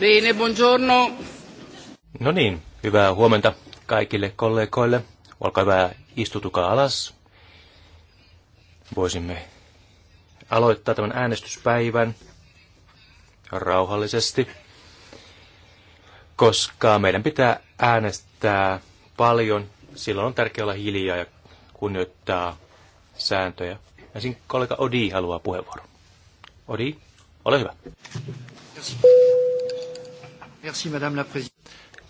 Bene, buongiorno. No niin, hyvää huomenta kaikille kollegoille. Olkaa hyvä, istutukaa alas. Voisimme aloittaa tämän äänestyspäivän rauhallisesti, koska meidän pitää äänestää paljon. Silloin on tärkeää olla hiljaa ja kunnioittaa sääntöjä. Ensin kollega Odi haluaa puheenvuoron. Odi, ole hyvä. Merci, Madame la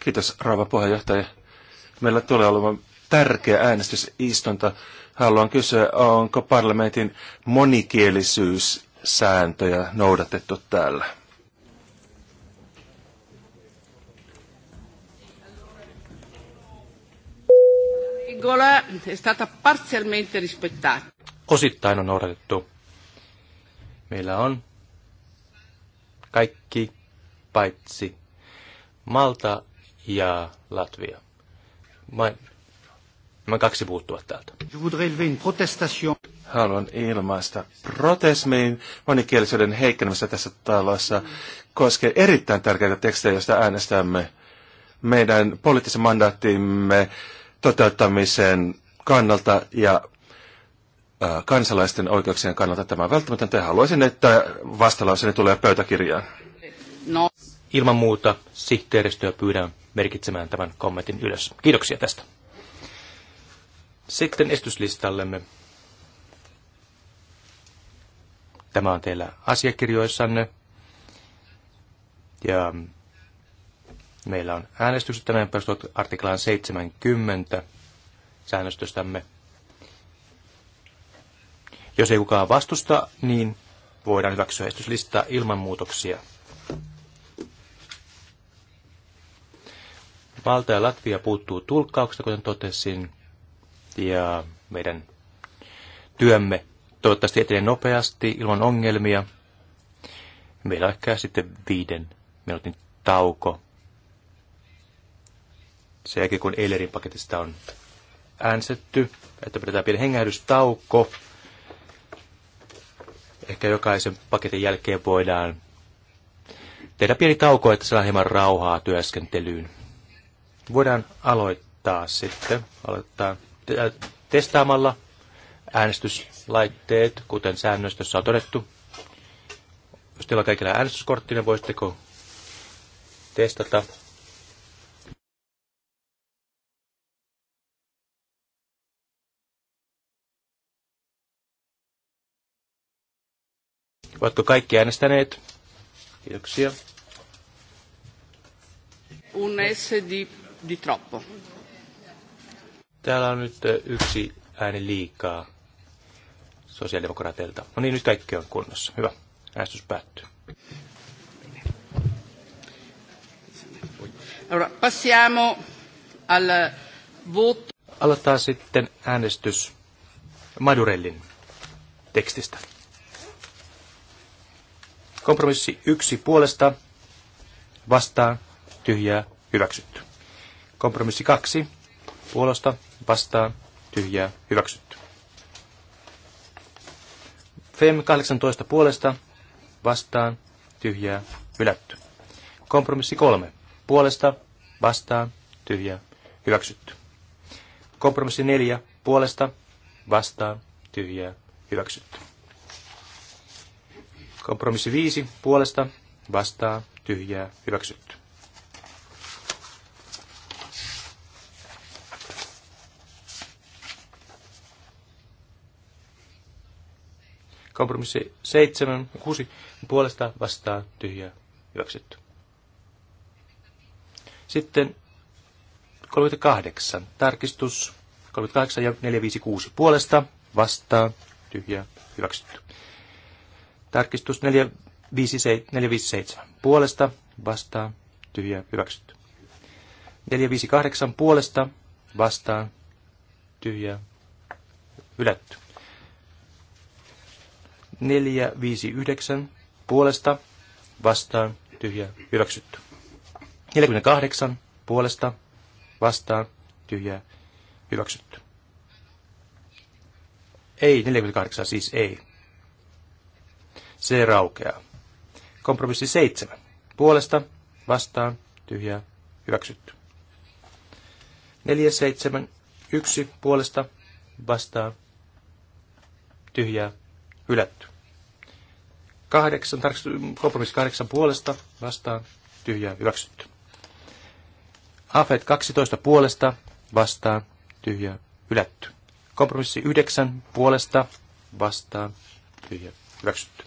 Kiitos, rouva puheenjohtaja. Meillä tulee olemaan tärkeä äänestysistunta. Haluan kysyä, onko parlamentin monikielisyyssääntöjä noudatettu täällä? regola Osittain on noudatettu. Meillä on kaikki paitsi Malta ja Latvia. Mä, mä kaksi puuttua täältä. Haluan ilmaista protesmiin monikielisyyden heikkenemistä tässä talossa koskee erittäin tärkeitä tekstejä, joista äänestämme meidän poliittisen mandaattimme toteuttamisen kannalta ja kansalaisten oikeuksien kannalta tämä on välttämätöntä. Haluaisin, että vastalauseni tulee pöytäkirjaan. No ilman muuta sihteeristöä pyydän merkitsemään tämän kommentin ylös. Kiitoksia tästä. Sitten esityslistallemme. Tämä on teillä asiakirjoissanne. Ja meillä on äänestykset tänään perustuvat artiklaan 70 säännöstöstämme. Jos ei kukaan vastusta, niin voidaan hyväksyä esityslista ilman muutoksia. Valta ja Latvia puuttuu tulkkauksesta, kuten totesin, ja meidän työmme toivottavasti etenee nopeasti ilman ongelmia. Meillä on ehkä sitten viiden minuutin tauko. Sen jälkeen, kun Eilerin paketista on äänsetty, että pidetään pieni hengähdystauko. Ehkä jokaisen paketin jälkeen voidaan tehdä pieni tauko, että saadaan hieman rauhaa työskentelyyn voidaan aloittaa sitten, aloittaa äh, testaamalla äänestyslaitteet, kuten säännöstössä on todettu. Jos teillä on kaikilla äänestyskortti, niin voisitteko testata Oletko kaikki äänestäneet? Kiitoksia. Un SD di troppo. Täällä on nyt eh, yksi ääni liikaa sosiaalidemokraateilta. No niin, nyt kaikki on kunnossa. Hyvä. Äänestys päättyy. Allora, passiamo al voto. Aloitetaan sitten äänestys Madurellin tekstistä. Kompromissi yksi puolesta, vastaan, tyhjää, hyväksytty. Kompromissi kaksi puolesta vastaan tyhjää hyväksytty. FEM 18 puolesta vastaan tyhjää hylätty. Kompromissi kolme puolesta vastaan tyhjää hyväksytty. Kompromissi neljä puolesta vastaan tyhjää hyväksytty. Kompromissi viisi puolesta vastaan tyhjää hyväksytty. Kompromissi 7, 6 puolesta vastaan tyhjää hyväksytty. Sitten 38, tarkistus 38 ja 456 puolesta vastaan tyhjää hyväksytty. Tarkistus 457, puolesta vastaan tyhjää hyväksytty. 458 puolesta vastaan tyhjää hylätty. 459 puolesta vastaan tyhjä hyväksytty. 48 puolesta vastaan tyhjä hyväksytty. Ei, 48 siis ei. Se raukeaa. Kompromissi 7. Puolesta vastaan tyhjä hyväksytty. 471 puolesta vastaan tyhjää hylätty. Kahdeksan, kompromissi kahdeksan puolesta vastaan tyhjää hyväksytty. Afet 12 puolesta vastaan tyhjää hylätty. Kompromissi 9 puolesta vastaan tyhjää hyväksytty.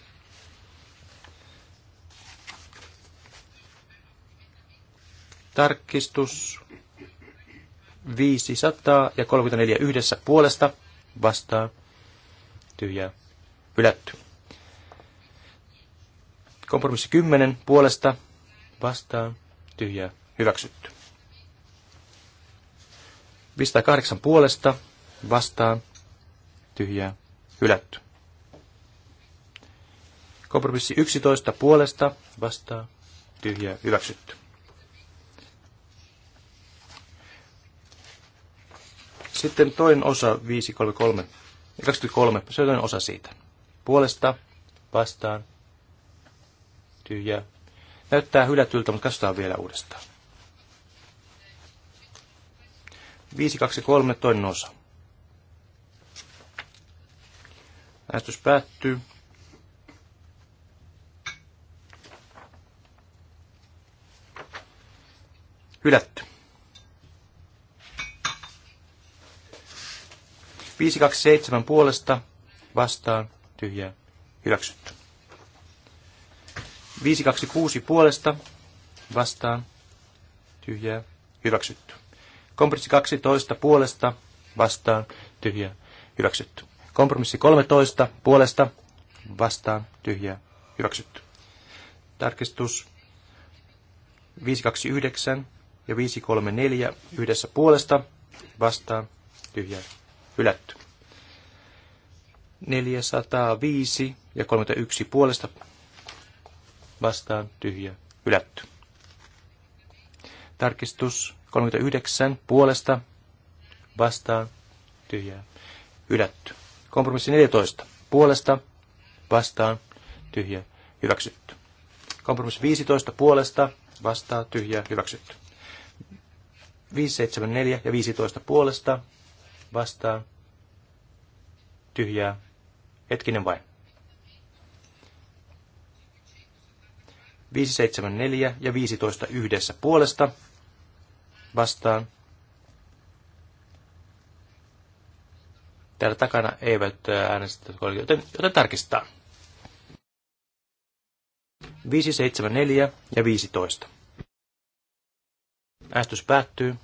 Tarkistus 500 ja 34 yhdessä puolesta vastaan tyhjää hylätty. Kompromissi 10 puolesta vastaan tyhjää hyväksytty. 508 puolesta vastaan tyhjää hylätty. Kompromissi 11 puolesta vastaan tyhjää hyväksytty. Sitten toinen osa 533, 23, se on toinen osa siitä puolesta vastaan tyhjää. Näyttää hylätyltä, mutta katsotaan vielä uudestaan. 5, 2, 3, toinen osa. Äänestys päättyy. Hylätty. 527 puolesta vastaan tyhjää hyväksytty. 526 puolesta vastaan tyhjää hyväksytty. Kompromissi 12 puolesta vastaan tyhjää hyväksytty. Kompromissi 13 puolesta vastaan tyhjää hyväksytty. Tarkistus 529 ja 534 yhdessä puolesta vastaan tyhjää hylätty. 405 ja 31 puolesta vastaan tyhjä hylätty. Tarkistus 39 puolesta vastaan tyhjä hylätty. Kompromissi 14 puolesta vastaan tyhjä hyväksytty. Kompromissi 15 puolesta vastaan tyhjä hyväksytty. 574 ja 15 puolesta vastaan tyhjää Hetkinen vain. 574 ja 15 yhdessä puolesta vastaan. Täällä takana ei välttää äh, äänestä, joten, joten tarkistetaan. 574 ja 15. Äänestys päättyy.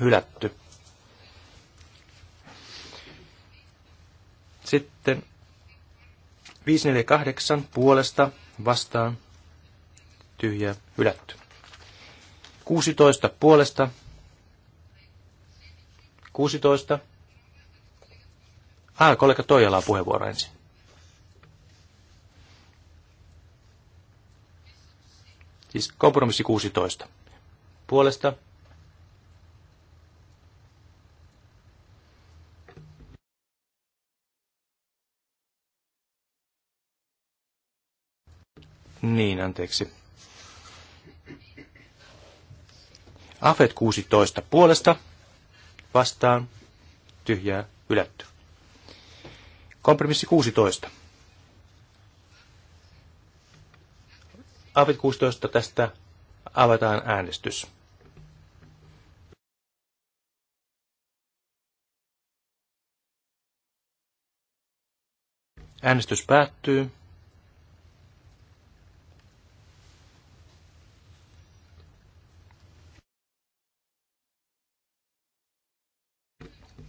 Hylätty. Sitten 548 puolesta vastaan tyhjä hylätty. 16 puolesta 16. Ah, kollega Toijalaa puheenvuoro ensin. Siis kompromissi 16. Puolesta Niin, anteeksi. Afet 16 puolesta vastaan tyhjää ylätty. Kompromissi 16. Afet 16 tästä avataan äänestys. Äänestys päättyy.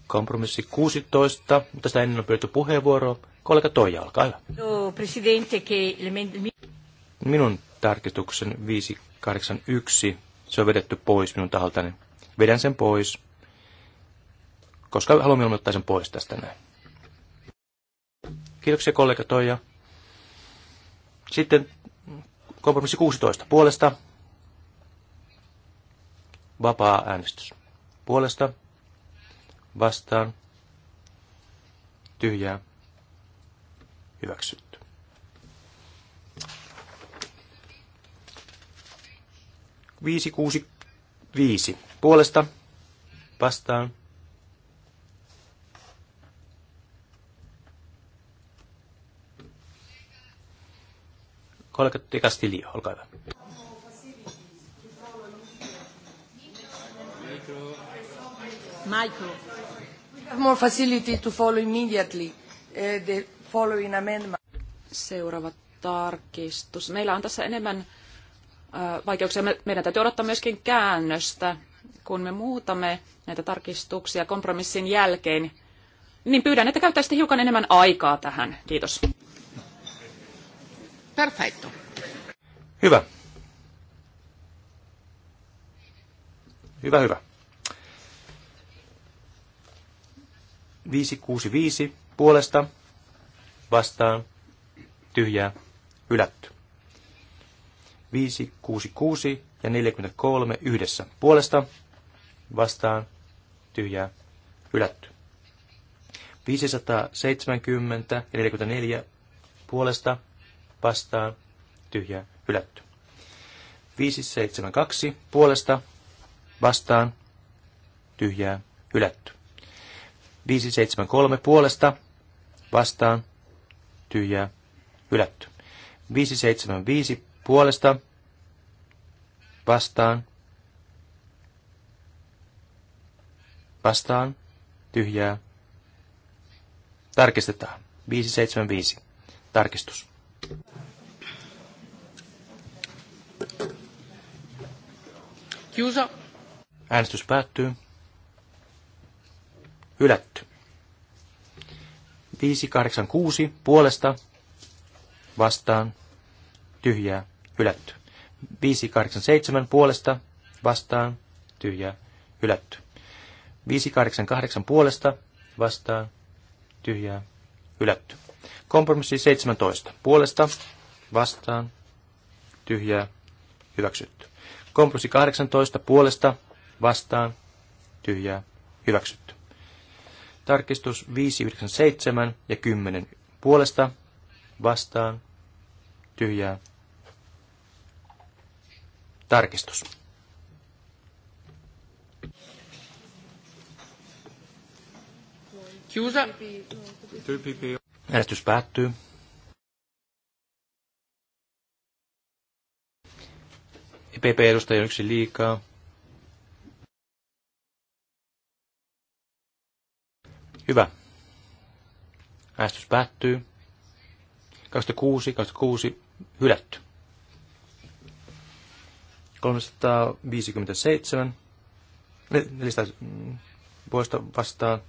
kompromissi 16, mutta sitä ennen on pyydetty puheenvuoroa. Kollega Toija, olkaa hyvä. No, minun tarkistuksen 581, se on vedetty pois minun taholtani. Vedän sen pois, koska haluamme ilmoittaa sen pois tästä näin. Kiitoksia kollega Toija. Sitten kompromissi 16. Puolesta. Vapaa äänestys. Puolesta vastaan, tyhjää, hyväksytty. Viisi, kuusi, viisi. Puolesta, vastaan, kollega de Castillo, olkaa hyvä. Michael more facility to follow immediately uh, the following amendment. Seuraava tarkistus. Meillä on tässä enemmän uh, vaikeuksia. Meidän täytyy odottaa myöskin käännöstä, kun me muutamme näitä tarkistuksia kompromissin jälkeen. Niin pyydän, että käyttäisitte hiukan enemmän aikaa tähän. Kiitos. Perfetto. Hyvä. Hyvä, hyvä. 565 puolesta vastaan tyhjää hylätty. 566 ja 43 yhdessä puolesta vastaan tyhjää hylätty. 570 ja 44 puolesta vastaan tyhjää hylätty. 572 puolesta vastaan tyhjää hylätty. 573 puolesta vastaan tyhjää hylätty. 575 puolesta vastaan vastaan tyhjää tarkistetaan. 575 tarkistus. Kiusa. Äänestys päättyy. Hylätty. 586 puolesta vastaan tyhjää hylätty. 587 puolesta vastaan tyhjää hylätty. 588 puolesta vastaan tyhjää hylätty. Kompromissi 17 puolesta vastaan tyhjää hyväksytty. Kompromissi 18 puolesta vastaan tyhjää hyväksytty. Tarkistus 597 ja 10 puolesta vastaan tyhjää. Tarkistus. Kiusa. Äänestys päättyy. EPP-edustajia yksi liikaa. Hyvä. Äänestys päättyy. 26, 26, hylätty. 357, 400 mm, puolesta vastaan.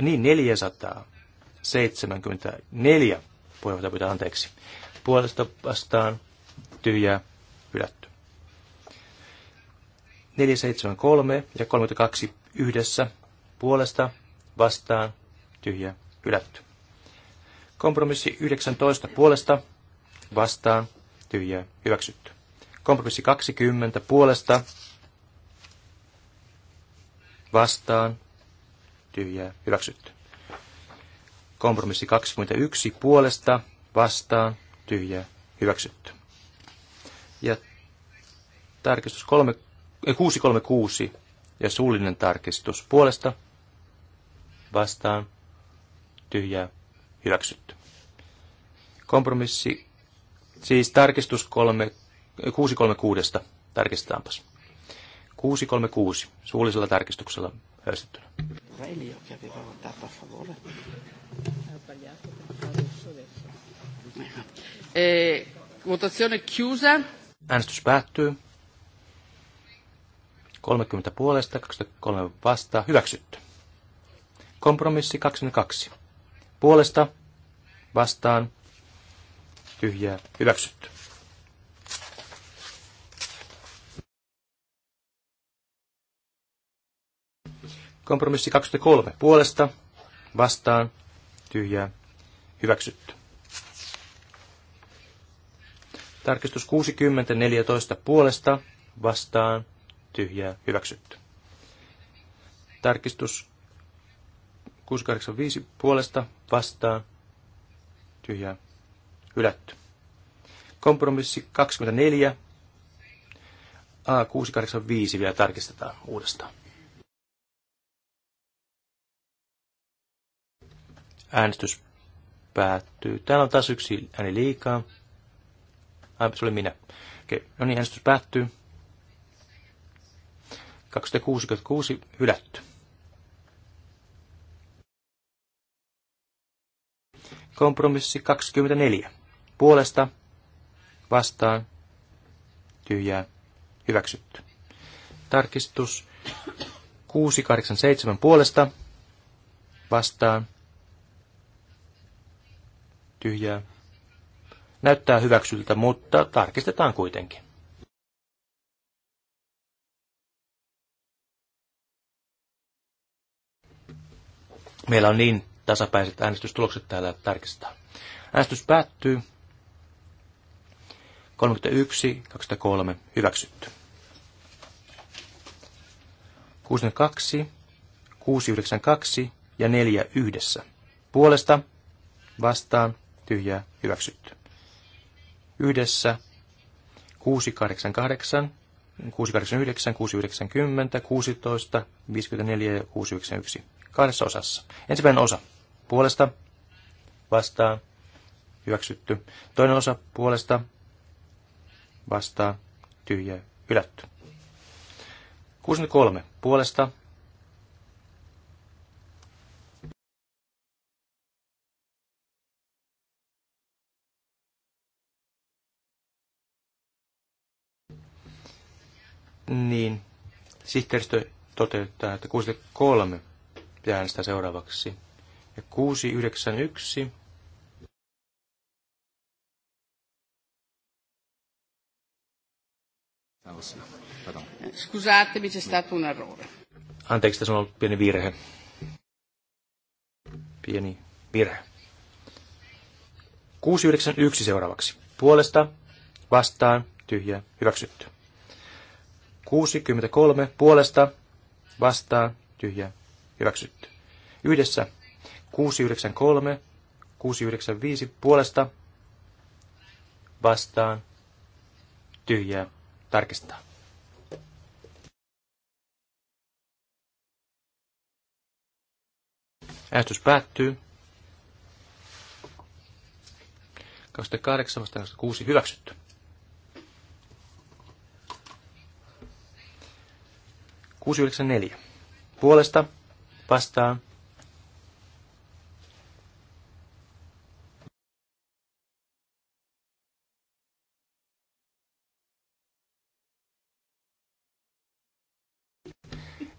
Niin, 474 puheenjohtaja pyytää anteeksi. Puolesta vastaan tyhjää hylätty. 473 ja 32 yhdessä puolesta vastaan tyhjä hylätty. Kompromissi 19 puolesta vastaan tyhjä hyväksytty. Kompromissi 20 puolesta vastaan tyhjä hyväksytty. Kompromissi 21 puolesta vastaan tyhjä hyväksytty. Ja tarkistus 30 636 ja suullinen tarkistus puolesta vastaan tyhjää hyväksytty. Kompromissi, siis tarkistus 3, 636, tarkistetaanpas. 636, suullisella tarkistuksella höystettynä. Eh, votazione chiusa. Äänestys päättyy. 30 puolesta, 23 vastaan, hyväksytty. Kompromissi 22. Puolesta, vastaan, tyhjää, hyväksytty. Kompromissi 23. Puolesta, vastaan, tyhjää, hyväksytty. Tarkistus 60, 14 puolesta, vastaan, tyhjää hyväksytty. Tarkistus 685 puolesta vastaan tyhjää hylätty. Kompromissi 24 A685 vielä tarkistetaan uudestaan. Äänestys päättyy. Täällä on taas yksi ääni liikaa. Ai, se oli minä. Okei, no niin, äänestys päättyy. 266 hylätty. Kompromissi 24. Puolesta, vastaan, tyhjää, hyväksytty. Tarkistus 687 puolesta, vastaan, tyhjää. Näyttää hyväksyltä, mutta tarkistetaan kuitenkin. meillä on niin tasapäiset äänestystulokset täällä tarkistaa. Äänestys päättyy. 31, 23, hyväksytty. 62, 692 ja 4 yhdessä. Puolesta, vastaan, tyhjää, hyväksytty. Yhdessä 688, 689, 690, 16, 54 ja 691 kahdessa osassa. Ensimmäinen osa puolesta, vastaan, hyväksytty. Toinen osa puolesta, vastaan, tyhjä, hylätty. 63 puolesta, niin sihteeristö toteuttaa, että 63 pitää äänestää seuraavaksi. Ja 691. Scusatemi, c'è stato un errore. Anteeksi, tässä on ollut pieni virhe. Pieni virhe. 691 seuraavaksi. Puolesta, vastaan, tyhjä, hyväksytty. 63 puolesta, vastaan, tyhjä, hyväksytty. Yhdessä 693, 695 puolesta vastaan tyhjää tarkistaa. Äänestys päättyy. 28 hyväksytty. kuusi hyväksytty. neljä Puolesta pasta.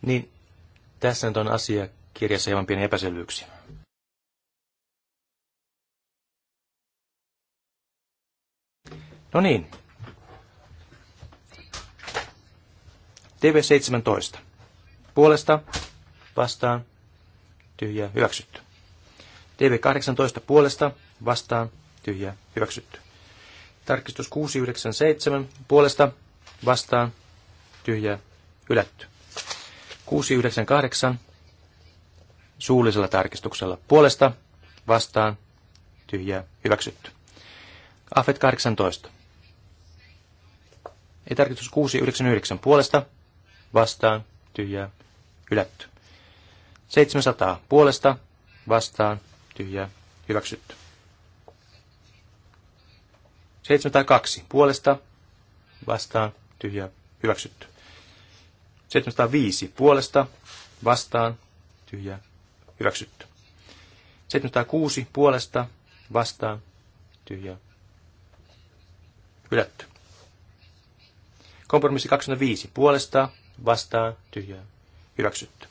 Niin tässä nyt on asiakirjassa hieman pieni epäselvyyksiä. No niin. TV17. Puolesta vastaan, tyhjä hyväksytty. tv 18 puolesta, vastaan, tyhjä hyväksytty. Tarkistus 697 puolesta, vastaan, tyhjä, hylätty. 698 suullisella tarkistuksella puolesta, vastaan, tyhjä hyväksytty. AFET 18. Ei tarkistus 699 puolesta, vastaan, tyhjä hylätty. 700 puolesta vastaan tyhjää hyväksytty. 702 puolesta vastaan tyhjää hyväksytty. 705 puolesta vastaan tyhjää hyväksytty. 706 puolesta vastaan tyhjää hylätty. Kompromissi 25 puolesta vastaan tyhjää hyväksytty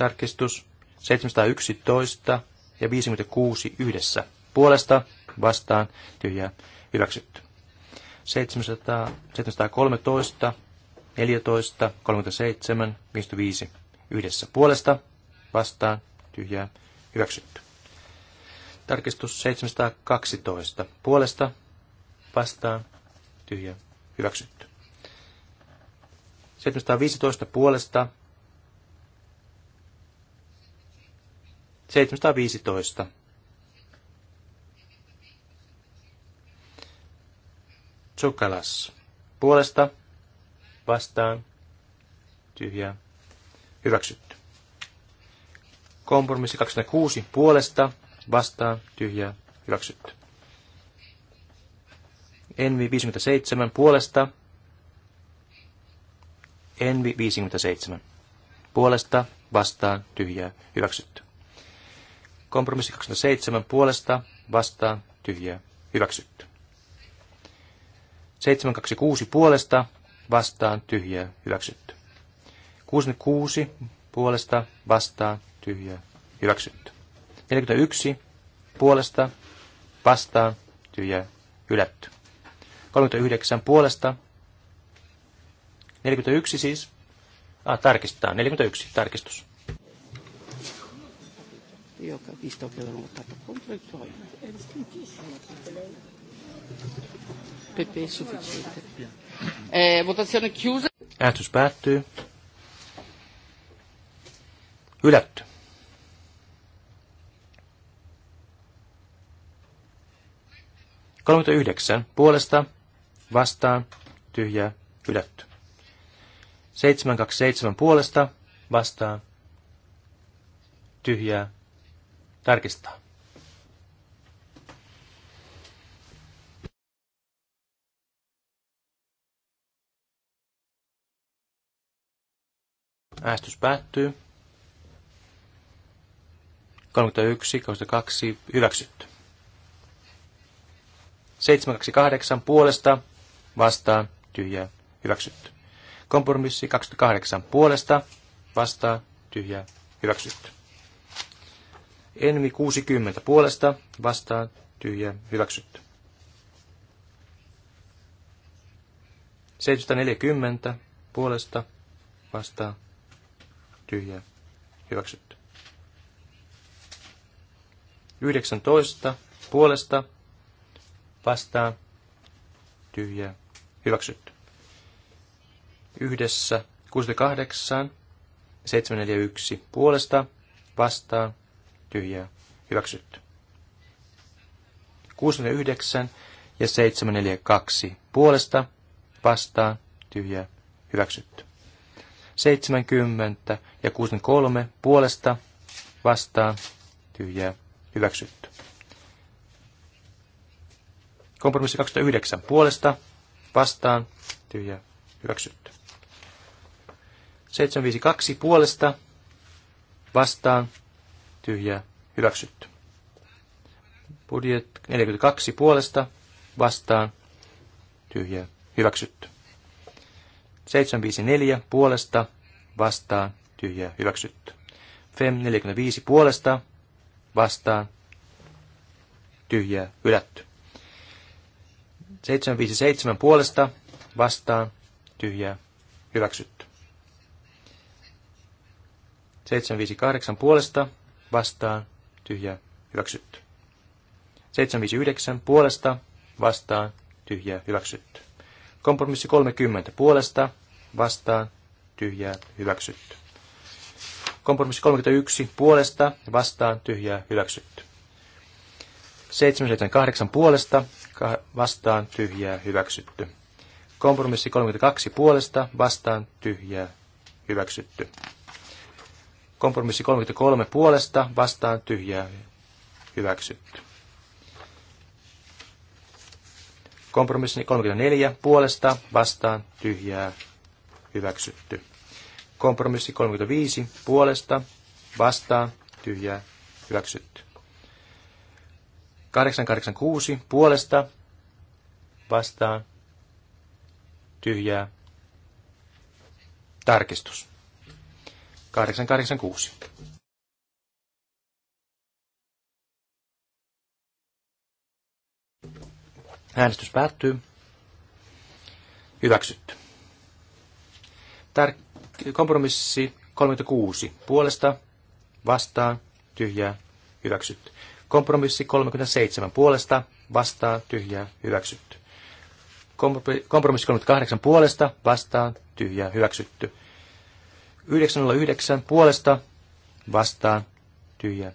tarkistus 711 ja 56 yhdessä. Puolesta vastaan tyhjää hyväksytty. 700, 713, 14, 37, 55 yhdessä. Puolesta vastaan tyhjää hyväksytty. Tarkistus 712. Puolesta vastaan tyhjää hyväksytty. 715 puolesta 715. Tsukalas. Puolesta, vastaan, tyhjää, hyväksytty. Kompromissi 26. Puolesta, vastaan, tyhjää, hyväksytty. Envi 57. Puolesta, Envi 57. Puolesta, vastaan, tyhjää, hyväksytty. Kompromissi 27 puolesta vastaan tyhjää hyväksytty. 726 puolesta vastaan tyhjää hyväksytty. 66 puolesta vastaan tyhjää hyväksytty. 41 puolesta vastaan tyhjää hylätty. 39 puolesta 41 siis. Ah, tarkistetaan. 41 tarkistus. Io capisco che avevano votato contro i Pepe è sufficiente. Eh, votazione chiusa. Äänestys päättyy. Hylätty. yhdeksän Puolesta, vastaan, tyhjä hylätty. 727 puolesta, vastaan, tyhjää, tarkistaa. Äästys päättyy. 31, 32, hyväksytty. 728 puolesta, vastaan, tyhjää, hyväksytty. Kompromissi 28 puolesta, vastaan, tyhjää, hyväksytty. Envi 60 puolesta vastaan tyhjä hyväksytty. 740 puolesta vastaan tyhjä hyväksytty. 19 puolesta vastaan tyhjä hyväksytty. Yhdessä 68 741 puolesta vastaan tyhjää hyväksytty. 69 ja 742 puolesta vastaan tyhjää hyväksytty. 70 ja 63 puolesta vastaan tyhjää hyväksytty. Kompromissi 29 puolesta vastaan tyhjää hyväksytty. 752 puolesta vastaan tyhjä hyväksytty. Budjet 42 puolesta vastaan tyhjä hyväksytty. 754 puolesta vastaan tyhjä hyväksytty. FEM 45 puolesta vastaan tyhjä, hylätty. 757 puolesta vastaan tyhjä hyväksytty. 758 puolesta vastaan, tyhjä, hyväksytty. 759 puolesta, vastaan, tyhjä hyväksytty. Kompromissi 30 puolesta, vastaan, tyhjä hyväksytty. Kompromissi 31 puolesta, vastaan, tyhjä, hyväksytty. 778 puolesta, vastaan, tyhjä hyväksytty. Kompromissi 32 puolesta, vastaan, tyhjä hyväksytty. Kompromissi 33 puolesta vastaan tyhjää hyväksytty. Kompromissi 34 puolesta vastaan tyhjää hyväksytty. Kompromissi 35 puolesta vastaan tyhjää hyväksytty. 886 puolesta vastaan tyhjää tarkistus. 886. Äänestys päättyy. Hyväksytty. Tär- kompromissi 36. Puolesta, vastaan, tyhjää, hyväksytty. Kompromissi 37. Puolesta, vastaan, tyhjää, hyväksytty. Kompromissi 38. Puolesta, vastaan, tyhjää, hyväksytty. 909 puolesta vastaan tyhjä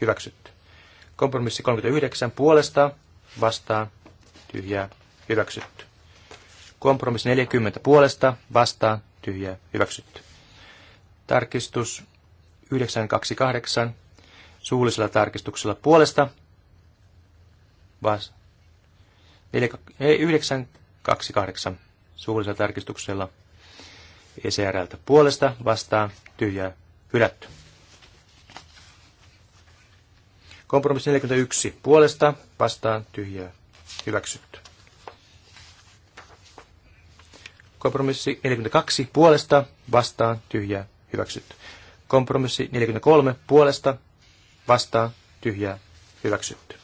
hyväksytty. Kompromissi 39 puolesta vastaan tyhjä hyväksytty. Kompromissi 40 puolesta vastaan tyhjä hyväksytty. Tarkistus 928 suullisella tarkistuksella puolesta vastaan. 928 suullisella tarkistuksella ECRltä puolesta vastaan tyhjää hylätty. Kompromissi 41 puolesta vastaan tyhjää hyväksytty. Kompromissi 42 puolesta vastaan tyhjää hyväksytty. Kompromissi 43 puolesta vastaan tyhjää hyväksytty.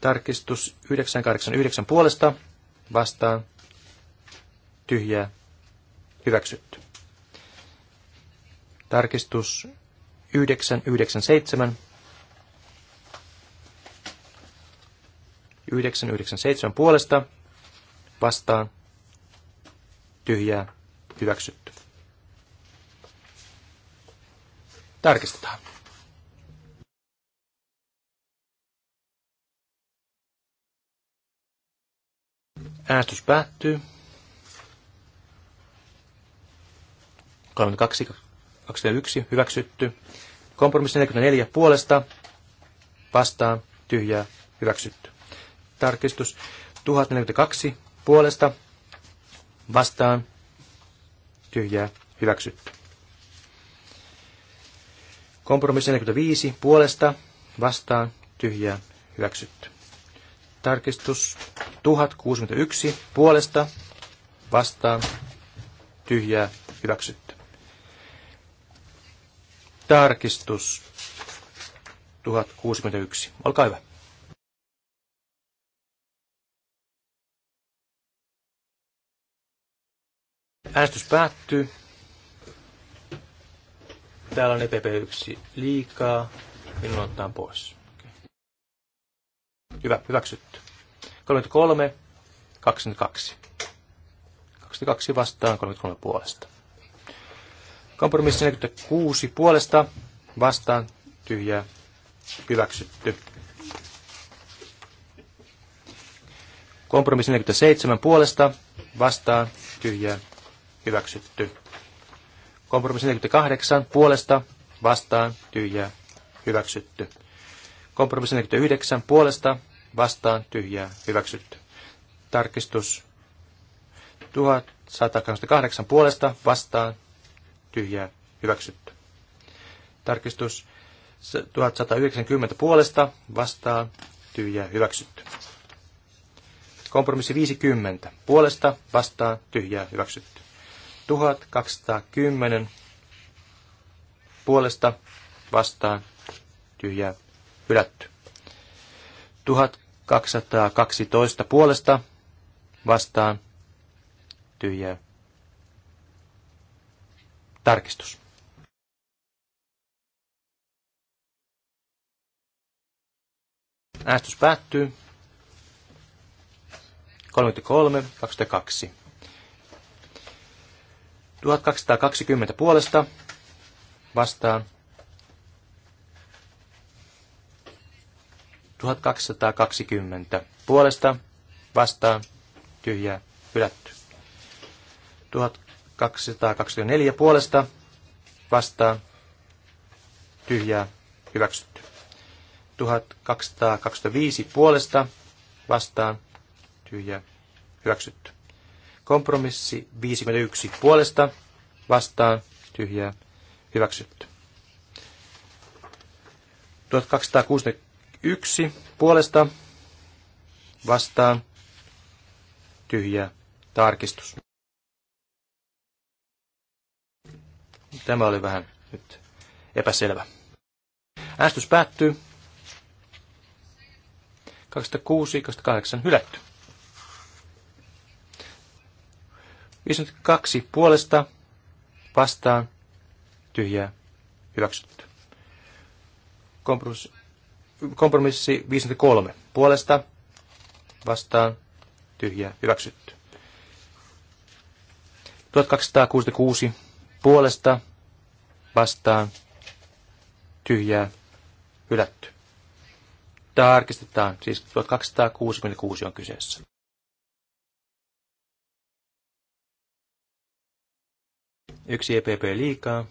Tarkistus 989 puolesta vastaan tyhjää Hyväksytty. Tarkistus 997. 997 puolesta vastaan tyhjää hyväksytty. Tarkistetaan. Äänestys päättyy. 32, hyväksytty. Kompromissi 44 puolesta vastaan tyhjää hyväksytty. Tarkistus 1042 puolesta vastaan tyhjää hyväksytty. Kompromissi 45 puolesta vastaan tyhjää hyväksytty. Tarkistus 1061 puolesta vastaan tyhjää hyväksytty. Tarkistus 1061. Olkaa hyvä. Äänestys päättyy. Täällä on EPP1 liikaa. Minun ottaa pois. Hyvä, hyväksytty. 33, 22. 22 vastaan, 33 puolesta. Kompromissi 46 puolesta vastaan tyhjää hyväksytty. Kompromissi 47 puolesta vastaan tyhjää hyväksytty. Kompromissi 48 puolesta vastaan tyhjää hyväksytty. Kompromissi 49 puolesta vastaan tyhjää hyväksytty. Tarkistus 1128 puolesta vastaan tyhjää hyväksytty. Tarkistus 1190 puolesta vastaa tyhjää hyväksytty. Kompromissi 50 puolesta vastaa tyhjää hyväksytty. 1210 puolesta vastaa tyhjää hylätty. 1212 puolesta vastaan tyhjää Tarkistus. Äänestys päättyy. 33, 22. 1220 puolesta vastaan 1220 puolesta vastaan tyhjää hylätty. 1000 224 puolesta vastaan tyhjää hyväksytty. 1225 puolesta vastaan tyhjää hyväksytty. Kompromissi 51 puolesta vastaan tyhjää hyväksytty. 1261 puolesta vastaan tyhjää tarkistus. Tämä oli vähän nyt epäselvä. Äänestys päättyy. 26, 28 hylätty. 52 puolesta vastaan tyhjää hyväksytty. Kompromissi, kompromissi 53 puolesta vastaan tyhjää hyväksytty. 1266 puolesta vastaan tyhjää hylätty. Tarkistetaan, siis 1266 on kyseessä. Yksi EPP liikaa.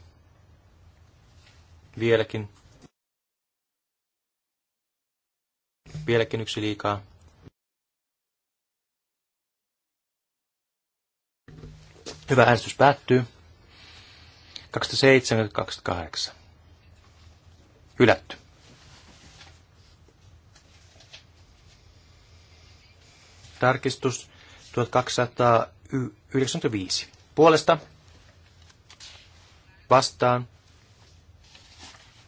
Vieläkin. Vieläkin yksi liikaa. Hyvä äänestys päättyy. 27-28. Hylätty. Tarkistus 1295. Puolesta vastaan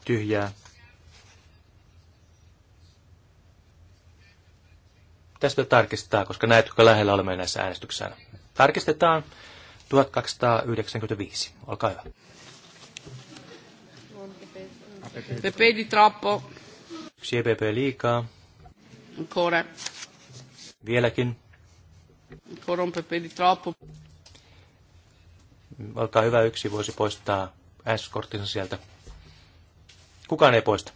tyhjää. Tästä tarkistaa, koska näet, kuinka lähellä olemme näissä äänestyksissä. Tarkistetaan 1295. Olkaa hyvä. Pepe di troppo. Sie Pepe liikaa. Ancora. Vieläkin. Ancora un Pepe di troppo. Olkaa hyvä, yksi voisi poistaa S-korttinsa sieltä. Kukaan ei poista.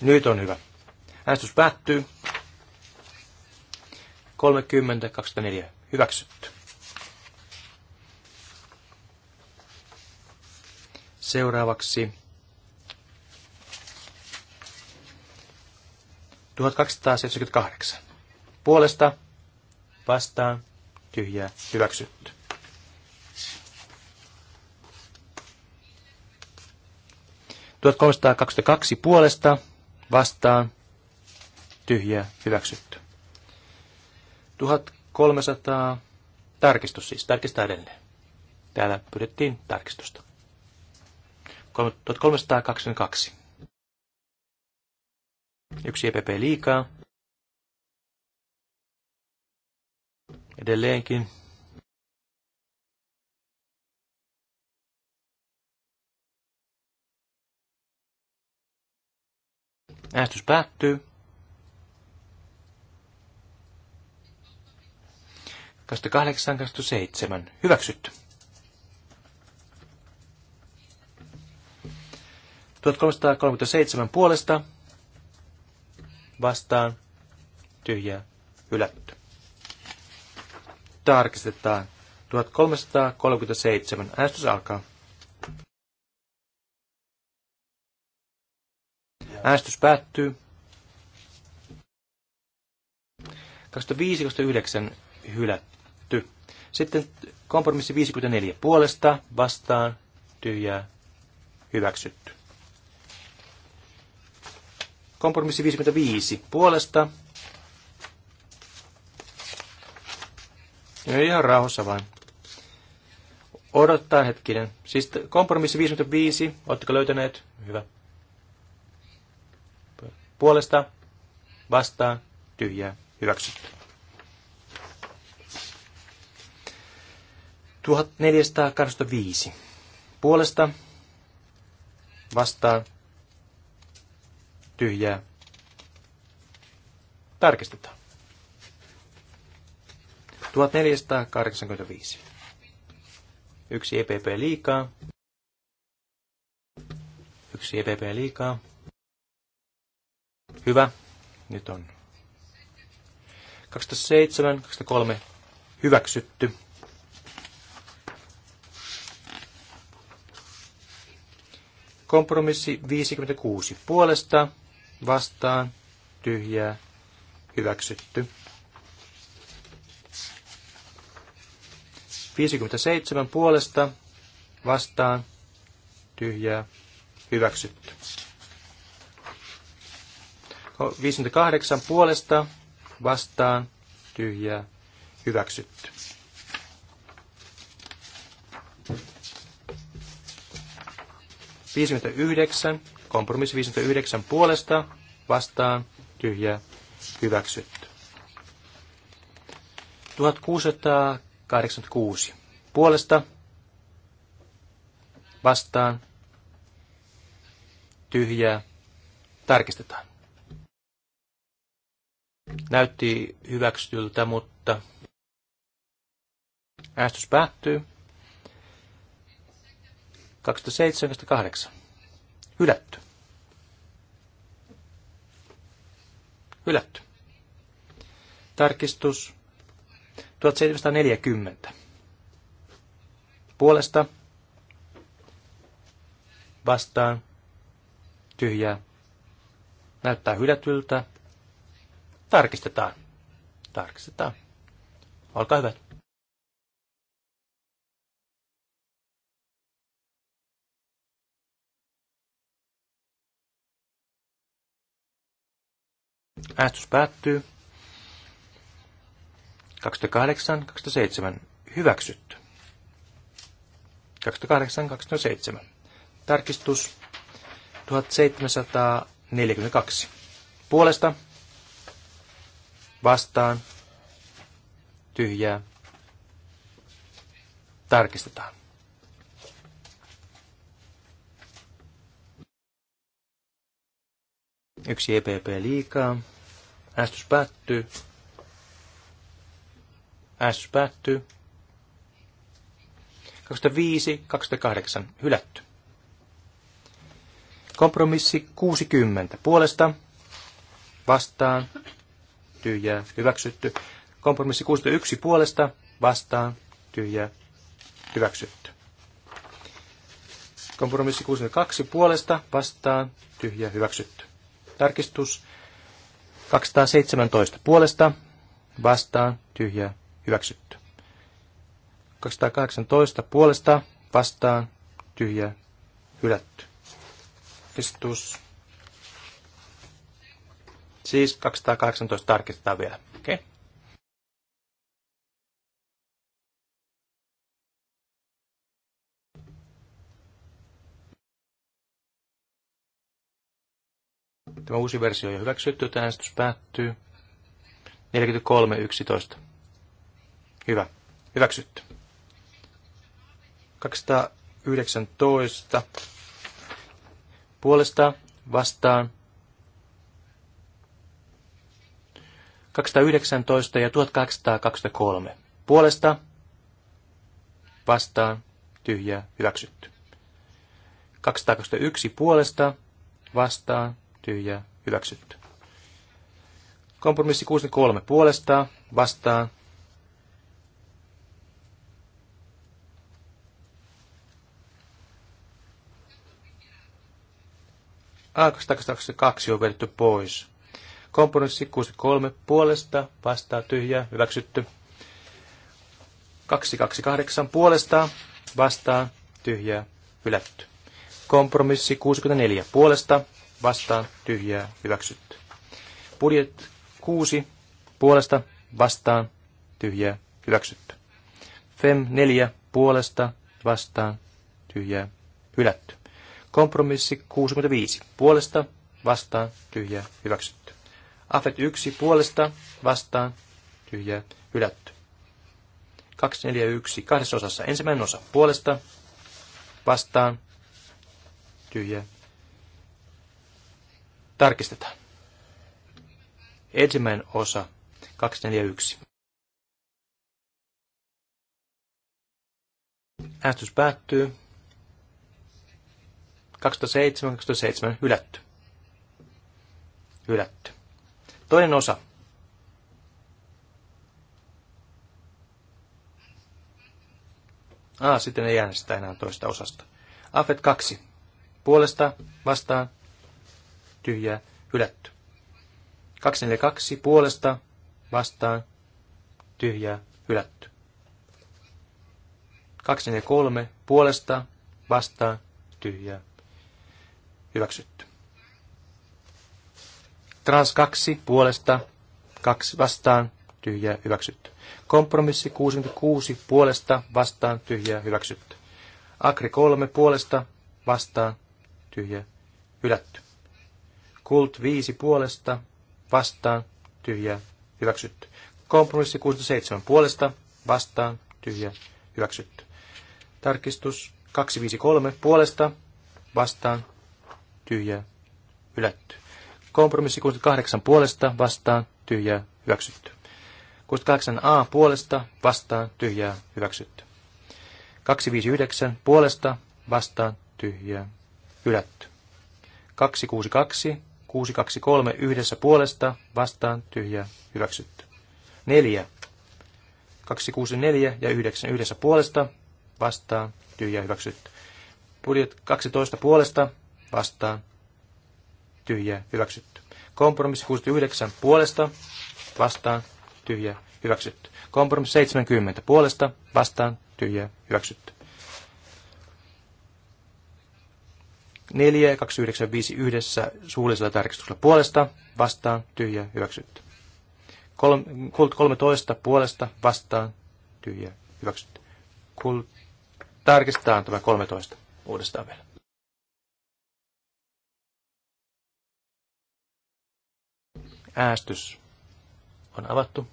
Nyt on hyvä. Äänestys päättyy. 30-24. Hyväksytty. Seuraavaksi 1278. Puolesta vastaan tyhjää hyväksytty. kaksi puolesta vastaan tyhjää hyväksytty. 1300 tarkistus siis, tarkistaa edelleen. Täällä pyydettiin tarkistusta. 1322. Yksi EPP liikaa. Edelleenkin. Äänestys päättyy. 28, 27. Hyväksytty. 1337 puolesta vastaan tyhjää hylätty. Tarkistetaan. 1337. Äänestys alkaa. Äänestys päättyy. 25-29 hylätty. Sitten kompromissi 54 puolesta vastaan tyhjää hyväksytty. Kompromissi 55 puolesta. Ja ihan rauhassa vain. Odottaa hetkinen. Siis kompromissi 55, oletteko löytäneet? Hyvä. Puolesta, vastaan, tyhjää, hyväksytty. 1485. Puolesta, vastaan, tyhjää. Tarkistetaan. 1485. Yksi EPP liikaa. Yksi EPP liikaa. Hyvä. Nyt on 27, 23 hyväksytty. Kompromissi 56 puolesta vastaan, tyhjää, hyväksytty. 57 puolesta, vastaan, tyhjää, hyväksytty. 58 puolesta, vastaan, tyhjää, hyväksytty. yhdeksän Kompromissi 59 puolesta vastaan tyhjä hyväksytty. 1686 puolesta vastaan tyhjä tarkistetaan. Näytti hyväksytyltä, mutta äästys päättyy. 27.8. Hylätty. Hylätty. Tarkistus 1740. Puolesta vastaan tyhjää. Näyttää hylätyltä. Tarkistetaan. Tarkistetaan. Olkaa hyvät. äästys päättyy. 28, 27. Hyväksytty. 28, 27. Tarkistus 1742. Puolesta. Vastaan. Tyhjää. Tarkistetaan. Yksi EPP liikaa. Äänestys päättyy. Äänestys päättyy. 25, 28, hylätty. Kompromissi 60, puolesta, vastaan, tyhjää, hyväksytty. Kompromissi 61, puolesta, vastaan, tyhjää, hyväksytty. Kompromissi 62, puolesta, vastaan, tyhjää, hyväksytty. Tarkistus 217 puolesta, vastaan, tyhjä, hyväksytty. 218 puolesta, vastaan, tyhjä, hylätty. Kristus. Siis 218 tarkistetaan vielä. Okei. Okay. Tämä uusi versio on jo hyväksytty, että äänestys päättyy. 43.11. Hyvä. Hyväksytty. 219. Puolesta vastaan. 219 ja 1823. Puolesta vastaan Tyhjä. hyväksytty. 221 puolesta vastaan hyväksytty ja hyväksytty. Kompromissi 63 puolesta vastaan A222 ah, on vedetty pois. Kompromissi 63 puolesta vastaa tyhjä, hyväksytty. 228 puolesta vastaa tyhjä, hylätty. Kompromissi 64 puolesta vastaan tyhjää hyväksytty. Budjet 6 puolesta vastaan tyhjää hyväksytty. Fem 4 puolesta vastaan tyhjää hylätty. Kompromissi 65 puolesta vastaan tyhjää hyväksytty. Afet 1 puolesta vastaan tyhjää hylätty. 241 kahdessa osassa. Ensimmäinen osa puolesta vastaan tyhjää Tarkistetaan. Ensimmäinen osa 241. Äänestys päättyy. 207, 207, hylätty. Hylätty. Toinen osa. Ah, sitten ei äänestä enää toista osasta. Afet 2. Puolesta, vastaan, tyhjää, hylätty. 242 puolesta, vastaan, tyhjää, hylätty. 243 puolesta, vastaan, tyhjää, hyväksytty. Trans 2 puolesta, kaksi vastaan, tyhjää, hyväksytty. Kompromissi 66 puolesta, vastaan, tyhjää, hyväksytty. Akri 3 puolesta, vastaan, tyhjää, hylätty. Kult 5 puolesta vastaan tyhjä hyväksytty. Kompromissi 67 puolesta vastaan tyhjä hyväksytty. Tarkistus 253 puolesta vastaan tyhjä hylätty. Kompromissi 68 puolesta vastaan tyhjä hyväksytty. 68a puolesta vastaan tyhjä hyväksytty. 259 puolesta vastaan tyhjä, hylätty. 262 623 yhdessä puolesta vastaan tyhjä hyväksytty. 4. 264 ja 9 yhdessä puolesta vastaan tyhjä hyväksytty. Budjet 12 puolesta vastaan tyhjä hyväksytty. Kompromissi 69 puolesta vastaan tyhjä hyväksytty. Kompromissi 70 puolesta vastaan tyhjä hyväksytty. 4 ja 295 yhdessä suullisella tarkistuksella puolesta, vastaan, tyhjä, hyväksytty. Kult 13 puolesta, vastaan, tyhjä, hyväksytty. Kult, tarkistetaan tämä 13 uudestaan vielä. Äästys on avattu.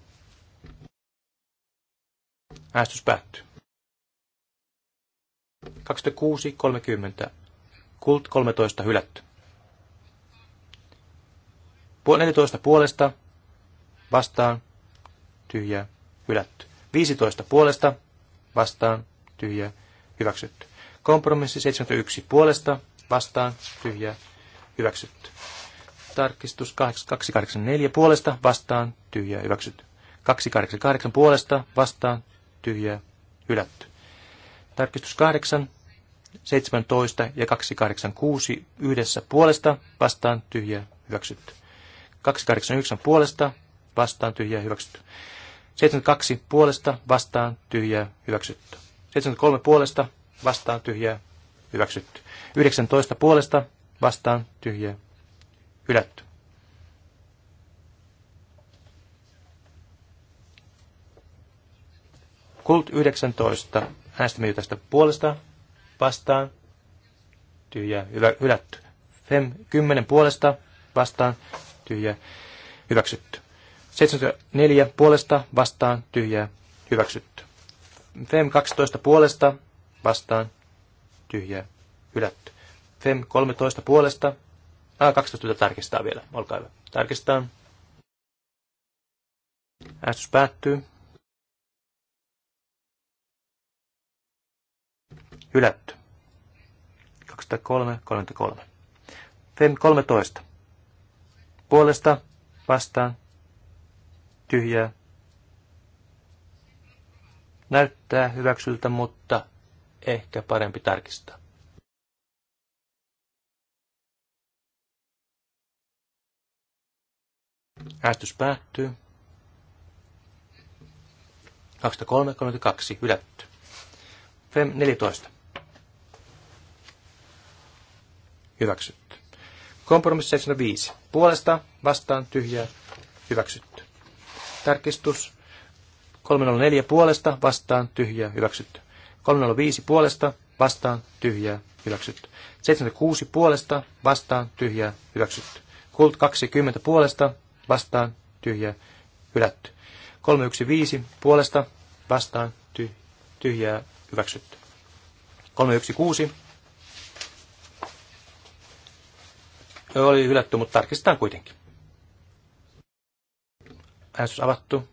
Äänestys päättyy. 26.30 Kult 13 hylätty. 14 puolesta vastaan tyhjä hylätty. 15 puolesta vastaan tyhjä hyväksytty. Kompromissi 71 puolesta vastaan tyhjä hyväksytty. Tarkistus 284 puolesta vastaan tyhjä hyväksytty. 288 puolesta vastaan tyhjä hylätty. Tarkistus 8 17 ja 286 yhdessä puolesta vastaan tyhjä hyväksytty. 289 puolesta vastaan tyhjä hyväksytty. 72 puolesta vastaan tyhjä hyväksytty. 73 puolesta vastaan tyhjä hyväksytty. 19 puolesta vastaan tyhjä hylätty. Kult 19. Äänestämme tästä puolesta vastaan, tyhjä hyvä, hylätty. Fem kymmenen puolesta vastaan, tyhjä hyväksytty. 74 puolesta vastaan, tyhjä hyväksytty. Fem 12 puolesta vastaan, tyhjä hylätty. Fem 13 puolesta, ah, a 12 tarkistaa vielä, olkaa hyvä. Tarkistaan. Äänestys päättyy. Hylätty. 203, FEM 13. Puolesta, vastaan, tyhjää. Näyttää hyväksyltä, mutta ehkä parempi tarkistaa. Äänestys päättyy. 23.32 hylätty. FEM 14 hyväksytty. Kompromissi 75. Puolesta, vastaan, tyhjää, hyväksytty. Tarkistus 304 puolesta, vastaan, tyhjää, hyväksytty. 305 puolesta, vastaan, tyhjää, hyväksytty. 76 puolesta, vastaan, tyhjää, hyväksytty. Kult 20 puolesta, vastaan, tyhjää, hylätty. 315 puolesta, vastaan, tyhjää, hyväksytty. 316 Oli hylätty, mutta tarkistetaan kuitenkin. Äänestys avattu.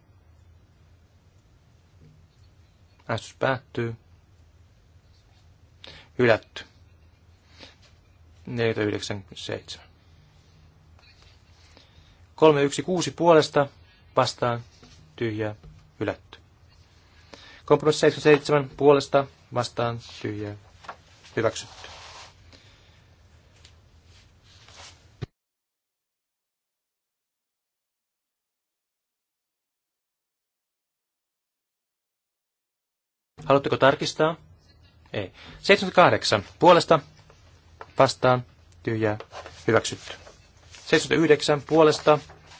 Äänestys päättyy. Hylätty. 497. 316 puolesta vastaan tyhjä hylätty. Kompromissi 77 puolesta vastaan tyhjä hyväksytty. Haluatteko tarkistaa? Ei. 78. Puolesta vastaan tyhjää hyväksytty. 79. Puolesta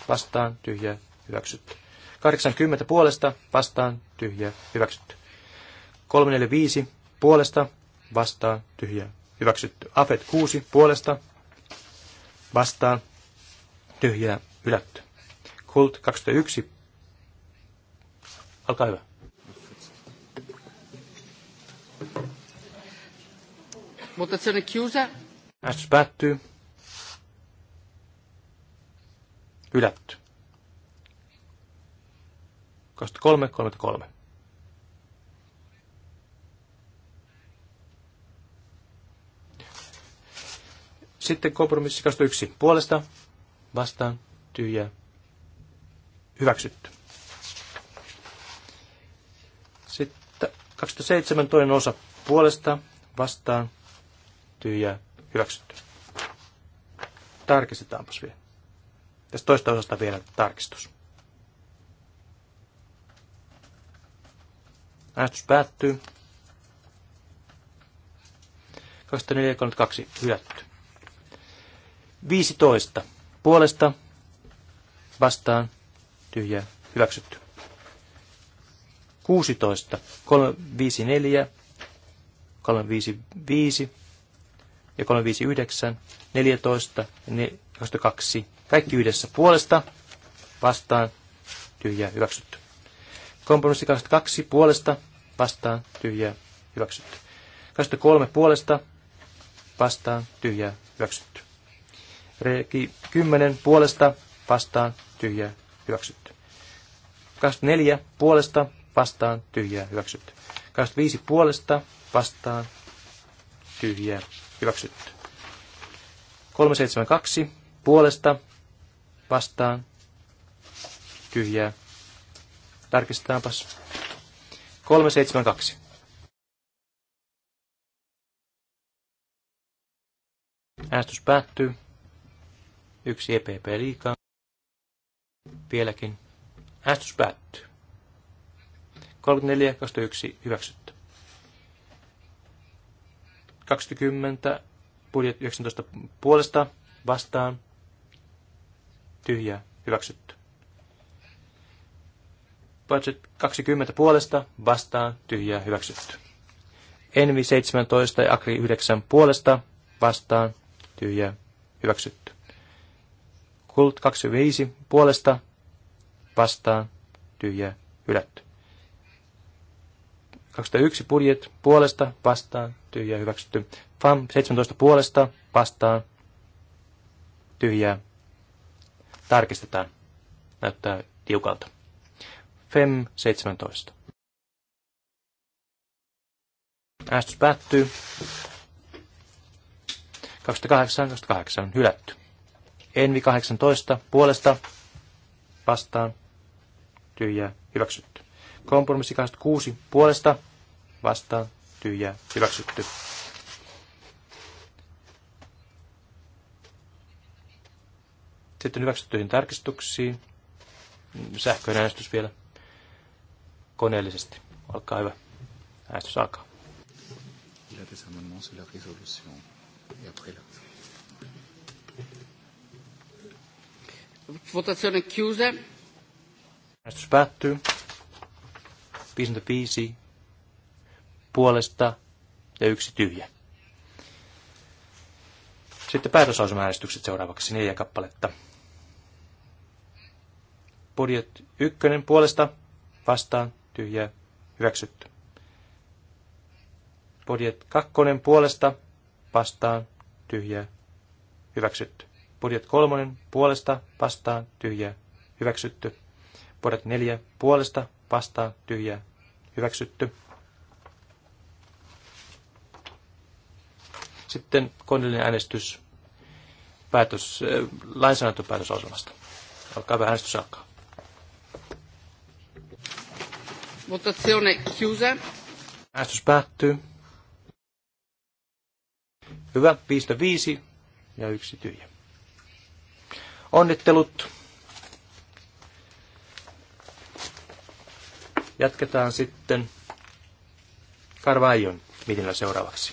vastaan tyhjää hyväksytty. 80. Puolesta vastaan tyhjää hyväksytty. 345. Puolesta vastaan tyhjää hyväksytty. Afet 6. Puolesta vastaan tyhjää hylätty. Kult 21. Alkaa hyvä. Votazione chiusa. Äänestys päättyy. Hylätty. 23, 33. Sitten kompromissi 21. Puolesta, vastaan, tyhjää, hyväksytty. Sitten 27 toinen osa puolesta, vastaan, ja hyväksytty. Tarkistetaanpas vielä. Tästä toista osasta vielä tarkistus. Äänestys päättyy. 24.32 hylätty. 15. Puolesta vastaan tyhjä hyväksytty. 16. 354. 355 ja 359, 14 ja 22. Kaikki yhdessä puolesta, vastaan, tyhjää, hyväksytty. Kompromissi 22 puolesta, vastaan, tyhjää, hyväksytty. 23 puolesta, vastaan, tyhjää, hyväksytty. Reki 10 puolesta, vastaan, tyhjää, hyväksytty. 24 puolesta, vastaan, tyhjää, hyväksytty. 25 puolesta, vastaan, tyhjää, Hyväksytty. 372 puolesta vastaan tyhjää. Tarkistetaanpas. 372. Äänestys päättyy. Yksi EPP liikaa. Vieläkin. Äänestys päättyy. 34, 21, hyväksytty. 20, budjet 19 puolesta vastaan, tyhjä, hyväksytty. Budget 20 puolesta vastaan, tyhjä, hyväksytty. Envi 17 ja Akri 9 puolesta vastaan, tyhjä, hyväksytty. Kult 25 puolesta vastaan, tyhjä, hylätty. 21 budjet puolesta vastaan, tyhjää hyväksytty. FAM 17 puolesta vastaan tyhjää tarkistetaan. Näyttää tiukalta. FEM 17. Äänestys päättyy. 28, 28, on hylätty. Envi 18, puolesta, vastaan, tyhjää, hyväksytty. Kompromissi 26, puolesta, vastaan, hyväksytty ja hyväksytty. Sitten hyväksyttyihin tarkistuksiin. Sähköinen äänestys vielä koneellisesti. Olkaa hyvä. Äänestys alkaa. Il a des amendements sur la résolution et après la... Votazione chiusa. Äänestys päättyy. 55 puolesta ja yksi tyhjä. Sitten päätöslausumääristykset seuraavaksi, neljä kappaletta. Budjet ykkönen puolesta, vastaan, tyhjä, hyväksytty. Budjet kakkonen puolesta, vastaan, tyhjä, hyväksytty. Budjet kolmonen puolesta, vastaan, tyhjä, hyväksytty. Budjet neljä puolesta, vastaan, tyhjä, hyväksytty. Sitten koneellinen äänestys päätös, äh, lainsäädäntöpäätösosamasta. Alkaa äänestys alkaa. Votazione chiusa. Äänestys päättyy. Hyvä, 5-5 ja yksi tyhjä. Onnittelut. Jatketaan sitten Karvaajon mitillä seuraavaksi.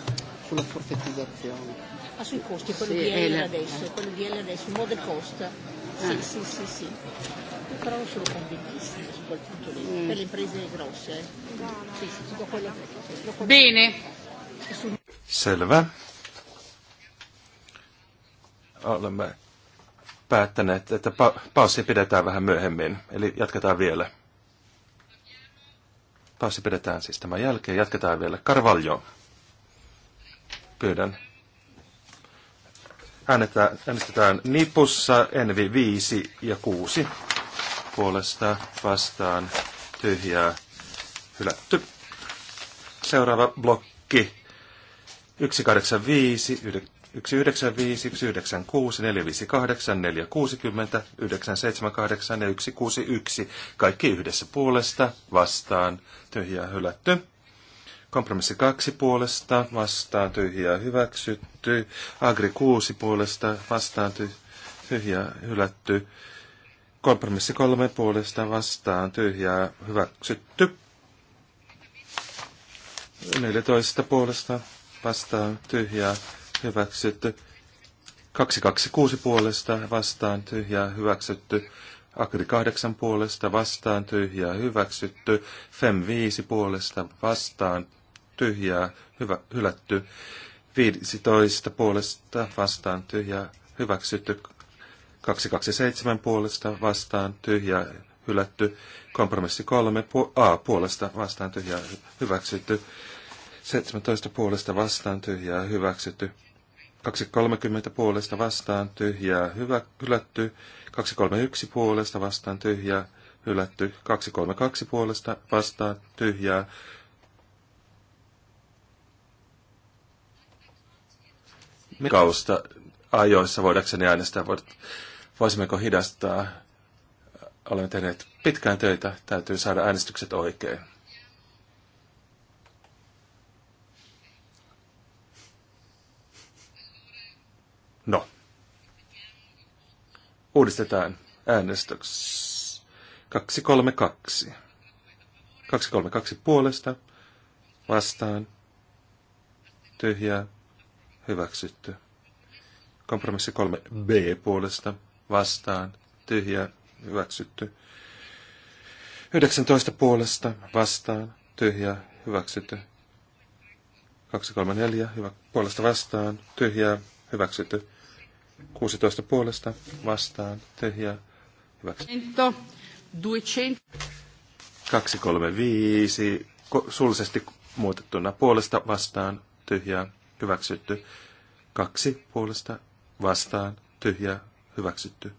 sulla forfettizzazione. Ah, sui costi, quello sì, di L adesso, eh. quello di L adesso, il model cost. Sì, eh. Ah. sì, sì, sì. Io però non sono convintissima su quel punto lì, mm. per le imprese grosse. Eh. No, no, sì, sì, tutto quello, che quello Bene. Su... Olemme päättäneet, että pa- paussi pidetään vähän myöhemmin, eli jatketaan vielä. Paussi pidetään siis tämän jälkeen, jatketaan vielä. Carvalho pyydän. Äänetään, äänestetään nipussa Envi 5 ja 6 puolesta vastaan tyhjää hylätty. Seuraava blokki 185, 195, 196, 458, 460, 978 ja 161. Kaikki yhdessä puolesta vastaan tyhjää hylätty. Kompromissi kaksi puolesta, vastaan tyhjää hyväksytty. Agri kuusi puolesta, vastaan tyhjää hylätty. Kompromissi kolme puolesta, vastaan tyhjää hyväksytty. 14 puolesta, vastaan tyhjää hyväksytty. 226 puolesta, vastaan tyhjää hyväksytty. Agri 8 puolesta vastaan tyhjää hyväksytty, Fem 5 puolesta vastaan tyhjää, hyvä, hylätty. 15 puolesta vastaan tyhjää, hyväksytty. 227 puolesta vastaan tyhjää, hylätty. Kompromissi 3 pu- A puolesta vastaan tyhjää, hyväksytty. 17 puolesta vastaan tyhjää, hyväksytty. 230 puolesta vastaan tyhjää, hyvä, hylätty. 231 puolesta vastaan tyhjää, hylätty. 232 puolesta vastaan tyhjää, kausta ajoissa voidakseni äänestää. Voisimmeko hidastaa? Olemme tehneet pitkään töitä, täytyy saada äänestykset oikein. No. Uudistetaan äänestyks 232. 232 puolesta vastaan tyhjää hyväksytty. Kompromissi 3b puolesta vastaan tyhjä hyväksytty. 19 puolesta vastaan tyhjä hyväksytty. 234 hyvä, puolesta vastaan tyhjä hyväksytty. 16 puolesta vastaan tyhjä hyväksytty. 235 suullisesti muutettuna puolesta vastaan tyhjä hyväksytty. Kaksi puolesta vastaan, tyhjä hyväksytty.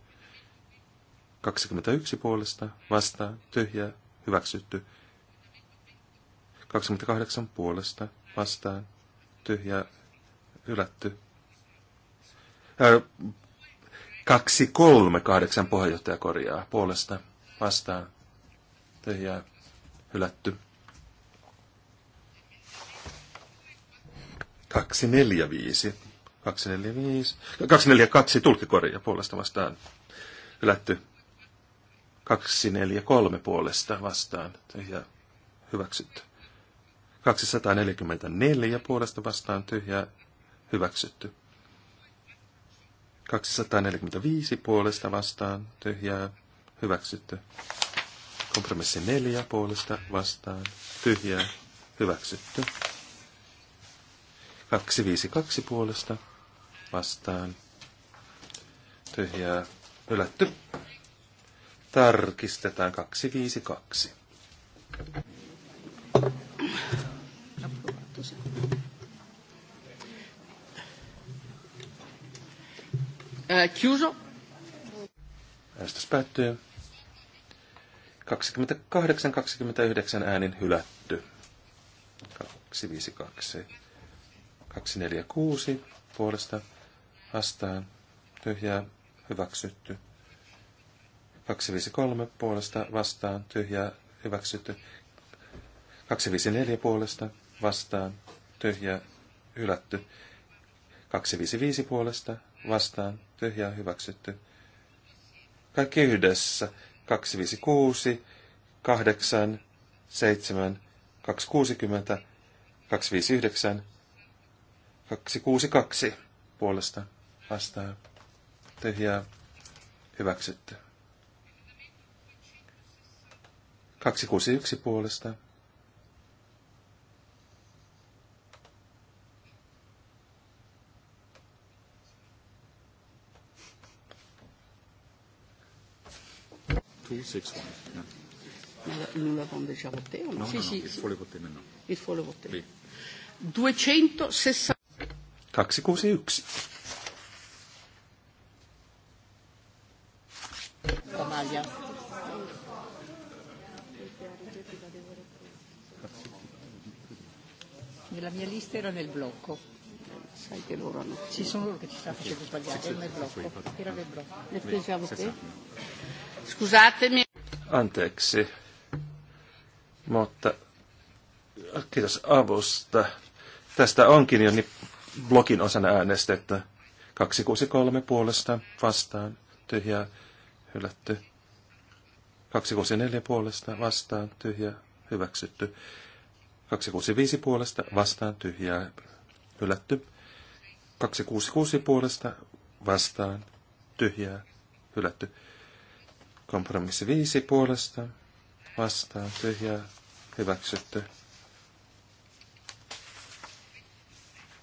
21 puolesta vastaan, tyhjä hyväksytty. 28 puolesta vastaan, tyhjä, hylätty. Öö, kaksi kolme kahdeksan puheenjohtaja korjaa puolesta vastaan, tyhjä hylätty. 245. 245. 242 tulkikoria puolesta vastaan. Hylätty. 243 puolesta vastaan. Tyhjä. Hyväksytty. 244 puolesta vastaan. Tyhjä. Hyväksytty. 245 puolesta vastaan. Tyhjä. Hyväksytty. Kompromissi 4 puolesta vastaan. Tyhjä. Hyväksytty. 252 puolesta vastaan. Tyhjää ylätty. Tarkistetaan 252. Äh, Chiuso. Äänestys päättyy. 28-29 äänin hylätty. 252. 246 puolesta vastaan tyhjää hyväksytty. 253 puolesta vastaan tyhjää hyväksytty. 254 puolesta vastaan tyhjää hylätty. 255 puolesta vastaan tyhjää hyväksytty. Kaikki yhdessä. 256, 8, 7, 260, 259, 262 puolesta vastaan tyhjää hyväksytty. 261 puolesta Nous l'avons déjà voté. non, non, il faut le voter maintenant. Il faut le voter. Oui. 260. 261. Nella mia lista era nel blocco. Sai che loro hanno. Sì, sono loro che ci stanno facendo sbagliare, era nel blocco. Era nel blocco. Le pensavo te. Scusatemi. Anteeksi. Mutta kiitos avusta. Tästä onkin jo niin blogin osana äänestettä. 263 puolesta vastaan, tyhjää, hylätty. 264 puolesta vastaan, tyhjää, hyväksytty. 265 puolesta vastaan, tyhjää, hylätty. 266 puolesta vastaan, tyhjää, hylätty. Kompromissi 5 puolesta vastaan, tyhjää, hyväksytty.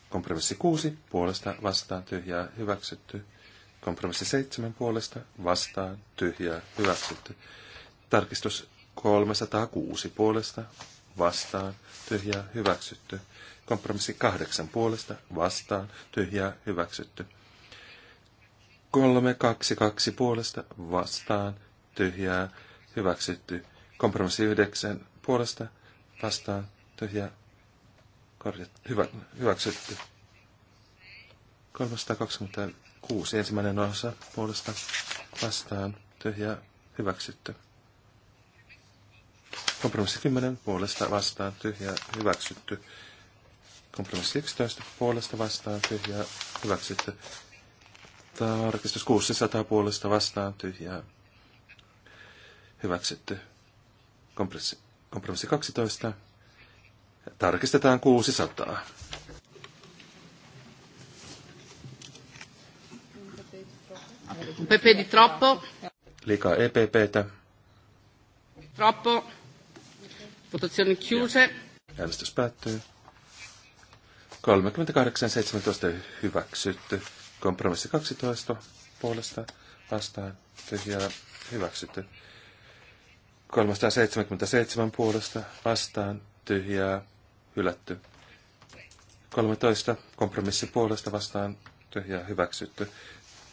Kompromissi 6 puolesta vastaan tyhjää hyväksytty. Kompromissi 7 puolesta vastaan tyhjää hyväksytty. Tarkistus 306 puolesta vastaan tyhjää hyväksytty. Kompromissi 8 puolesta vastaan tyhjää hyväksytty. 322 puolesta vastaan tyhjää hyväksytty. Kompromissi 9 puolesta vastaan tyhjää Korjat, hyvä, hyväksytty. 326 ensimmäinen osa puolesta vastaan tyhjä hyväksytty. Kompromissi 10 puolesta vastaan tyhjä hyväksytty. Kompromissi 11 puolesta vastaan tyhjä hyväksytty. Tarkistus 600 puolesta vastaan tyhjä hyväksytty. Kompromissi, kompromissi 12 Tarkistetaan 600. Pepe di troppo. Liikaa EPPtä. Troppo. Votazioni chiuse. Äänestys päättyy. 38.17 hyväksytty. Kompromissi 12 puolesta vastaan tyhjää hyväksytty. 377 puolesta vastaan tyhjää hylätty. 13 kompromissi puolesta vastaan tyhjää hyväksytty.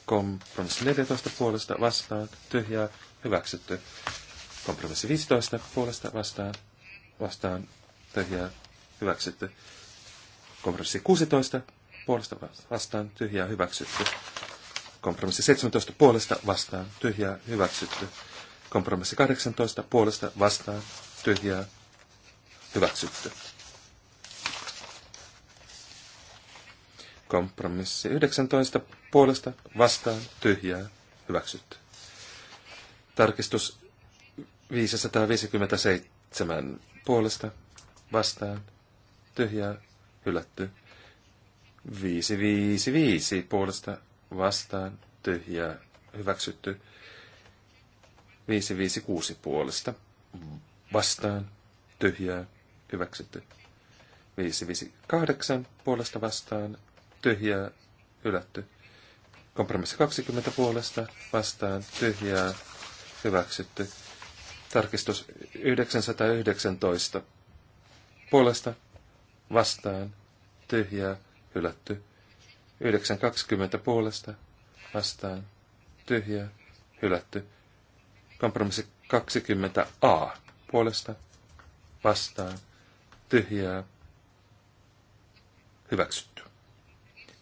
Kompromissi 14 puolesta vastaan tyhjää hyväksytty. Kompromissi 15 puolesta vastaan vastaan tyhjää hyväksytty. Kompromissi 16 puolesta vastaan tyhjää hyväksytty. Kompromissi 17 puolesta vastaan tyhjää hyväksytty. Kompromissi 18 puolesta vastaan tyhjää hyväksytty. Kompromissi 19 puolesta vastaan tyhjää hyväksytty. Tarkistus 557 puolesta vastaan tyhjää hylätty. 555 puolesta vastaan tyhjää hyväksytty. 556 puolesta vastaan tyhjää hyväksytty. 558 puolesta vastaan tyhjää, hylätty. Kompromissi 20 puolesta, vastaan, tyhjää, hyväksytty. Tarkistus 919 puolesta, vastaan, tyhjää, hylätty. 920 puolesta, vastaan, tyhjää, hylätty. Kompromissi 20a puolesta, vastaan, tyhjää, hyväksytty.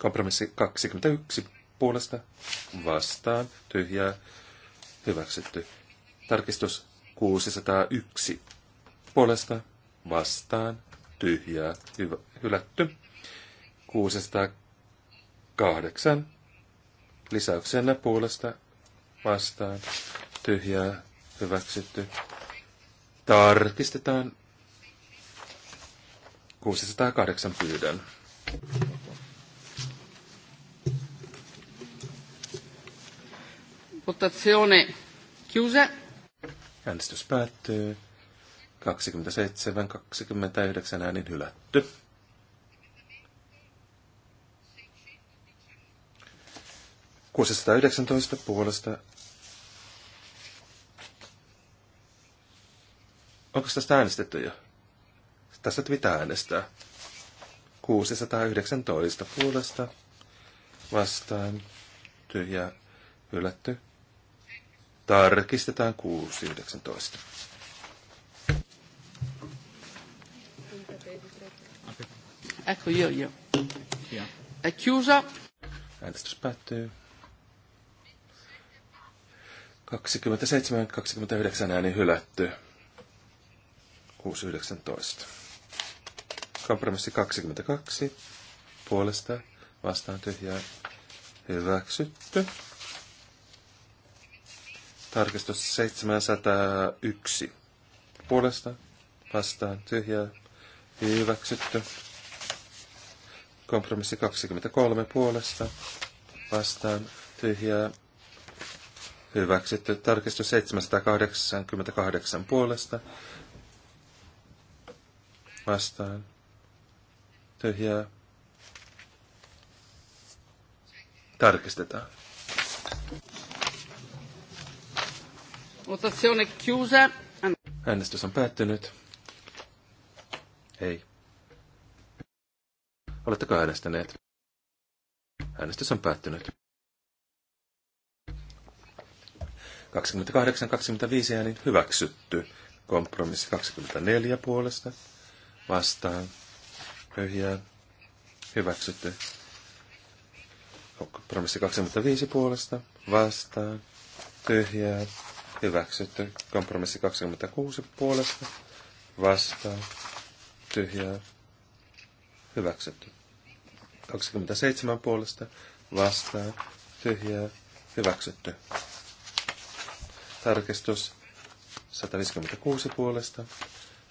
Kompromissi 21 puolesta vastaan tyhjää hyväksytty. Tarkistus 601 puolesta vastaan tyhjää hyvä, hylätty. 608 lisäyksenä puolesta vastaan tyhjää hyväksytty. Tarkistetaan 608 pyydän. Votazione chiusa. Äänestys päättyy. 27-29 äänin hylätty. Kuusesta yhdeksäntoista puolesta. Onko tästä äänestetty jo? Tässä pitää äänestää. 619 puolesta vastaan tyhjä hylätty. Tarkistetaan 619. Ecco io io. È chiusa. Äänestys päättyy. 27-29 ääni hylätty. 6-19. Kompromissi 22. Puolesta vastaan tyhjää hyväksytty. Tarkistus 701. Puolesta vastaan tyhjää hyväksytty. Kompromissi 23 puolesta vastaan tyhjää hyväksytty. Tarkistus 788 puolesta vastaan tyhjää tarkistetaan. Votazione chiusa. Äänestys on päättynyt. Ei. Oletteko äänestäneet? Äänestys on päättynyt. 28-25 äänin hyväksytty. Kompromissi 24 puolesta. Vastaan. Pyhiään. Hyväksytty. Kompromissi 25 puolesta. Vastaan. Tyhjää. Hyväksytty. Kompromissi 26 puolesta. Vastaan. Tyhjää. Hyväksytty. 27 puolesta. Vastaan. Tyhjää. Hyväksytty. Tarkistus 156 puolesta.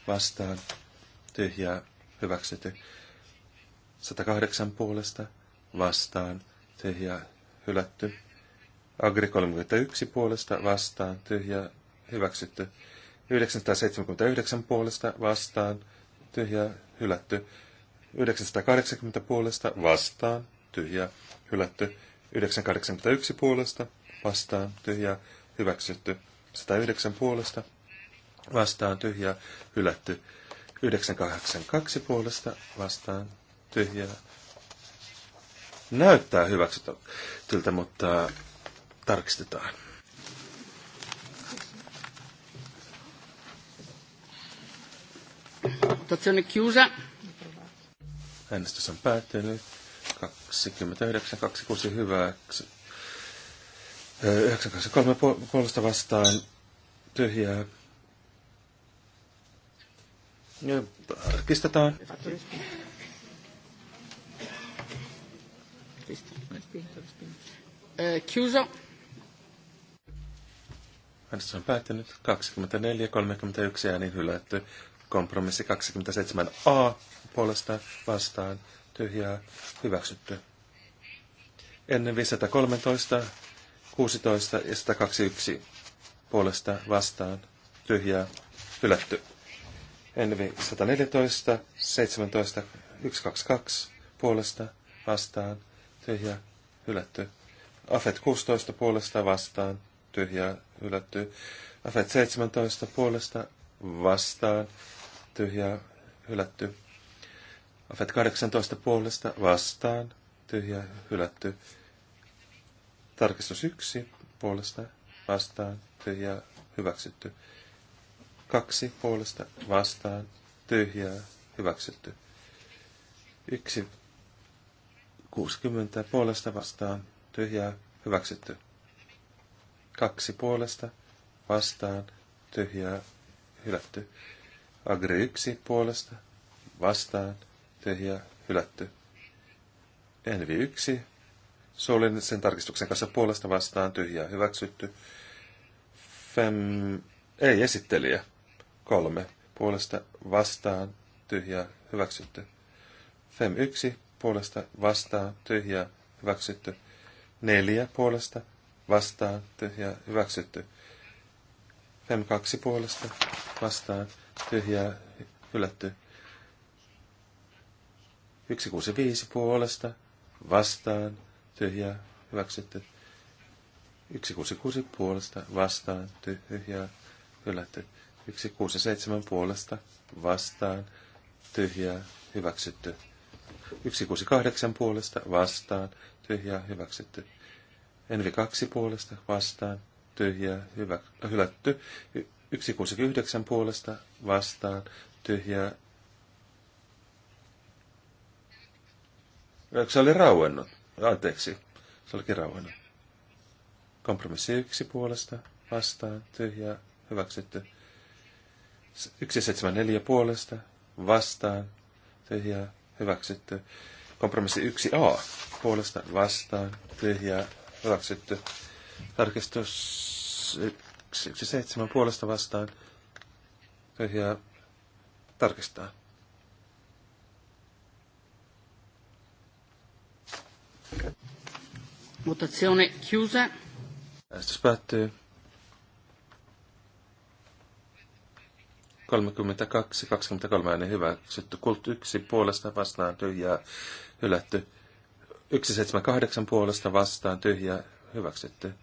Vastaan. Tyhjää. Hyväksytty. 108 puolesta. Vastaan. Tyhjää. Hylätty. Agri 31 puolesta vastaan, tyhjää hyväksytty. 979 puolesta vastaan, tyhjää hylätty. 980 puolesta vastaan, tyhjää hylätty. 981 puolesta vastaan, tyhjää hyväksytty. 109 puolesta vastaan, tyhjää hylätty. 982 puolesta vastaan, tyhjää näyttää hyväksytyltä, mutta tarkistetaan. Votazione chiusa. Äänestys on päättynyt. 29, 26 hyvää. 923 puolesta vastaan. Tyhjää. Ja tarkistetaan. Chiuso. Äänestys on päättynyt. 24, 31 äänin hylätty. Kompromissi 27a puolesta vastaan. Tyhjää hyväksytty. Ennen 513, 16 ja 121 puolesta vastaan. Tyhjää hylätty. Ennen 114, 17, 122 puolesta vastaan, tyhjää hylätty. Afet 16 puolesta vastaan, tyhjää hylättyä. Afet 17 puolesta vastaan tyhjää hylätty. Afet 18 puolesta vastaan tyhjää hylätty. Tarkistus 1 puolesta vastaan tyhjää hyväksytty. Kaksi puolesta vastaan tyhjää hyväksytty. Yksi 60 puolesta vastaan tyhjää hyväksytty. Kaksi puolesta vastaan tyhjää hylätty. Agri yksi puolesta vastaan tyhjää hylätty. Envi yksi suullisen tarkistuksen kanssa puolesta vastaan tyhjää hyväksytty. Fem, ei esittelijä. Kolme puolesta vastaan tyhjää hyväksytty. Fem yksi puolesta vastaan tyhjää hyväksytty. Neljä puolesta vastaatte ja hyväksytty. Fem kaksi puolesta vastaan tyhjä hylätty. yksi kuusi viisi puolesta vastaan tyhjä hyväksytty. yksi kuusi kuusi puolesta vastaan tyhjä hylätty. yksi kuusi seitsemän puolesta vastaan tyhjä hyväksytty. yksi kuusi kahdeksan puolesta vastaan tyhjä hyväksytty. Envi kaksi puolesta vastaan, tyhjää, hyvä, hylätty. 169 puolesta vastaan, tyhjää. Se oli rauennut. Anteeksi, se olikin rauennut. Kompromissi yksi puolesta, vastaan, tyhjää, hyväksytty. 174 puolesta, vastaan, tyhjää, hyväksytty. Kompromissi 1a puolesta, vastaan, tyhjää, hyväksytty. Tarkistus 117 puolesta vastaan. Tyhjää tarkistaa. Mutazione chiusa. Äänestys päättyy. 32, 23 ääni hyväksytty. Kult 1 puolesta vastaan tyhjää hylätty. 178 puolesta vastaan tyhjää hyväksytty.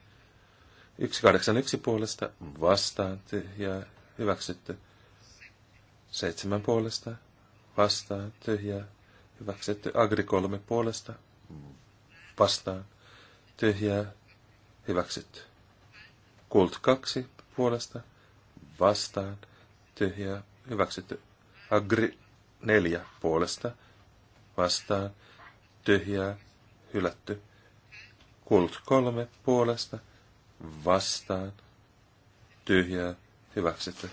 181 puolesta vastaan tyhjää hyväksytty. 7 puolesta vastaan tyhjää hyväksytty. Agri 3 puolesta vastaan tyhjää hyväksytty. Kult 2 puolesta vastaan tyhjää hyväksytty. Agri 4 puolesta vastaan tyhjää hylätty. Kult kolme puolesta vastaan tyhjää hyväksytty.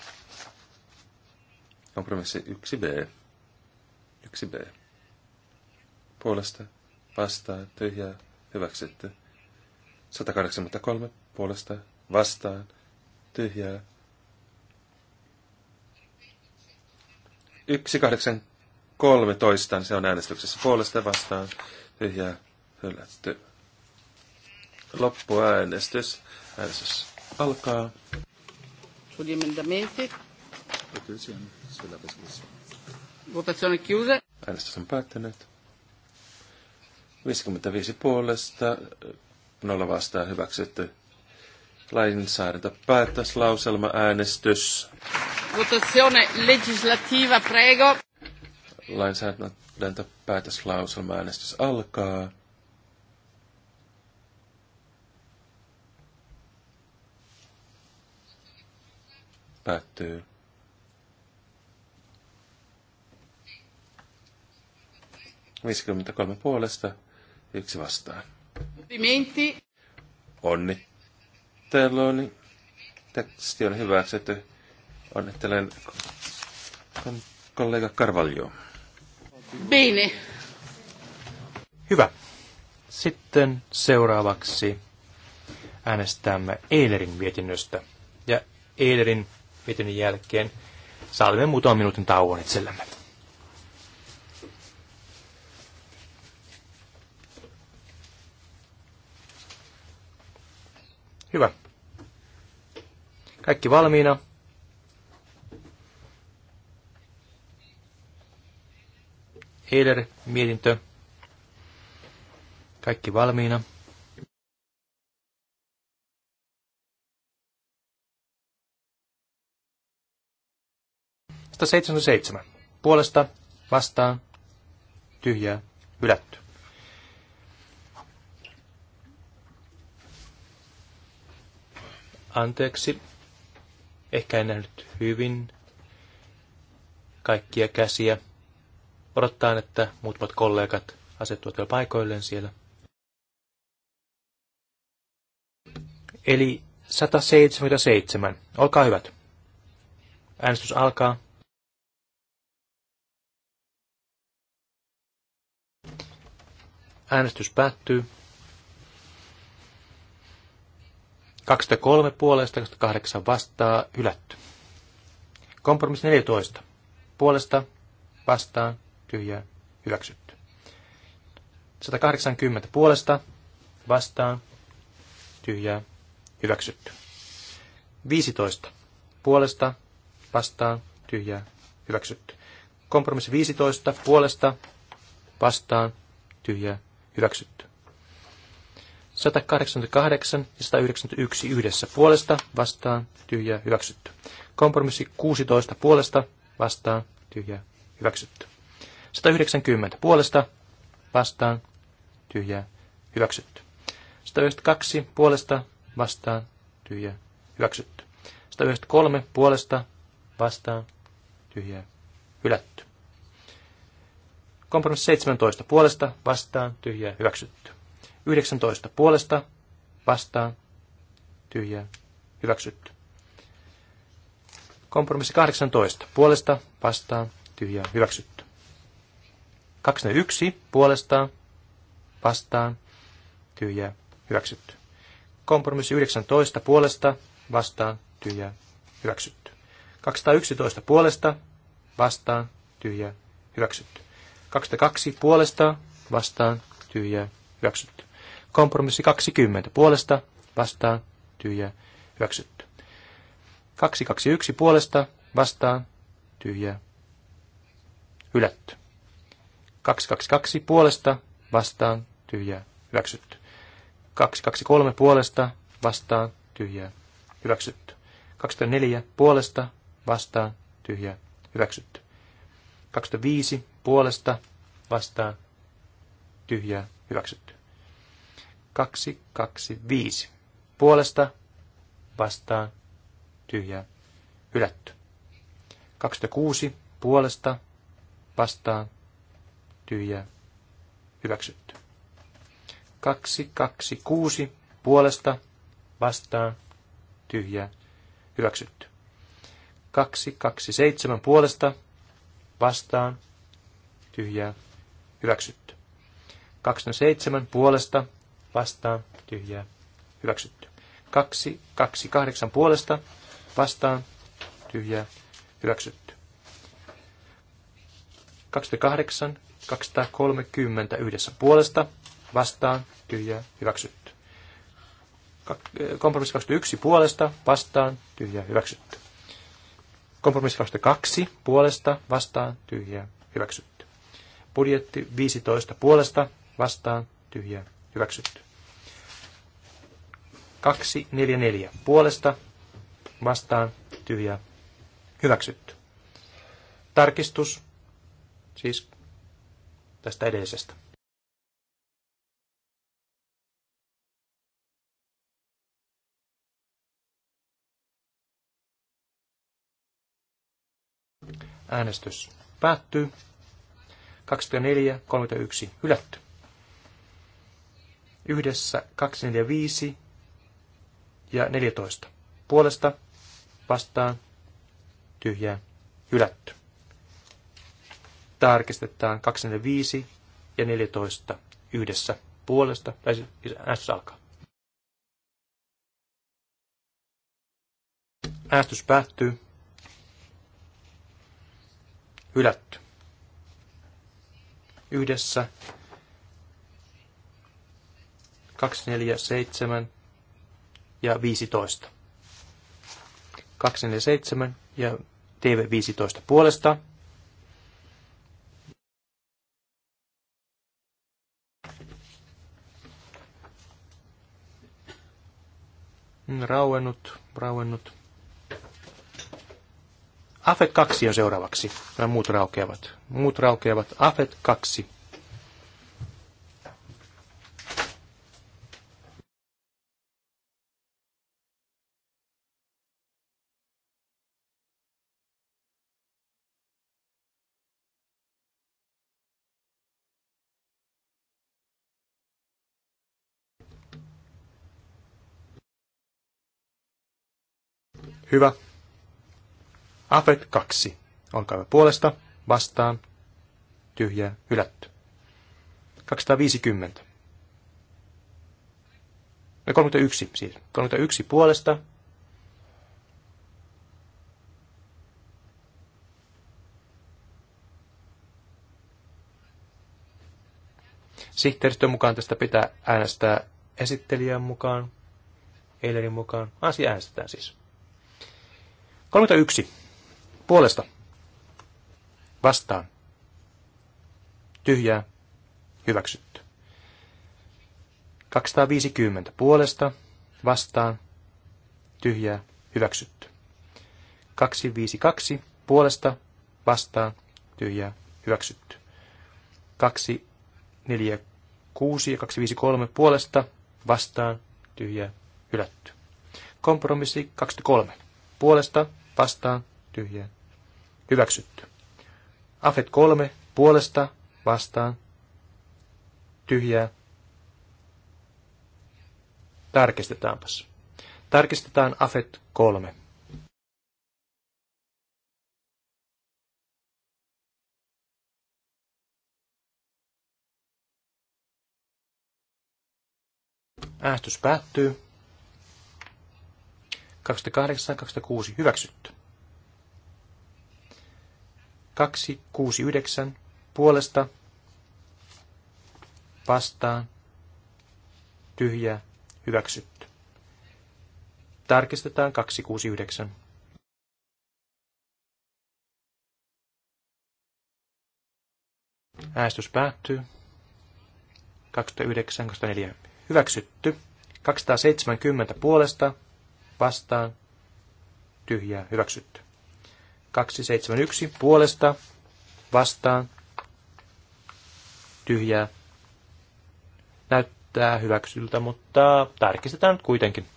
Kompromissi 1b. 1b. Puolesta vastaan tyhjää hyväksytty. 183 puolesta vastaan tyhjää 1.8.13 se on äänestyksessä puolesta vastaan. Tyhjää hylätty. Loppuäänestys. Äänestys alkaa. Sudimentamente. Votazione chiusa. Äänestys on päättynyt. 55 puolesta, 0 vastaan hyväksytty. Lainsäädäntö päätöslauselma äänestys. Votazione legislativa, prego. Lainsäädäntö päätöslauselma äänestys alkaa. päättyy. Viisikymmentäkolme puolesta, yksi vastaan. Onni. Onnitteluni. Teksti on hyväksytty. Onnittelen kollega Carvalho. Bene. Hyvä. Sitten seuraavaksi äänestämme Eilerin mietinnöstä. Ja Eilerin mietinnön jälkeen saamme muutaman minuutin tauon itsellemme. Hyvä. Kaikki valmiina. Eiler mietintö. Kaikki valmiina. 177. Puolesta vastaan tyhjää hylätty. Anteeksi, ehkä en nähnyt hyvin kaikkia käsiä. Odottaa, että muutamat kollegat asettuvat vielä paikoilleen siellä. Eli 177. Olkaa hyvät. Äänestys alkaa. Äänestys päättyy. 23 puolesta, 28 vastaa, hylätty. Kompromissi 14. Puolesta, vastaan, tyhjää, hyväksytty. 180 puolesta, vastaan, tyhjää, hyväksytty. 15. Puolesta, vastaan, tyhjää, hyväksytty. Kompromissi 15. Puolesta, vastaan, tyhjää, Hyväksytty. 188 ja 191 yhdessä puolesta vastaan tyhjä hyväksytty. Kompromissi 16 puolesta vastaan tyhjä hyväksytty. 190 puolesta vastaan tyhjä hyväksytty. 192 puolesta vastaan tyhjä hyväksytty. 193 puolesta vastaan tyhjä hylätty. Kompromissi 17 puolesta vastaan tyhjää hyväksytty. 19 puolesta vastaan tyhjää hyväksytty. Kompromissi 18 puolesta vastaan tyhjää hyväksytty. 21 puolestaan vastaan tyhjää hyväksytty. Kompromissi 19 puolesta vastaan tyhjää hyväksytty. 211 puolesta vastaan tyhjää hyväksytty. 22 puolesta vastaan tyhjää hyväksytty. Kompromissi 20 puolesta vastaan tyhjää hyväksytty. 221 puolesta vastaan tyhjää hylätty. 222 puolesta vastaan tyhjää hyväksytty. 223 puolesta vastaan tyhjää hyväksytty. 24 puolesta vastaan tyhjää hyväksytty. 25 puolesta vastaan tyhjää hyväksytty. 5. puolesta vastaan tyhjää hylätty. 26 puolesta vastaan tyhjää hyväksytty. 6. puolesta vastaan tyhjää hyväksytty. 7. puolesta vastaan tyhjää, hyväksytty. 27 puolesta, vastaan, tyhjää, hyväksytty. 228 puolesta, vastaan, tyhjää, hyväksytty. 28, 230 yhdessä puolesta, vastaan, tyhjää, hyväksytty. Kompromissi 21 puolesta, vastaan, tyhjää, hyväksytty. Kompromissi 22 puolesta, vastaan, tyhjää, hyväksytty. Budjetti 15 puolesta vastaan tyhjä hyväksytty. 244 puolesta vastaan tyhjä hyväksytty. Tarkistus siis tästä edellisestä. Äänestys päättyy. 24, 31 hylätty. Yhdessä 245 ja 14. Puolesta vastaan tyhjää hylätty. Tarkistetaan 245 ja 14 yhdessä puolesta, tai siis äänestys alkaa. Äänestys päättyy. Hylätty yhdessä 247 ja 15. 247 ja TV15 puolesta. Rauennut, rauennut. AFET 2 on seuraavaksi. Nämä muut raukeavat. Muut raukeavat. AFET 2. Hyvä. Afet 2. Olkaa puolesta, vastaan, tyhjää, hylätty. 250. No 31 siis. 31 puolesta. Sihteeristön mukaan tästä pitää äänestää esittelijän mukaan, Eilerin mukaan. Asia ah, äänestetään siis. 31 Puolesta. Vastaan. Tyhjää. Hyväksytty. 250 puolesta. Vastaan. Tyhjää. Hyväksytty. 252 puolesta. Vastaan. Tyhjää. Hyväksytty. 246 ja 253 puolesta. Vastaan. Tyhjää. Hylätty. Kompromissi 23. Puolesta. Vastaan. Tyhjää Hyväksytty. Afet kolme puolesta vastaan. Tyhjää. Tarkistetaanpas. Tarkistetaan Afet kolme. Äänestys päättyy. 28-26 hyväksytty. 269 puolesta vastaan tyhjä hyväksytty. Tarkistetaan 269. Äänestys päättyy. 209-24. Hyväksytty. 270 puolesta vastaan tyhjää hyväksytty. 271 puolesta vastaan tyhjää. Näyttää hyväksyltä, mutta tarkistetaan nyt kuitenkin.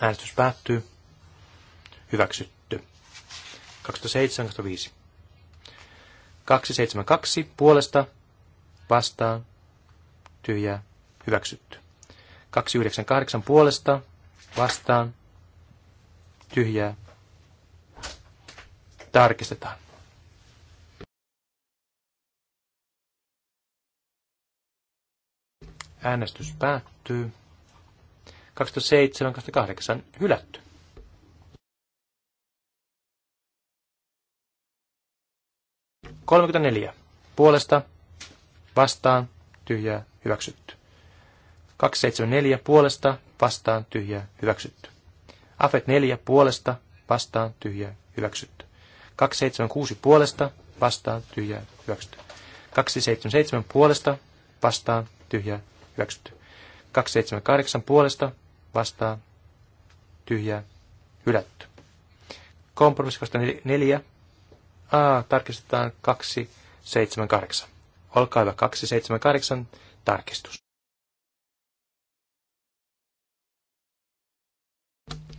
Äänestys päättyy. Hyväksytty. 207 272 puolesta vastaan tyhjää hyväksytty. 298 puolesta vastaan tyhjää tarkistetaan. Äänestys päättyy. 27-28 hylätty. Kolmekymmentäneljä. Puolesta, vastaan, tyhjää, hyväksytty. 274 puolesta vastaan tyhjä hyväksytty. Afet 4 puolesta vastaan tyhjä hyväksytty. 276 puolesta vastaan tyhjä hyväksytty. 277 puolesta vastaan tyhjä hyväksytty. 278 puolesta vastaan tyhjä hylätty. Kompromissi 24. A tarkistetaan 278. Olkaa hyvä 278 tarkistus.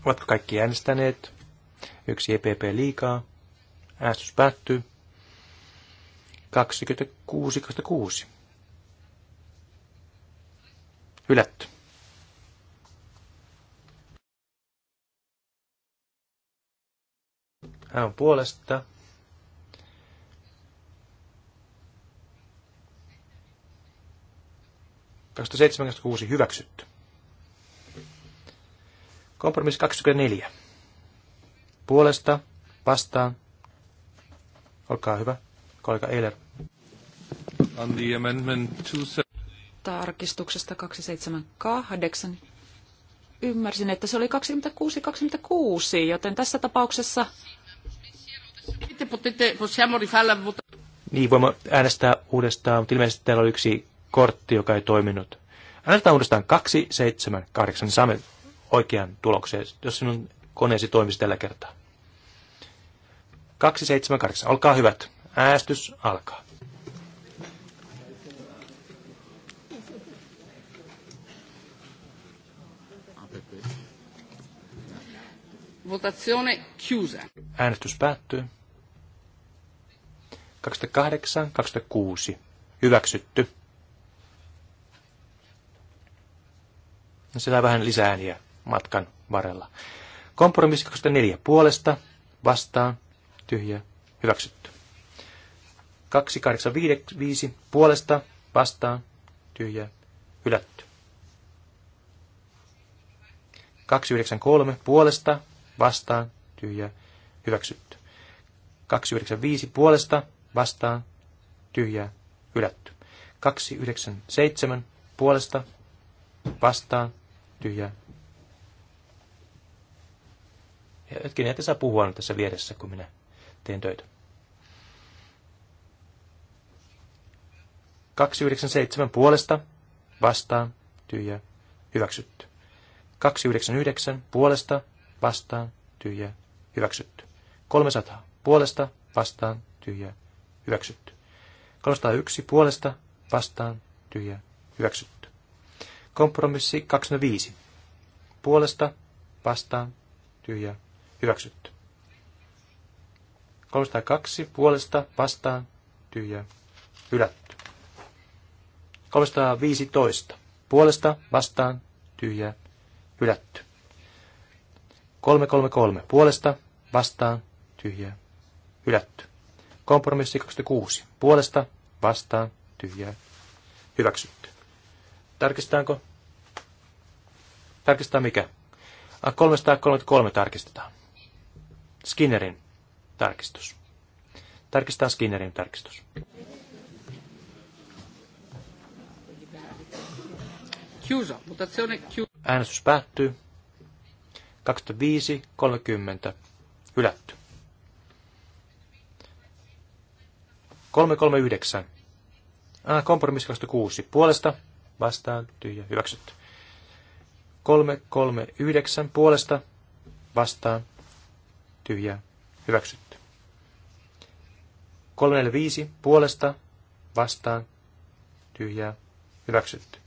Ovatko kaikki äänestäneet? Yksi EPP liikaa. Äänestys päättyy. 26, Hylätty. Hän on puolesta. Tästä 76 hyväksytty. Kompromissi 24. Puolesta, vastaan. Olkaa hyvä, kollega Eiler. On the amendment to... Tarkistuksesta 278. Ymmärsin, että se oli 26-26, joten tässä tapauksessa... Niin, voimme äänestää uudestaan, mutta ilmeisesti täällä oli yksi kortti, joka ei toiminut. Äänestetään uudestaan 278, niin saamme oikean tulokseen, jos sinun koneesi toimisi tällä kertaa. 278. Olkaa hyvät. Äänestys alkaa. Votazione chiusa. Äänestys päättyy. 28, 26. Hyväksytty. No siellä vähän lisää ääniä matkan varrella. Kompromissi 24 puolesta, vastaan, tyhjä, hyväksytty. 285 puolesta, vastaan, tyhjä, hylätty. 293 puolesta, vastaan, tyhjä, hyväksytty. 295 puolesta, vastaan, tyhjä, hylätty. 297 puolesta, vastaan, tyhjä, Ja hetken, ette saa puhua nyt tässä vieressä, kun minä teen töitä. 297 puolesta, vastaan, tyhjä, hyväksytty. 299 puolesta, vastaan, tyhjä, hyväksytty. 300 puolesta, vastaan, tyhjä, hyväksytty. 301 puolesta, vastaan, tyhjä, hyväksytty. Kompromissi 25. Puolesta, vastaan, tyhjä, Hyväksytty. 302 puolesta vastaan tyhjä Hylätty. 315 puolesta vastaan tyhjä Hylätty. 333 puolesta vastaan tyhjä. Hylätty. Kompromissi 26 puolesta vastaan tyhjä. Hyväksytty. Tarkistaanko? Tarkistaa mikä? 333 tarkistetaan. Skinnerin tarkistus. Tarkistaa Skinnerin tarkistus. Äänestys päättyy. 25.30. Hylätty. 339. Ah, kompromissi 26. Puolesta. Vastaan. Tyhjä. Hyväksytty. 339. Puolesta. Vastaan tyhjää hyväksytty. 345 puolesta vastaan tyhjää hyväksytty.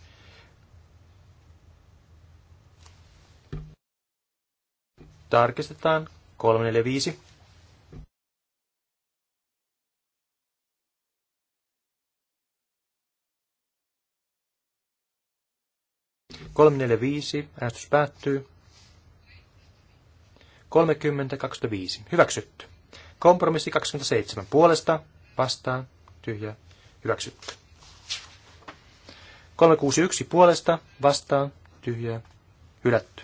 Tarkistetaan 345. Kolme, neljä, viisi. Äänestys päättyy. 30 Hyväksytty. Kompromissi 27. Puolesta, vastaan, tyhjä, hyväksytty. 361 puolesta, vastaan, tyhjä, hylätty.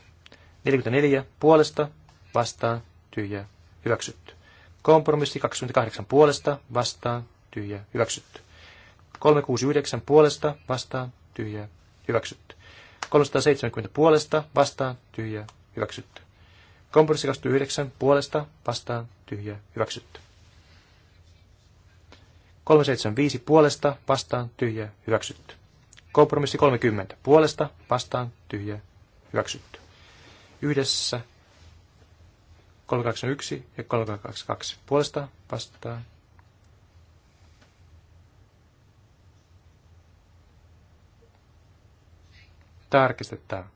44 puolesta, vastaan, tyhjä, hyväksytty. Kompromissi 28 puolesta, vastaan, tyhjä, hyväksytty. 369 puolesta, vastaan, tyhjä, hyväksytty. 370 puolesta, vastaan, tyhjä, hyväksytty. Kompromissi 29 puolesta vastaan tyhjä hyväksytty. 375 puolesta vastaan tyhjä hyväksytty. Kompromissi 30 puolesta vastaan tyhjä hyväksytty. Yhdessä 321 ja 322 puolesta vastaan tarkistetaan.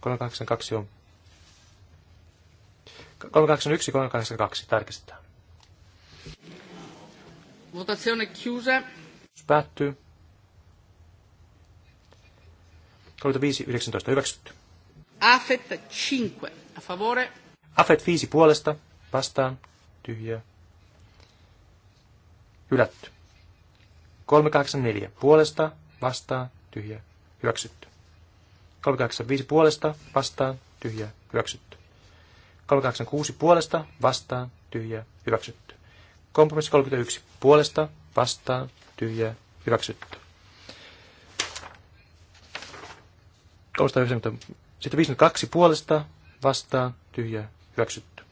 382 on... 381, 382 tarkistetaan. Votazione chiusa. Päättyy. 35, 19 hyväksytty. Afet 5, a favore. Afet 5 puolesta, vastaan, tyhjä. Hylätty. 384 puolesta, vastaan, tyhjä, hyväksytty. 385 puolesta vastaan tyhjä hyväksytty. 386 puolesta vastaan tyhjä hyväksytty. Kompromissi 31 puolesta vastaan tyhjä hyväksytty. 390, sitten 52 puolesta vastaan tyhjä hyväksytty.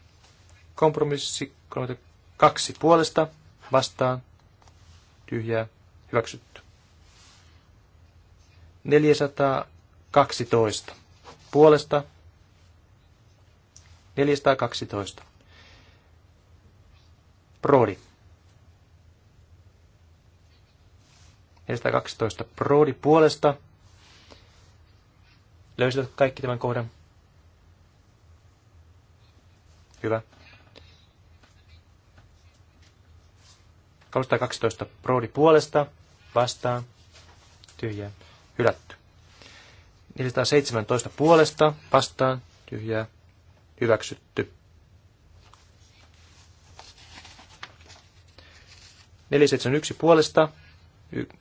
Kompromissi 32 puolesta vastaan tyhjä hyväksytty. 400 412. Puolesta 412. Proodi. 412 Proodi puolesta. Löysit kaikki tämän kohdan? Hyvä. 312. Proodi puolesta vastaan. Tyhjää. Hylätty. 417 puolesta vastaan tyhjää hyväksytty. 471 puolesta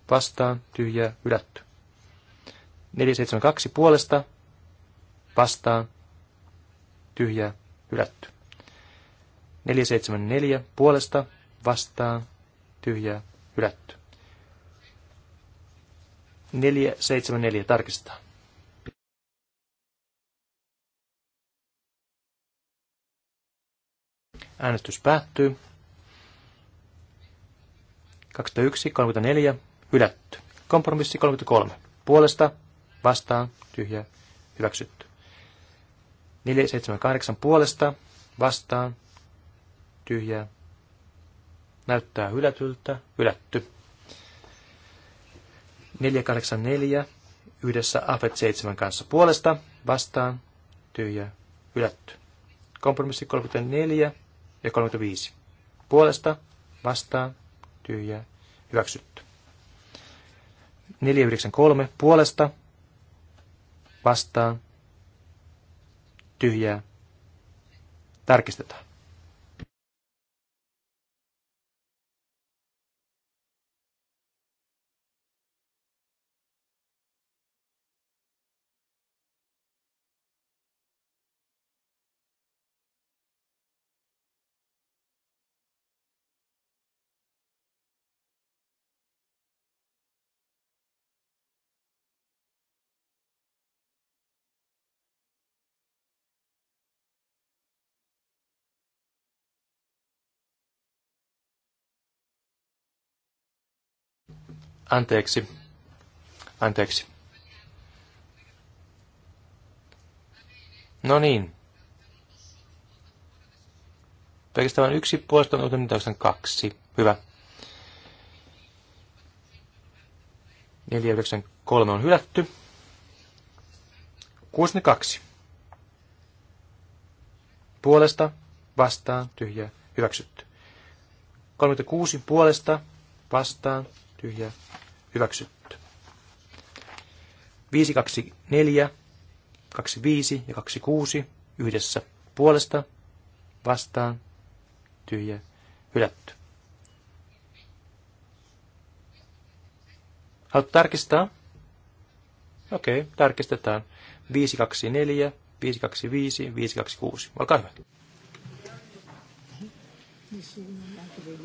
vastaan tyhjää hylätty. 472 puolesta vastaan tyhjää hylätty. 474 puolesta vastaan tyhjää hylätty. 474 tarkistetaan. Äänestys päättyy. 201, 34, hylätty. Kompromissi 33. Puolesta, vastaan, tyhjä, hyväksytty. 478 puolesta, vastaan, tyhjä, näyttää hylätyltä, hylätty. 484 yhdessä Afet 7 kanssa puolesta, vastaan, tyhjä, hylätty. Kompromissi 34 ja 35. Puolesta, vastaan, tyhjä, hyväksytty. 493. Puolesta, vastaan, tyhjää, tarkistetaan. Anteeksi. Anteeksi. No niin. Pelkästään yksi puolesta on uuden kaksi. Hyvä. 493 on hylätty. 62. Puolesta, vastaan, tyhjä, hyväksytty. 36 puolesta, vastaan, tyhjää, hyväksytty. 2, 5 ja 6 yhdessä puolesta, vastaan, tyhjä, hylätty. Haluat tarkistaa? Okei, okay, tarkistetaan. 5, 2, 6. Olkaa hyvä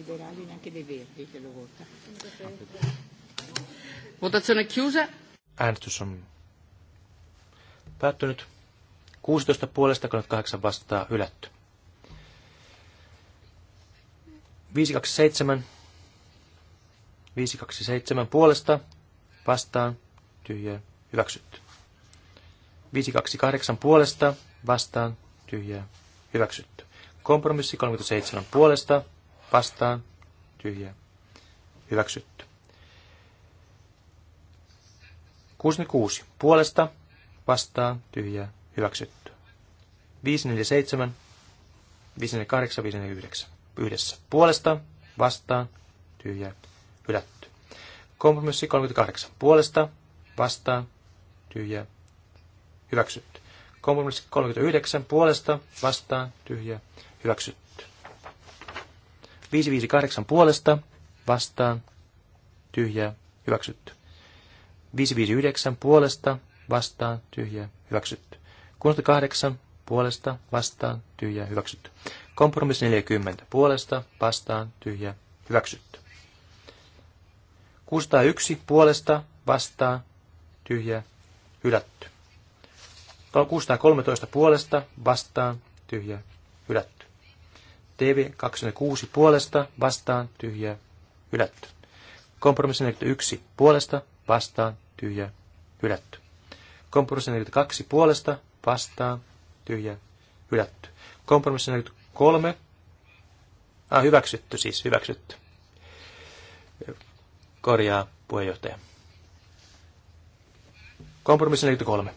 liberali, neanche dei verdi che lo vota. Votazione chiusa. Äänestys on päättynyt. 16 puolesta, 38 vastaa hylätty. 527. 527 puolesta vastaan tyhjää hyväksytty. 528 puolesta vastaan tyhjää hyväksytty. Kompromissi 37 puolesta vastaan, tyhjä hyväksytty. 66. Puolesta, vastaan, tyhjä hyväksytty. 547, 548, 549. Yhdessä. Puolesta, vastaan, tyhjä hylätty. Kompromissi 38. Puolesta, vastaan, tyhjä hyväksytty. Kompromissi 39. Puolesta, vastaan, tyhjä hyväksytty. 558 puolesta vastaan tyhjää hyväksytty. 559 puolesta vastaan tyhjää hyväksytty. 68 puolesta vastaan tyhjää hyväksytty. Kompromissi 40 puolesta vastaan tyhjää hyväksytty. 601 puolesta vastaan tyhjää hylätty. 613 puolesta vastaan tyhjää hylätty. TV26 puolesta vastaan tyhjä hylätty. Kompromissi 41 puolesta vastaan tyhjä hylätty. Kompromissi 42 puolesta vastaan tyhjä hylätty. Kompromissi 43 ah, hyväksytty siis, hyväksytty. Korjaa puheenjohtaja. Kompromissi 43.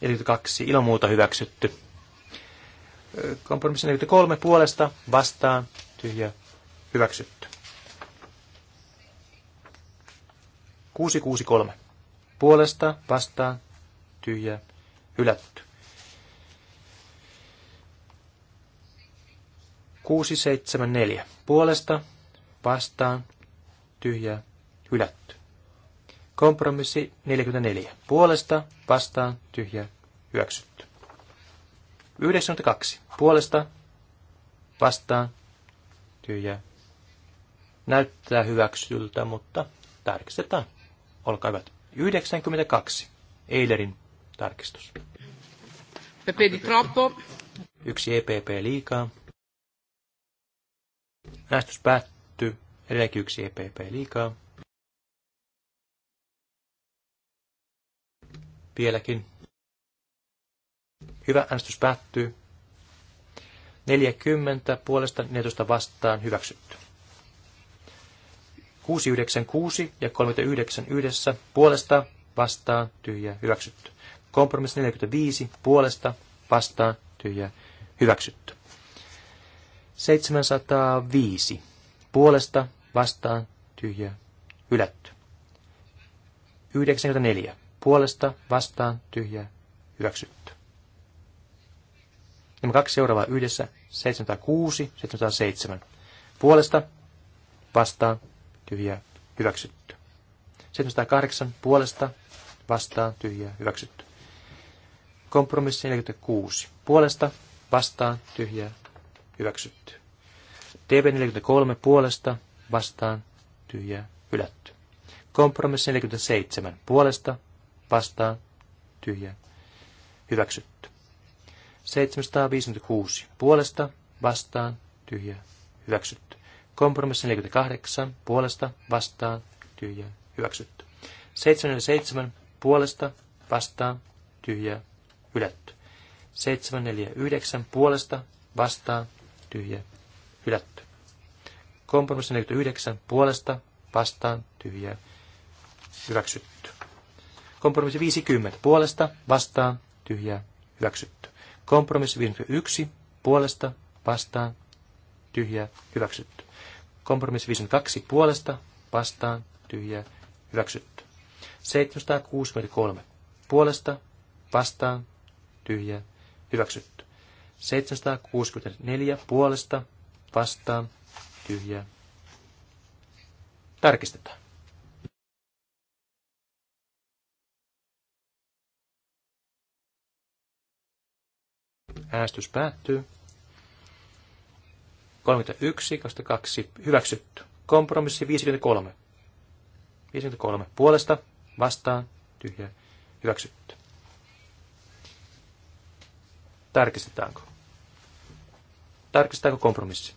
42 ilman muuta hyväksytty. Kompromissi 43 puolesta vastaan tyhjä hyväksytty. 663 puolesta vastaan tyhjä hylätty. 674 puolesta vastaan tyhjä hylätty. Kompromissi 44 puolesta vastaan tyhjä hyväksytty. 92. Puolesta vastaan tyhjää. Näyttää hyväksyltä, mutta tarkistetaan. Olkaa hyvät. 92. Eilerin tarkistus. Pepe di troppo. Yksi EPP liikaa. Äänestys päättyy. Edelleenkin yksi EPP liikaa. Vieläkin Hyvä, äänestys päättyy. 40 puolesta 14 vastaan hyväksytty. 696 ja 39 yhdessä puolesta vastaan tyhjä hyväksytty. Kompromissi 45 puolesta vastaan tyhjä hyväksytty. 705 puolesta vastaan tyhjä hylätty. 94 puolesta vastaan tyhjä hyväksytty. Nämä kaksi seuraavaa yhdessä, 706, 707. Puolesta, vastaan, tyhjää, hyväksytty. 708 puolesta, vastaan, tyhjää, hyväksytty. Kompromissi 46. Puolesta, vastaan, tyhjää, hyväksytty. TV43 puolesta, vastaan, tyhjää, hylätty. Kompromissi 47. Puolesta, vastaan, tyhjää, hyväksytty. 756 puolesta vastaan tyhjä hyväksytty. Kompromissi 48 puolesta vastaan tyhjä hyväksytty. 77. puolesta vastaan tyhjä hylätty. 749 puolesta vastaan tyhjä hylätty. Kompromissi 49 puolesta vastaan tyhjä hyväksytty. Kompromissi 50 puolesta vastaan tyhjä hyväksytty. Kompromissi 51 puolesta vastaan tyhjä hyväksytty. Kompromissi 52 puolesta vastaan tyhjä hyväksytty. 763 puolesta vastaan tyhjä hyväksytty. 764 puolesta vastaan tyhjä tarkistetaan. Äänestys päättyy. 31, 22, hyväksytty. Kompromissi 53. 53. Puolesta, vastaan, tyhjä, hyväksytty. Tarkistetaanko? Tarkistetaanko kompromissi?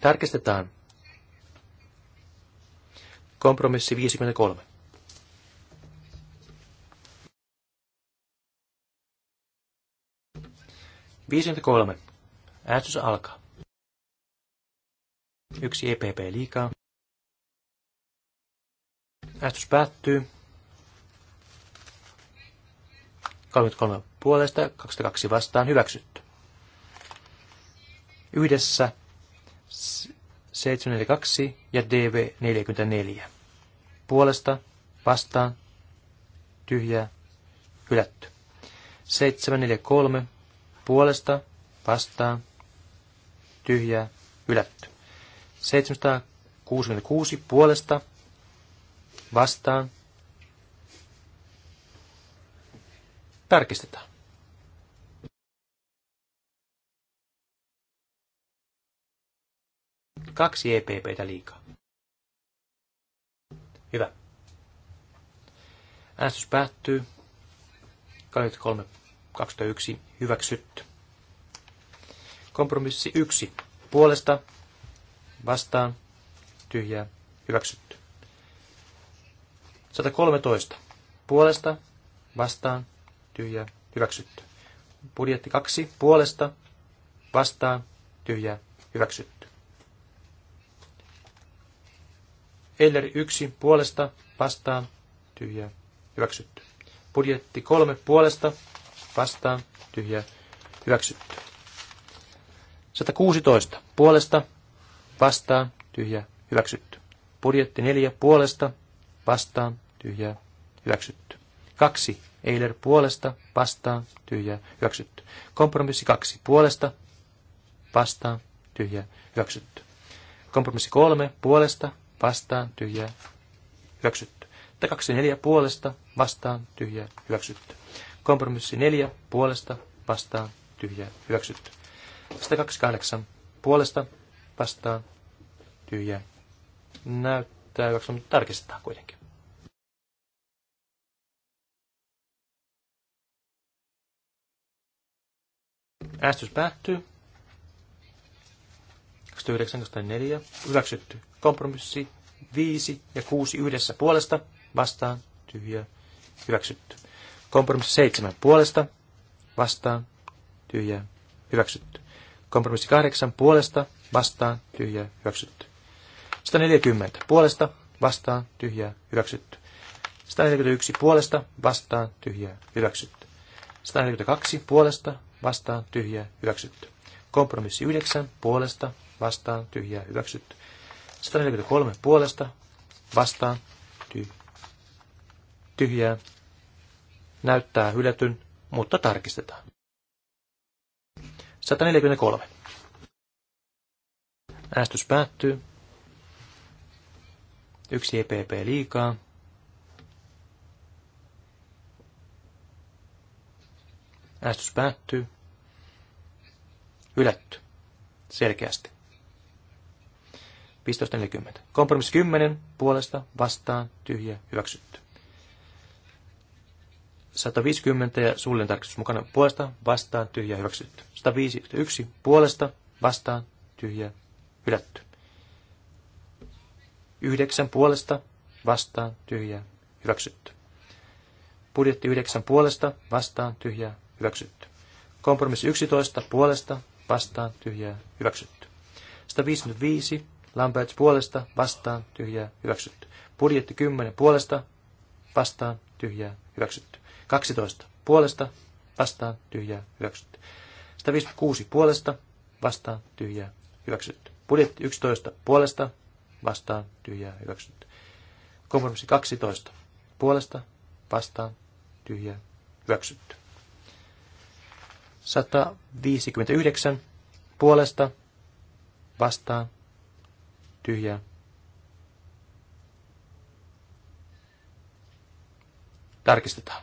Tarkistetaan. Kompromissi 53. 53. Äänestys alkaa. Yksi EPP liikaa. Äänestys päättyy. 33 puolesta, 22 vastaan hyväksytty. Yhdessä 742 ja DV44. Puolesta, vastaan, tyhjää, hylätty. 743 puolesta, vastaan, tyhjää, ylätty. 766 puolesta, vastaan, tarkistetaan. Kaksi EPPtä liikaa. Hyvä. Äänestys päättyy. 23 2001 hyväksytty. Kompromissi 1. Puolesta, vastaan, tyhjää, hyväksytty. 113. Puolesta, vastaan, tyhjää, hyväksytty. Budjetti 2. Puolesta, vastaan, tyhjää, hyväksytty. Eller 1. Puolesta, vastaan, tyhjää, hyväksytty. Budjetti 3. Puolesta, vastaan, tyhjä, hyväksytty. 116 puolesta, vastaan, tyhjä, hyväksytty. Budjetti 4 puolesta, vastaan, tyhjä, hyväksytty. 2 Eiler puolesta, vastaan, tyhjä, hyväksytty. Kompromissi 2 puolesta, vastaan, tyhjä, hyväksytty. Kompromissi 3 puolesta, vastaan, tyhjä, hyväksytty. Tai 24 puolesta, vastaan, tyhjä, hyväksytty. Kompromissi 4 puolesta vastaan Tyhjä. hyväksytty. 128 puolesta vastaan Tyhjä. näyttää hyväksytty, mutta tarkistetaan kuitenkin. Äänestys päättyy. 29.4. Hyväksytty. Kompromissi 5 ja 6 yhdessä puolesta vastaan Tyhjä. hyväksytty. Kompromissi seitsemän puolesta, vastaan, tyhjää, hyväksytty. Kompromissi kahdeksan puolesta, vastaan, tyhjää, hyväksytty. 140 puolesta, vastaan, tyhjää, hyväksytty. 141 puolesta, vastaan, tyhjää, hyväksytty. 142 puolesta, vastaan, tyhjää, hyväksytty. Kompromissi yhdeksän puolesta, vastaan, tyhjää, hyväksytty. 143 puolesta, vastaan, tyhjää, Näyttää hylätyn, mutta tarkistetaan. 143. Äänestys päättyy. Yksi EPP liikaa. Äänestys päättyy. Hylätty. Selkeästi. 15.40. Kompromissi 10. Puolesta, vastaan, tyhjä, hyväksytty. 150 ja suullinen tarkistus mukana puolesta, vastaan, tyhjä, hyväksytty. 151 puolesta, vastaan, tyhjä, hylätty. 9 puolesta, vastaan, tyhjä, hyväksytty. Budjetti 9 puolesta, vastaan, tyhjä, hyväksytty. Kompromissi 11 puolesta, vastaan, tyhjä, hyväksytty. 155 Lamberts puolesta, vastaan, tyhjä, hyväksytty. Budjetti 10 puolesta, vastaan, tyhjä, hyväksytty. 12 puolesta vastaan tyhjää hyväksytty. 156 puolesta vastaan tyhjää hyväksytty. Budjetti 11 puolesta vastaan tyhjää hyväksytty. Kompromissi 12 puolesta vastaan tyhjää hyväksytty. 159 puolesta vastaan tyhjää tarkistetaan.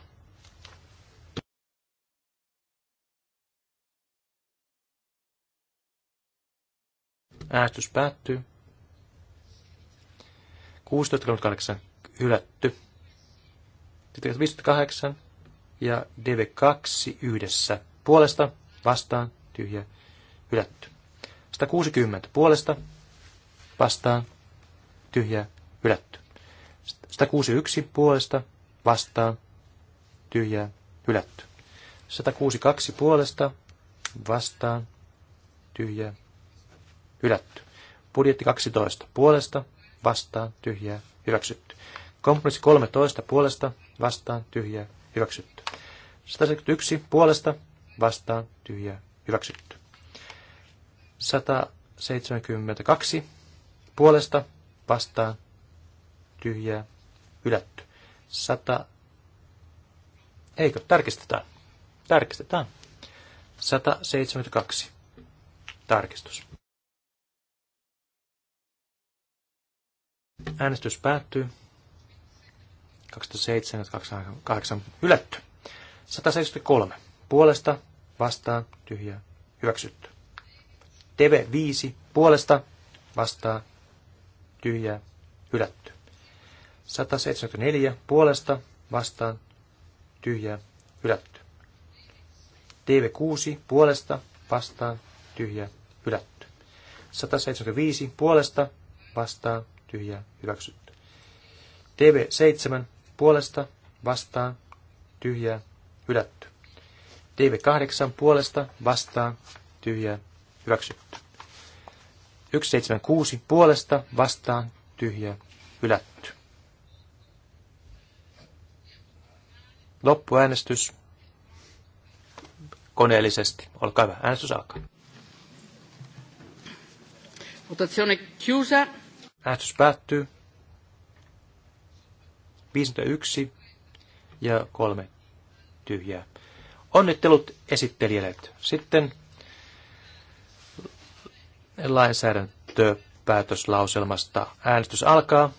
Äänestys päättyy. 16.38 hylätty. Sitten 58 ja DV2 yhdessä puolesta vastaan tyhjä hylätty. 160 puolesta vastaan tyhjä hylätty. 161 puolesta vastaan tyhjä hylätty. 162 puolesta vastaan tyhjä hylätty hylätty. Budjetti 12 puolesta, vastaan, tyhjää, hyväksytty. Kompromissi 13 puolesta, vastaan, tyhjää, hyväksytty. 171 puolesta, vastaan, tyhjää, hyväksytty. 172 puolesta, vastaan, tyhjää, hylätty. 100, eikö, tarkistetaan. Tarkistetaan. 172. Tarkistus. Äänestys päättyy. 2007-2008 hylätty. 173. Puolesta, vastaan, tyhjä, hyväksytty. TV5. Puolesta, vastaan, tyhjä, hylätty. 174. Puolesta, vastaan, tyhjä, hylätty. TV6. Puolesta, vastaan, tyhjä, hylätty. 175. Puolesta, vastaan, tyhjää, hyväksytty. tv 7 puolesta, vastaan, tyhjää, hylätty. tv 8 puolesta, vastaan, tyhjää, hyväksytty. 176 puolesta, vastaan, tyhjää, hylätty. Loppuäänestys koneellisesti. Olkaa hyvä, äänestys alkaa. Votazione chiusa. Lähetys päättyy. 51 ja kolme tyhjää. Onnittelut esittelijälle. Sitten lainsäädäntöpäätöslauselmasta äänestys alkaa.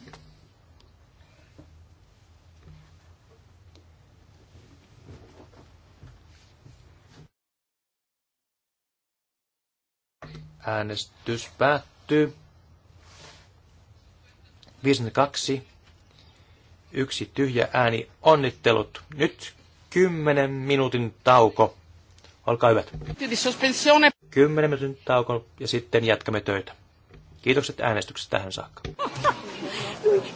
Äänestys päättyy. 52. Yksi tyhjä ääni. Onnittelut. Nyt 10 minuutin tauko. Olkaa hyvät. 10 minuutin tauko ja sitten jatkamme töitä. Kiitokset äänestyksestä tähän saakka.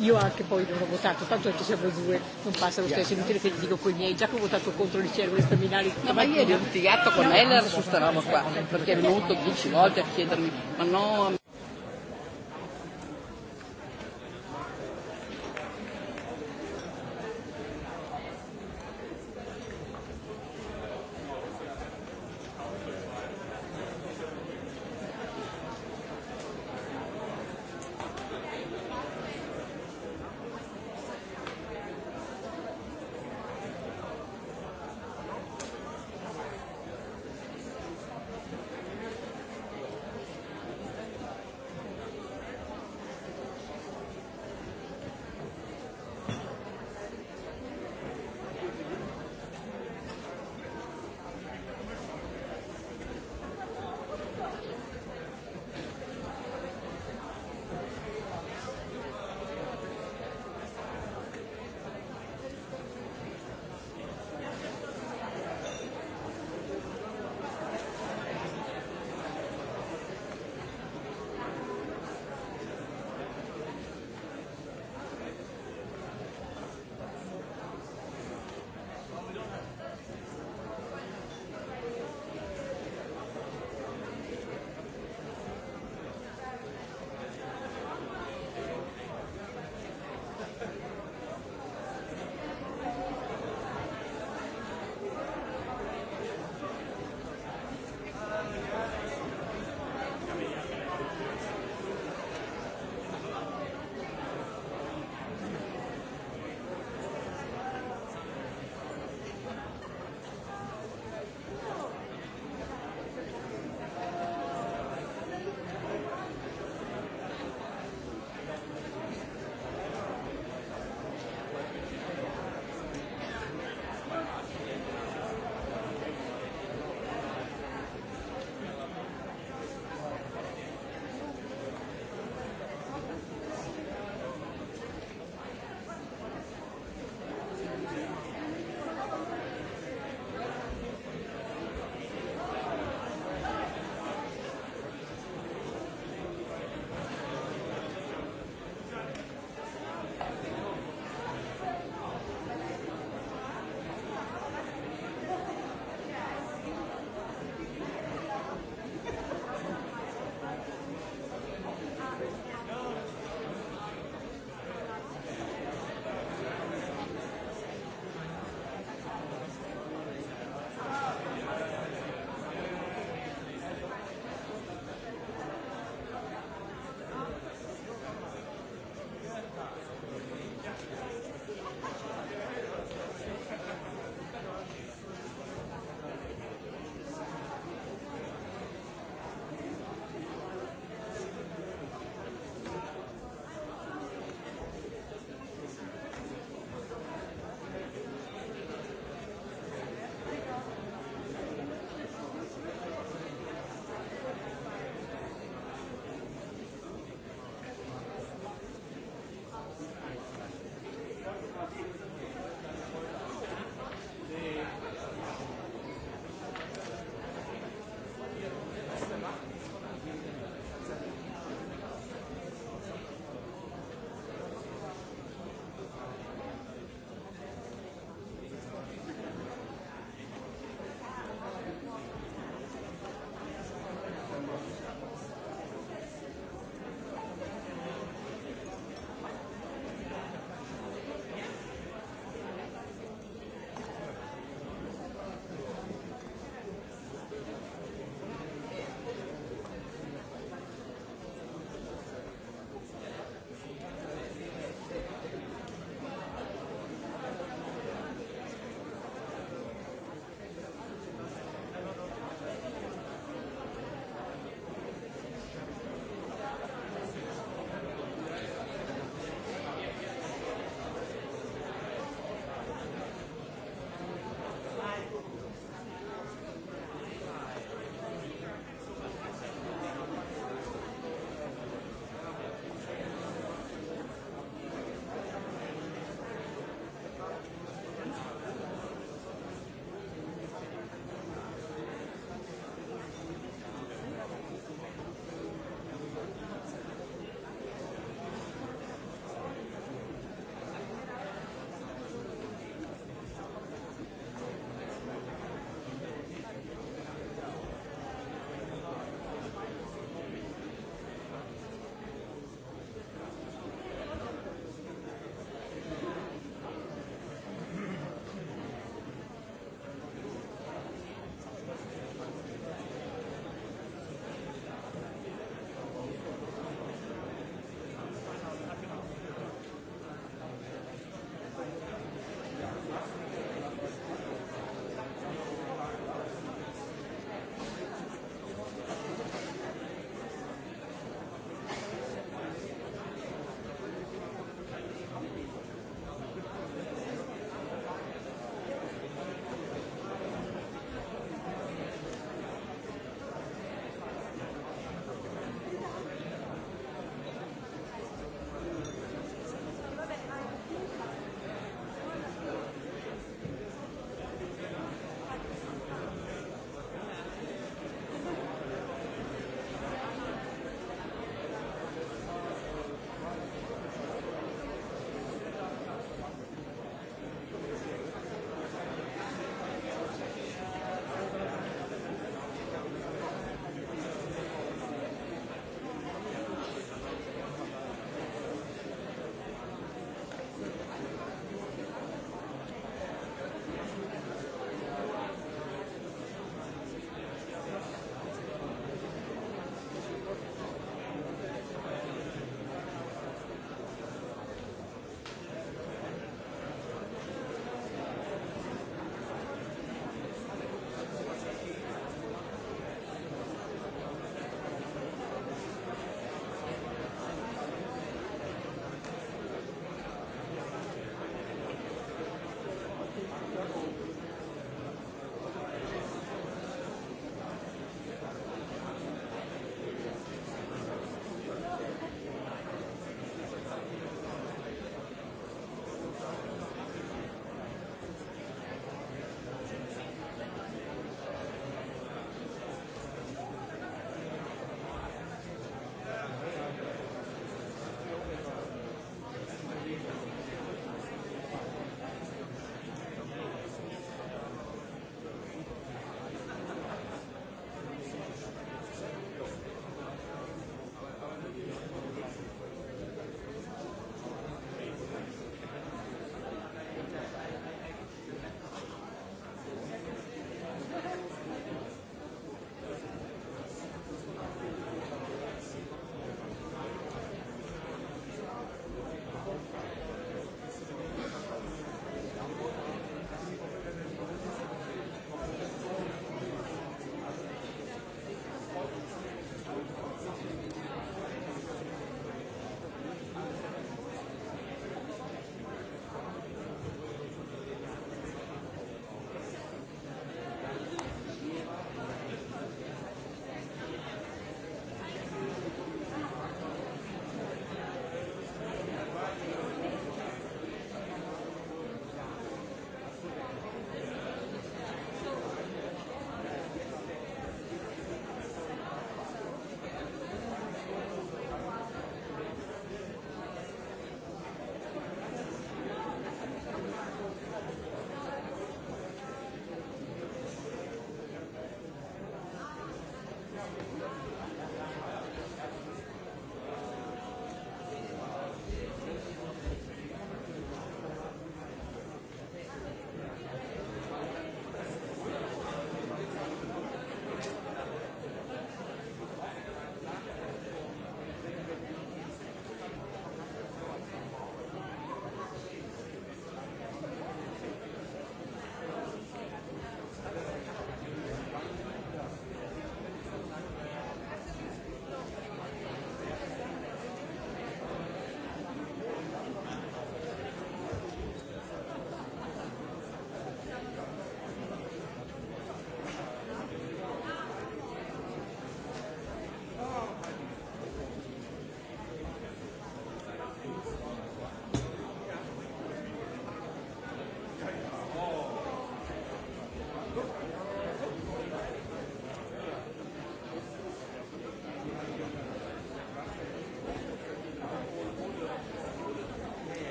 Io anche poi non ho votato, tanto ci siamo due, non passa lo stesso, inutile che ti dico con i miei, già che ho votato contro il cervello staminale. No, ma ieri ho litigato con Heller su sta roba qua, perché è venuto dieci volte a chiedermi, ma no...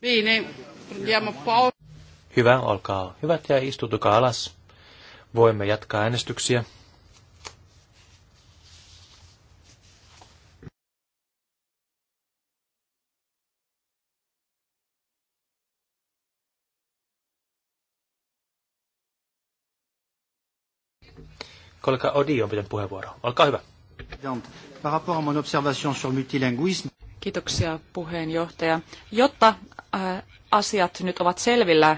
Bene, prendiamo po- Hyvä, olkaa hyvät ja istutukaa alas. Voimme jatkaa äänestyksiä. Kollega Odi on pitänyt puheenvuoro. Olkaa hyvä. Par rapport à mon observation sur multilinguisme. Kiitoksia puheenjohtaja. Jotta asiat nyt ovat selvillä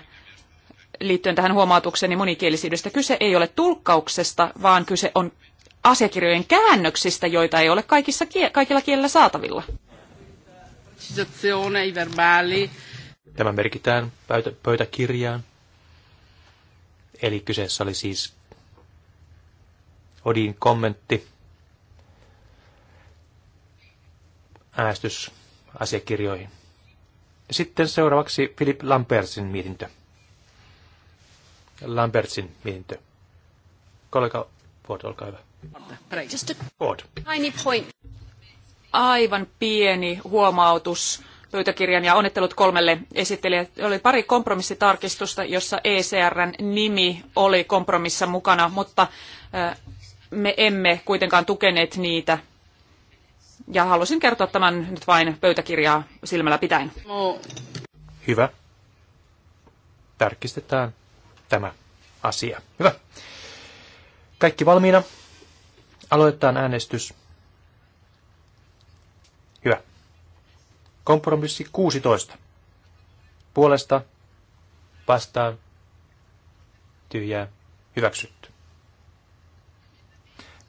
liittyen tähän huomautukseni monikielisyydestä. Kyse ei ole tulkkauksesta, vaan kyse on asiakirjojen käännöksistä, joita ei ole kaikissa, kaikilla kielillä saatavilla. Tämä merkitään pöytä, pöytäkirjaan. Eli kyseessä oli siis Odin kommentti asiakirjoihin. Sitten seuraavaksi Philip Lambertsin mietintö. Lambertsin mietintö. Kollega Ford, olkaa hyvä. Just a Ford. tiny point. Aivan pieni huomautus pöytäkirjan ja onnittelut kolmelle esittelijät. Oli pari kompromissitarkistusta, jossa ECRn nimi oli kompromissa mukana, mutta me emme kuitenkaan tukeneet niitä ja halusin kertoa tämän nyt vain pöytäkirjaa silmällä pitäen. Hyvä. Tarkistetaan tämä asia. Hyvä. Kaikki valmiina. Aloitetaan äänestys. Hyvä. Kompromissi 16. Puolesta, vastaan, tyhjää, hyväksytty.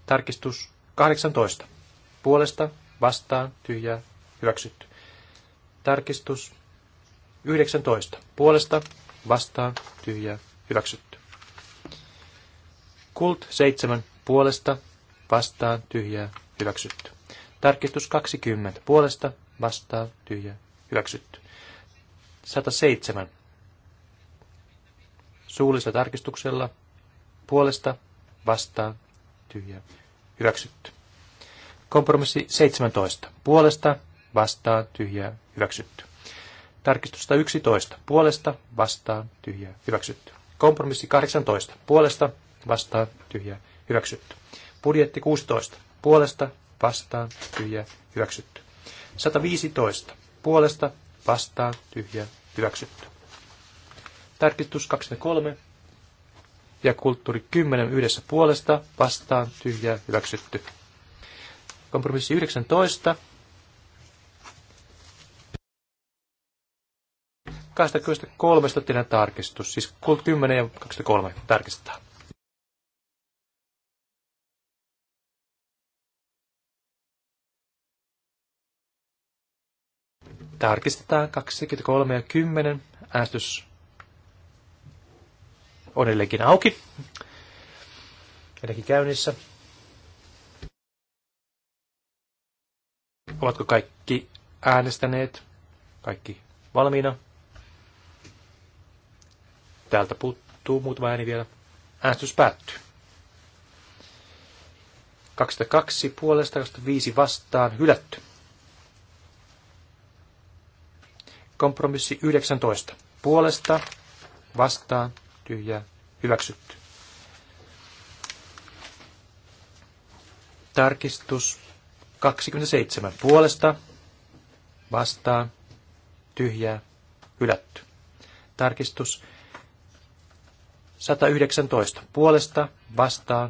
Tarkistus 18. Puolesta, vastaan, tyhjää, hyväksytty. Tarkistus 19. Puolesta, vastaan, tyhjää, hyväksytty. Kult 7. Puolesta, vastaan, tyhjää, hyväksytty. Tarkistus 20. Puolesta, vastaan, tyhjää, hyväksytty. 107. Suullisella tarkistuksella, puolesta, vastaan, tyhjää, hyväksytty. Kompromissi 17. Puolesta, vastaa, tyhjää, hyväksytty. Tarkistus 11. Puolesta, vastaa, tyhjää, hyväksytty. Kompromissi 18. Puolesta, vastaa, tyhjää, hyväksytty. Budjetti 16. Puolesta, vastaa, tyhjää, hyväksytty. 115. Puolesta, vastaa tyhjää, hyväksytty. Tarkistus 23 ja kulttuuri 10 yhdessä puolesta, vastaan, tyhjää, hyväksytty. Kompromissi 19. 23 kolmesta tehdään tarkistus, siis 10 ja 23 tarkistetaan. tarkistetaan 23 ja 10. Äänestys on edelleenkin auki. Edelleenkin käynnissä. Ovatko kaikki äänestäneet? Kaikki valmiina? Täältä puuttuu muutama ääni vielä. Äänestys päättyy. 22 puolesta 25 vastaan hylätty. Kompromissi 19. Puolesta vastaan tyhjää hyväksytty. Tarkistus 27 puolesta vastaa tyhjää hylätty. Tarkistus 119 puolesta vastaa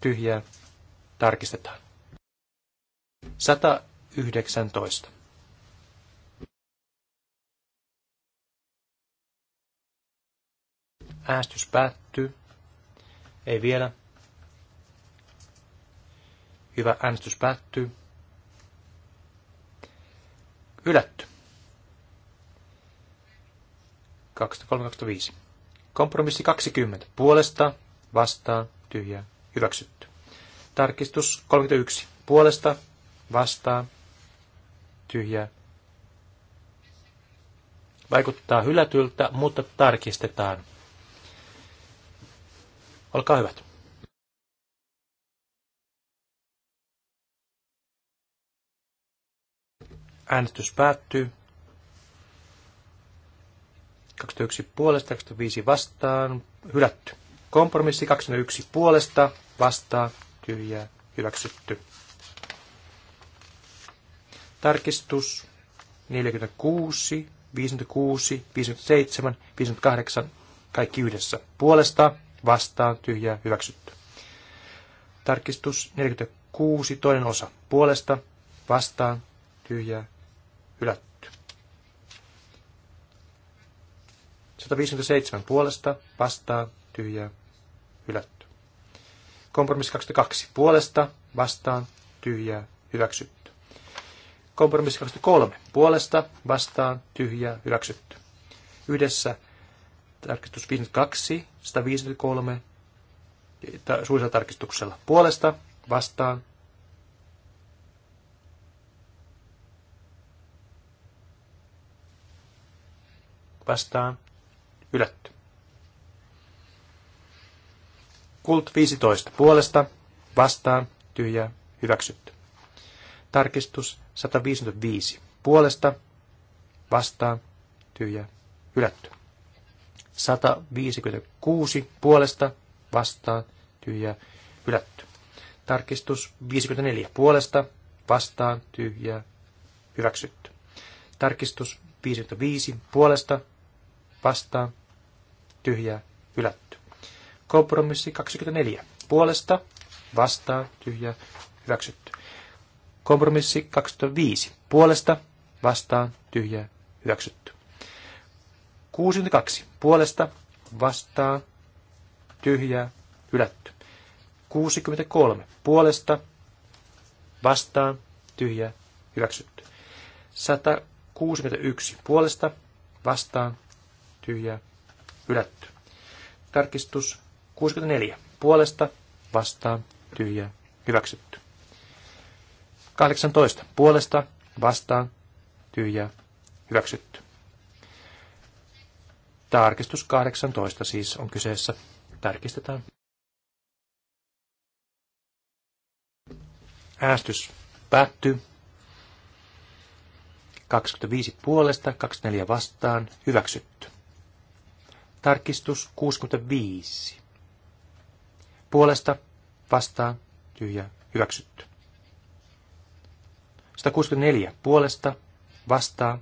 tyhjää tarkistetaan. 119. Äänestys päättyy. Ei vielä. Hyvä, äänestys päättyy. Ylätty. 23-25. Kompromissi 20. Puolesta, vastaan, tyhjää, hyväksytty. Tarkistus 31. Puolesta, vastaan, tyhjää. Vaikuttaa hylätyltä, mutta tarkistetaan. Olkaa hyvät. Äänestys päättyy. 21 puolesta, 25 vastaan, hylätty. Kompromissi 21 puolesta, vastaan, tyhjää, hyväksytty. Tarkistus 46, 56, 57, 58, kaikki yhdessä. Puolesta, vastaan, tyhjää, hyväksytty. Tarkistus 46, toinen osa. Puolesta, vastaan, tyhjää, hylätty. 157 puolesta, vastaa tyhjää, hylätty. Kompromissi 22 puolesta, vastaan, tyhjää, hyväksytty. Kompromissi 23 puolesta, vastaan, tyhjää, hyväksytty. Yhdessä tarkistus 52, 153 suullisella tarkistuksella puolesta, vastaan, päästään ylätty. Kult 15 puolesta vastaan tyhjää hyväksytty. Tarkistus 155 puolesta vastaan tyhjää hylätty. 156 puolesta vastaan tyhjää hylätty. Tarkistus 54 puolesta vastaan tyhjää hyväksytty. Tarkistus 55 puolesta vastaan, tyhjää, hylätty. Kompromissi 24. Puolesta, vastaan, tyhjää, hyväksytty. Kompromissi 25. Puolesta, vastaan, tyhjää, hyväksytty. 62. Puolesta, vastaan, tyhjää, hylätty. 63. Puolesta, vastaan, tyhjää, hyväksytty. 161. Puolesta, vastaan, tyhjää, hylätty. Tarkistus 64. Puolesta, vastaan, tyhjää, hyväksytty. 18. Puolesta, vastaan, tyhjää, hyväksytty. Tarkistus 18 siis on kyseessä. Tarkistetaan. Äänestys päättyy. 25 puolesta, 24 vastaan, hyväksytty. Tarkistus 65. Puolesta vastaan tyhjä hyväksytty. 164. Puolesta vastaan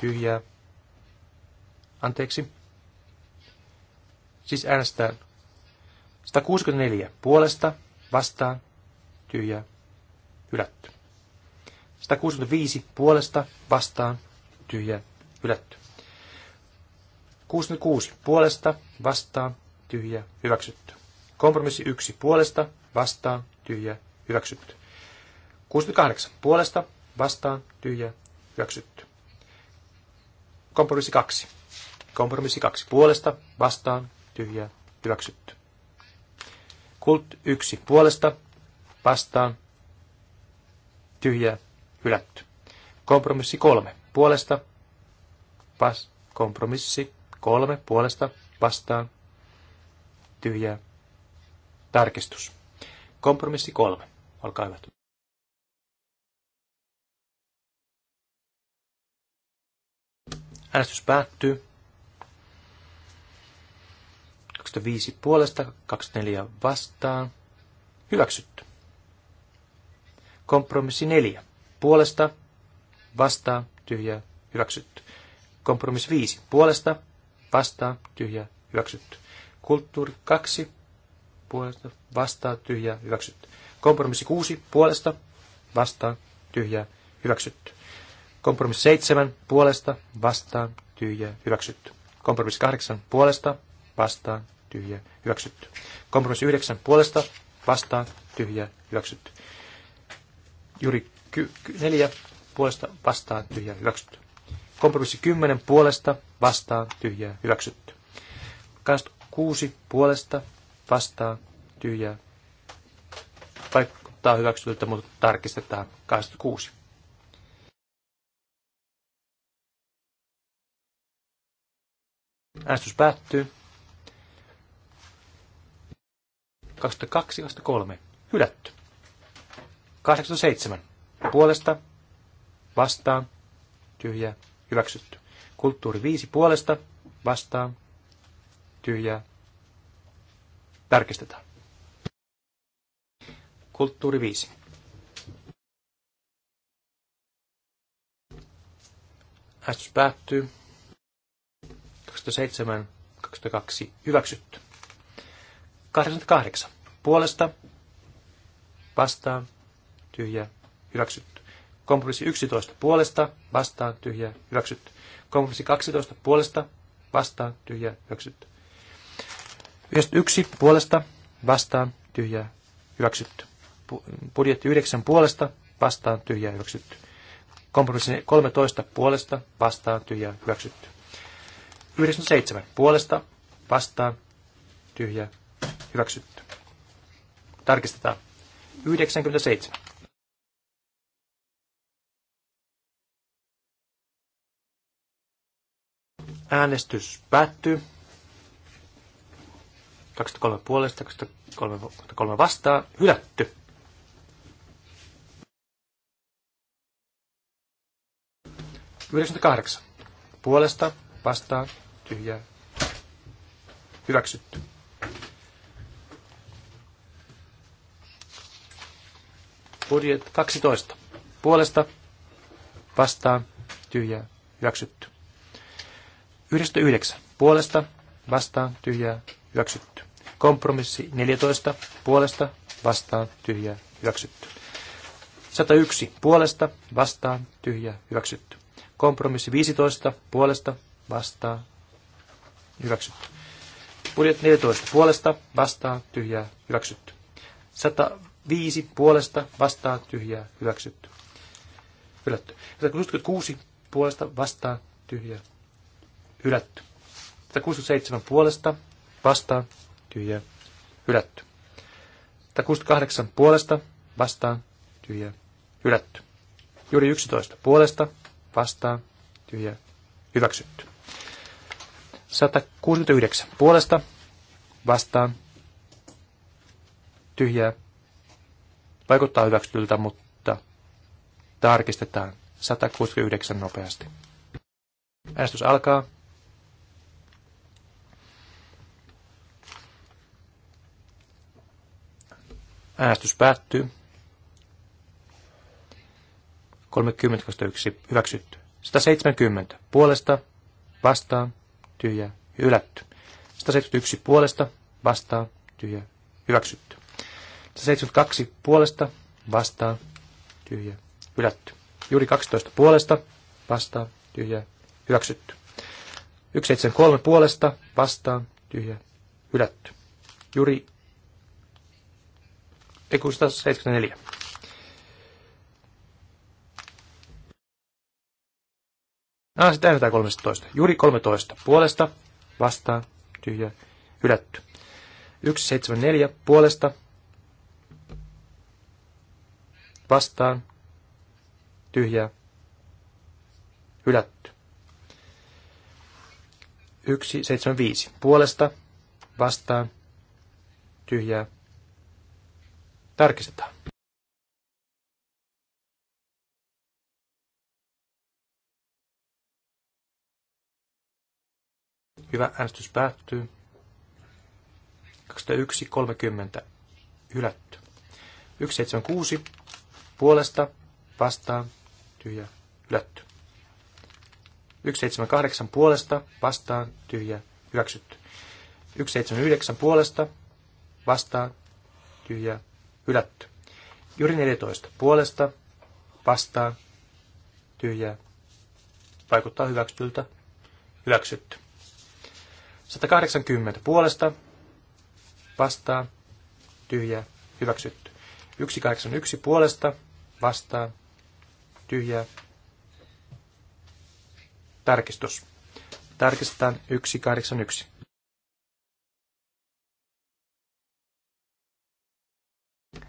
tyhjä Anteeksi. Siis äänestetään 164. Puolesta vastaan tyhjä hylätty. 165. Puolesta vastaan tyhjä hylätty. 66 puolesta, vastaan, tyhjä, hyväksytty. Kompromissi 1 puolesta, vastaan, tyhjä, hyväksytty. 68 puolesta, vastaan, tyhjä, hyväksytty. Kompromissi 2. Kompromissi 2 puolesta, vastaan, tyhjä, hyväksytty. Kult 1 puolesta, vastaan, tyhjä, hylätty. Kompromissi 3 puolesta, vastaan, kompromissi Kolme puolesta vastaan. Tyhjää. Tarkistus. Kompromissi kolme. Olkaa hyvät. Äänestys päättyy. 25 puolesta, 24 vastaan. Hyväksytty. Kompromissi 4. Puolesta, vastaan, tyhjää, hyväksytty. Kompromissi 5. Puolesta, vastaa, tyhjä, hyväksytty. Kulttuuri 2, puolesta, vastaa tyhjä, hyväksytty. Kompromissi 6, puolesta, vastaa tyhjä, hyväksytty. Kompromissi 7, puolesta, vastaa tyhjä, hyväksytty. Kompromissi 8, puolesta, vastaa tyhjä, hyväksytty. Kompromissi 9, puolesta, vastaa tyhjä, hyväksytty. Juri 4, puolesta, vastaa tyhjä, hyväksytty. Kompromissi 10 puolesta vastaan tyhjää hyväksytty. Kans 6 puolesta vastaan tyhjää vaikuttaa hyväksytyltä, mutta tarkistetaan 26. Äänestys päättyy. 22, 23. Hylätty. 87. Puolesta. Vastaan. Tyhjää hyväksytty. Kulttuuri viisi puolesta vastaan tyhjää tarkistetaan. Kulttuuri viisi. Äänestys päättyy. 27, 22, hyväksytty. 88. Puolesta vastaan tyhjä hyväksytty. Kompromissi 11 puolesta, vastaan, tyhjä, hyväksytty. Kompromissi 12 puolesta, vastaan, tyhjä, hyväksytty. 91 puolesta, vastaan, tyhjä, hyväksytty. Budjetti 9 puolesta, vastaan, tyhjä, hyväksytty. Kompromissi 13 puolesta, vastaan, tyhjä, hyväksytty. 97 puolesta, vastaan, tyhjä, hyväksytty. Tarkistetaan. 97 Äänestys päättyy. 23 puolesta, 23 vastaan, hylätty. kahdeksan Puolesta, vastaan, tyhjää, hyväksytty. Budjet 12. Puolesta, vastaan, tyhjää, hyväksytty. 99 puolesta vastaan tyhjää hyväksytty. Kompromissi 14 puolesta vastaan tyhjää hyväksytty. 101 puolesta vastaan tyhjää hyväksytty. Kompromissi 15 puolesta vastaan hyväksytty. Budjet 14 puolesta vastaan tyhjää hyväksytty. 105 puolesta vastaan tyhjää hyväksytty. Hylätty. 166 puolesta vastaan tyhjää hylätty. 167 puolesta vastaan tyhjä, hylätty. 168 puolesta vastaan tyhjä hylätty. Juuri 11 puolesta vastaan tyhjä, hyväksytty. 169 puolesta vastaan tyhjä vaikuttaa hyväksytyltä, mutta tarkistetaan 169 nopeasti. Äänestys alkaa. Äänestys päättyy. 30.1. Hyväksytty. 170. Puolesta. Vastaan. Tyhjä. Ylätty. 171. Puolesta. Vastaan. Tyhjä. Hyväksytty. 172. Puolesta. Vastaan. Tyhjä. Ylätty. Juuri 12. Puolesta. Vastaan. Tyhjä. Hyväksytty. 173. Puolesta. Vastaan. Tyhjä. Ylätty. Juuri ei 674. Ah, sitten äänetään 13. Juuri 13. Puolesta, vastaan, tyhjä, hylätty. 174. Puolesta, vastaan, tyhjä, hylätty. 175. Puolesta, vastaan, tyhjä, hylätty. Tarkistetaan. Hyvä, äänestys päättyy. 21.30 hylätty. 176 puolesta vastaan tyhjä hylätty. 178 puolesta vastaan tyhjä hyväksytty. 179 puolesta vastaan tyhjä hylätty hylätty. Juri 14 puolesta vastaan tyhjää vaikuttaa hyväksytyltä hyväksytty. 180 puolesta vastaan tyhjää hyväksytty. 181 puolesta vastaan tyhjää tarkistus. Tarkistetaan 181.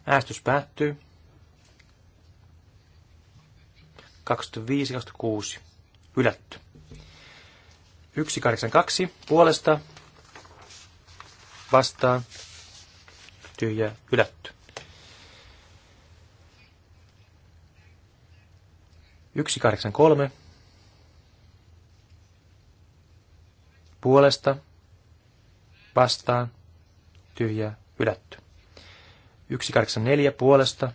äästys päättyy. 25-26. ylätty. 182 puolesta vastaan tyhjä ylätty. 183 puolesta vastaan tyhjä hylätty. 184 puolesta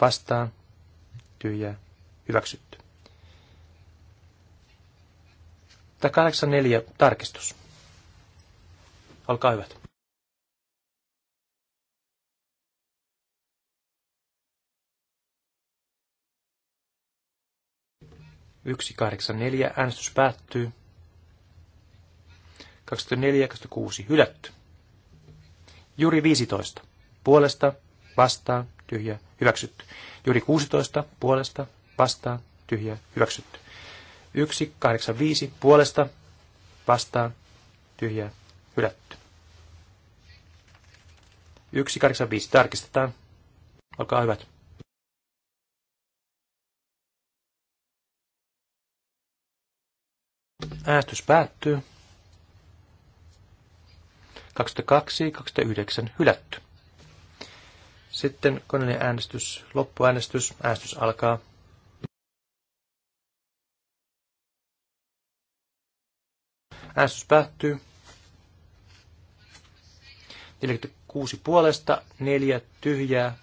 vastaan tyhjää hyväksytty. 84 tarkistus. Olkaa hyvät. Yksi kahdeksan neljä. Äänestys päättyy. 24 kuusi hylätty. Juuri 15 puolesta, vastaan, tyhjä, hyväksytty. Juri 16, puolesta, vastaan, tyhjä, hyväksytty. 1, 8, 5, puolesta, vastaan, tyhjä, hylätty. 1, 8, 5, tarkistetaan. Olkaa hyvät. Äänestys päättyy. 22, 29, hylätty. Sitten koneen äänestys, loppuäänestys, äänestys alkaa. Äänestys päättyy. 46 puolesta, neljä tyhjää,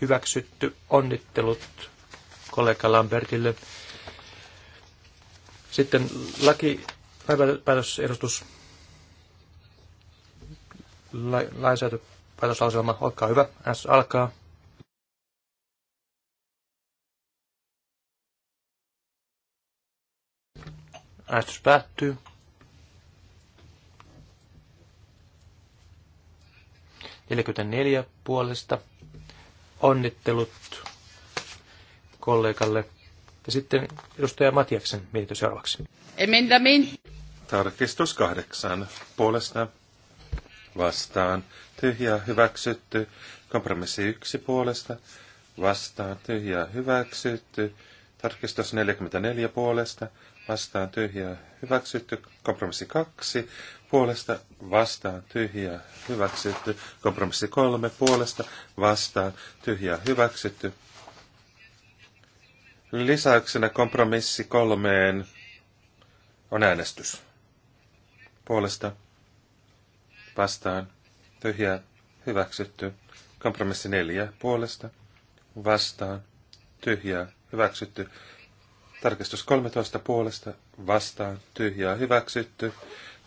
hyväksytty. Onnittelut kollega Lambertille. Sitten laki, päätösehdotus, la, lainsäädäntö päätöslauselma. Olkaa hyvä, äänestys alkaa. Äänestys päättyy. Neljä puolesta. Onnittelut kollegalle. Ja sitten edustaja Matiaksen mietitys seuraavaksi. Emendamin. Tarkistus kahdeksan puolesta vastaan, tyhjää hyväksytty. Kompromissi yksi puolesta, vastaan, tyhjää hyväksytty. Tarkistus 44 puolesta, vastaan, tyhjää hyväksytty. Kompromissi kaksi puolesta, vastaan, tyhjää hyväksytty. Kompromissi kolme puolesta, vastaan, tyhjää hyväksytty. Lisäyksenä kompromissi kolmeen on äänestys. Puolesta vastaan, tyhjä, hyväksytty. Kompromissi neljä puolesta, vastaan, tyhjä, hyväksytty. Tarkistus 13 puolesta, vastaan, tyhjä, hyväksytty.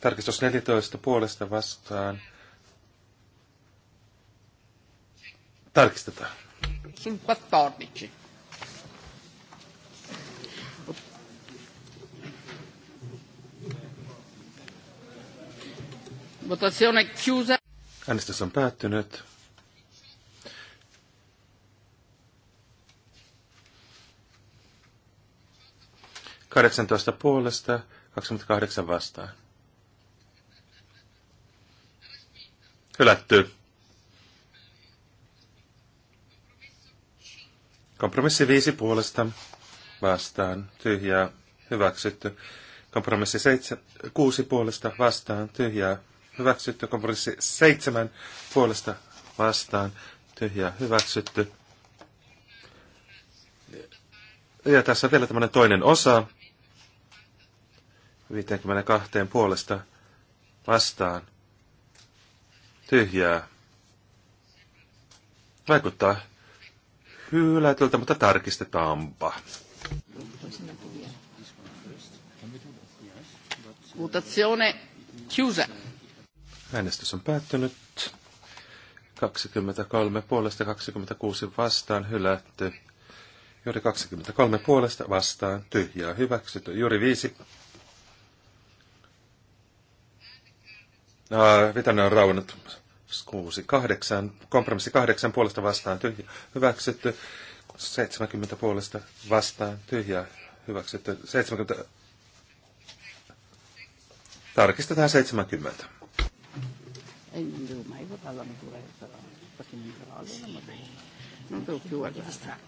Tarkistus 14 puolesta, vastaan. Tarkistetaan. 14. Votazione chiusa. Äänestys on päättynyt. Kahdeksantoista puolesta, 28 vastaan. Hylätty. Kompromissi viisi puolesta vastaan, tyhjää, hyväksytty. Kompromissi seitsemän, kuusi puolesta vastaan, tyhjää, hyväksytty. Kompromissi 7 puolesta vastaan tyhjää hyväksytty. Ja tässä on vielä tämmöinen toinen osa. 52 puolesta vastaan tyhjää. Vaikuttaa hylätyltä, mutta tarkistetaanpa. Votazione chiusa. Äänestys on päättynyt. 23 puolesta 26 vastaan hylätty. Juuri 23 puolesta vastaan tyhjää hyväksytty. Juuri 5. Äh, Vitanen on raunut 6, 8, kompromissi 8 puolesta vastaan tyhjää hyväksytty. 70 puolesta vastaan tyhjää hyväksytty. 70 Tarkistetaan 70 non devo mai votare la misura del parole, perché non devo, non devo più guardare.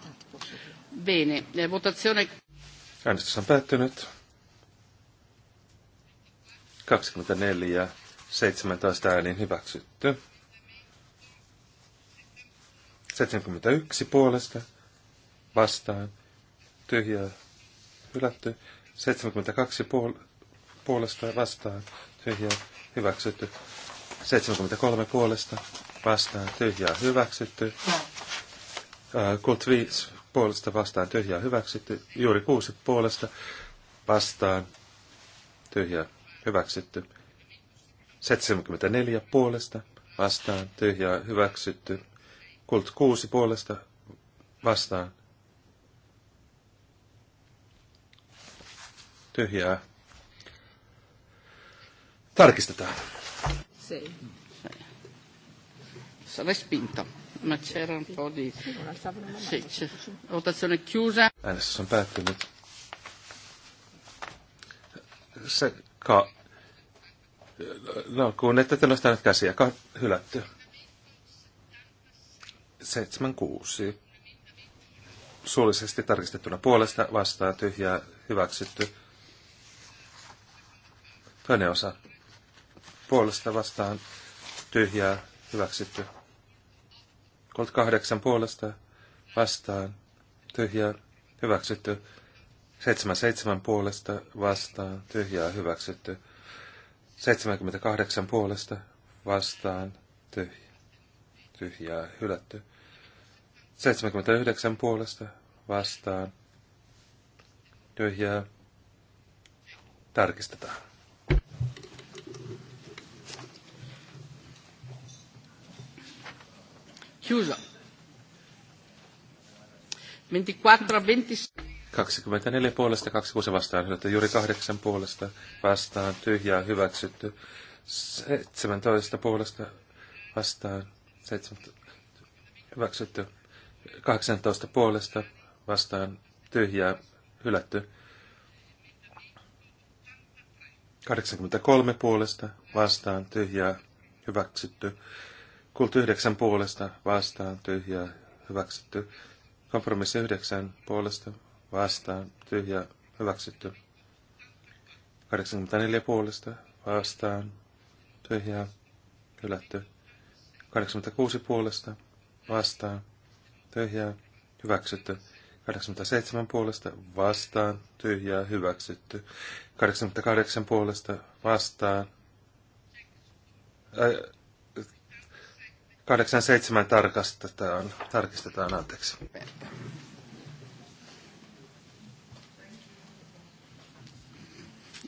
Bene, votazione... Äänestys on päättynyt. 24 17 ääniin hyväksytty. 71 puolesta vastaan tyhjää hylätty. 72 puol- puolesta vastaan tyhjää hyväksytty. 73 puolesta vastaan tyhjää hyväksytty. Kult 5 puolesta vastaan tyhjää hyväksytty. Juuri 6 puolesta vastaan tyhjää hyväksytty. 74 puolesta vastaan tyhjää hyväksytty. Kult 6 puolesta vastaan tyhjää. Tarkistetaan. Sì. Sarei Respinto. Ma c'era un po' di... Sì, sì, Votazione chiusa. Äänestys on päättynyt. Se ka... No, kun ette te nostaneet käsiä, ka... hylätty. 76. Suullisesti tarkistettuna puolesta vastaa tyhjää hyväksytty. Toinen osa puolesta vastaan tyhjää hyväksytty. 38 puolesta vastaan tyhjää hyväksytty. 77 puolesta vastaan tyhjää hyväksytty. 78 puolesta vastaan tyhjää, tyhjää hylätty. 79 puolesta vastaan tyhjää tarkistetaan. Chiuso. 24, 26. 24 puolesta, 26 vastaan hylätty, juuri kahdeksan puolesta vastaan, tyhjää hyväksytty, 17 puolesta vastaan, 17, hyväksytty, 18 puolesta vastaan, tyhjää hylätty, 83 puolesta vastaan, tyhjää hyväksytty, Kult yhdeksän puolesta vastaan tyhjää hyväksytty. Kompromissi yhdeksän puolesta vastaan tyhjää hyväksytty. 84 puolesta vastaan tyhjää hylätty. 86 puolesta vastaan tyhjää hyväksytty. 87 puolesta vastaan tyhjää hyväksytty. 88 puolesta vastaan. Ä, 87 tarkastetaan, tarkistetaan, anteeksi.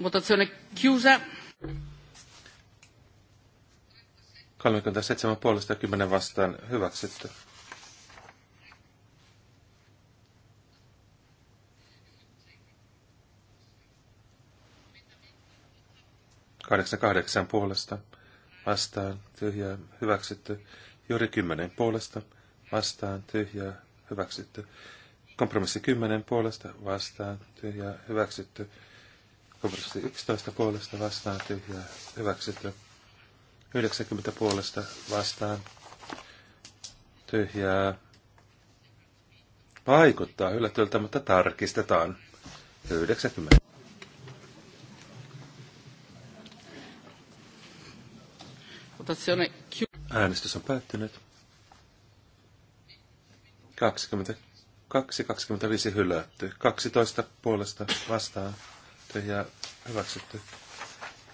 Votazione kiusa. 37 puolesta ja 10 vastaan hyväksytty. Kahdeksan kahdeksan puolesta vastaan tyhjä hyväksytty. Juuri 10 puolesta vastaan tyhjää hyväksytty. Kompromissi 10 puolesta vastaan tyhjää hyväksytty. Kompromissi 11 puolesta vastaan tyhjää hyväksytty. 90 puolesta vastaan tyhjää vaikuttaa yllätyltä, mutta tarkistetaan. 90. Votazione Äänestys on päättynyt. 22, 25 hylätty. 12 puolesta vastaan. Tyhjää hyväksytty.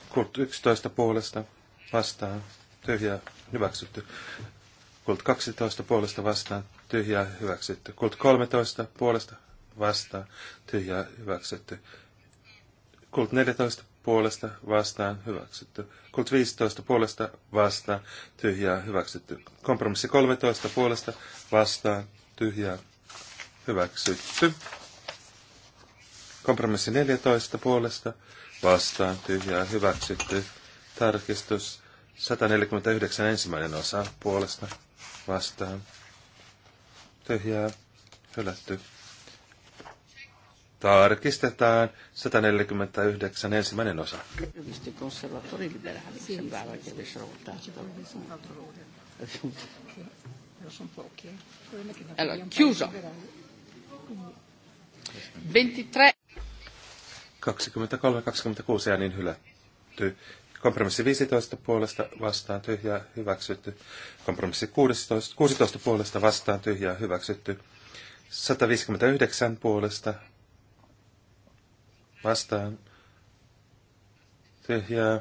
Kult 11 puolesta vastaan. Tyhjää hyväksytty. Kult 12 puolesta vastaan. Tyhjää hyväksytty. Kult 13 puolesta vastaan. Tyhjää hyväksytty. Kult 14 puolesta vastaan hyväksytty. Kult 15 puolesta vastaan tyhjää hyväksytty. Kompromissi 13 puolesta vastaan tyhjää hyväksytty. Kompromissi 14 puolesta vastaan tyhjää hyväksytty. Tarkistus 149 ensimmäinen osa puolesta vastaan tyhjää hylätty. Tarkistetaan 149 ensimmäinen osa. Allora, chiuso. 23. 23-26 äänin hylätty. Kompromissi 15 puolesta vastaan tyhjää hyväksytty. Kompromissi 16, 16 puolesta vastaan tyhjää hyväksytty. 159 puolesta vastaan tyhjää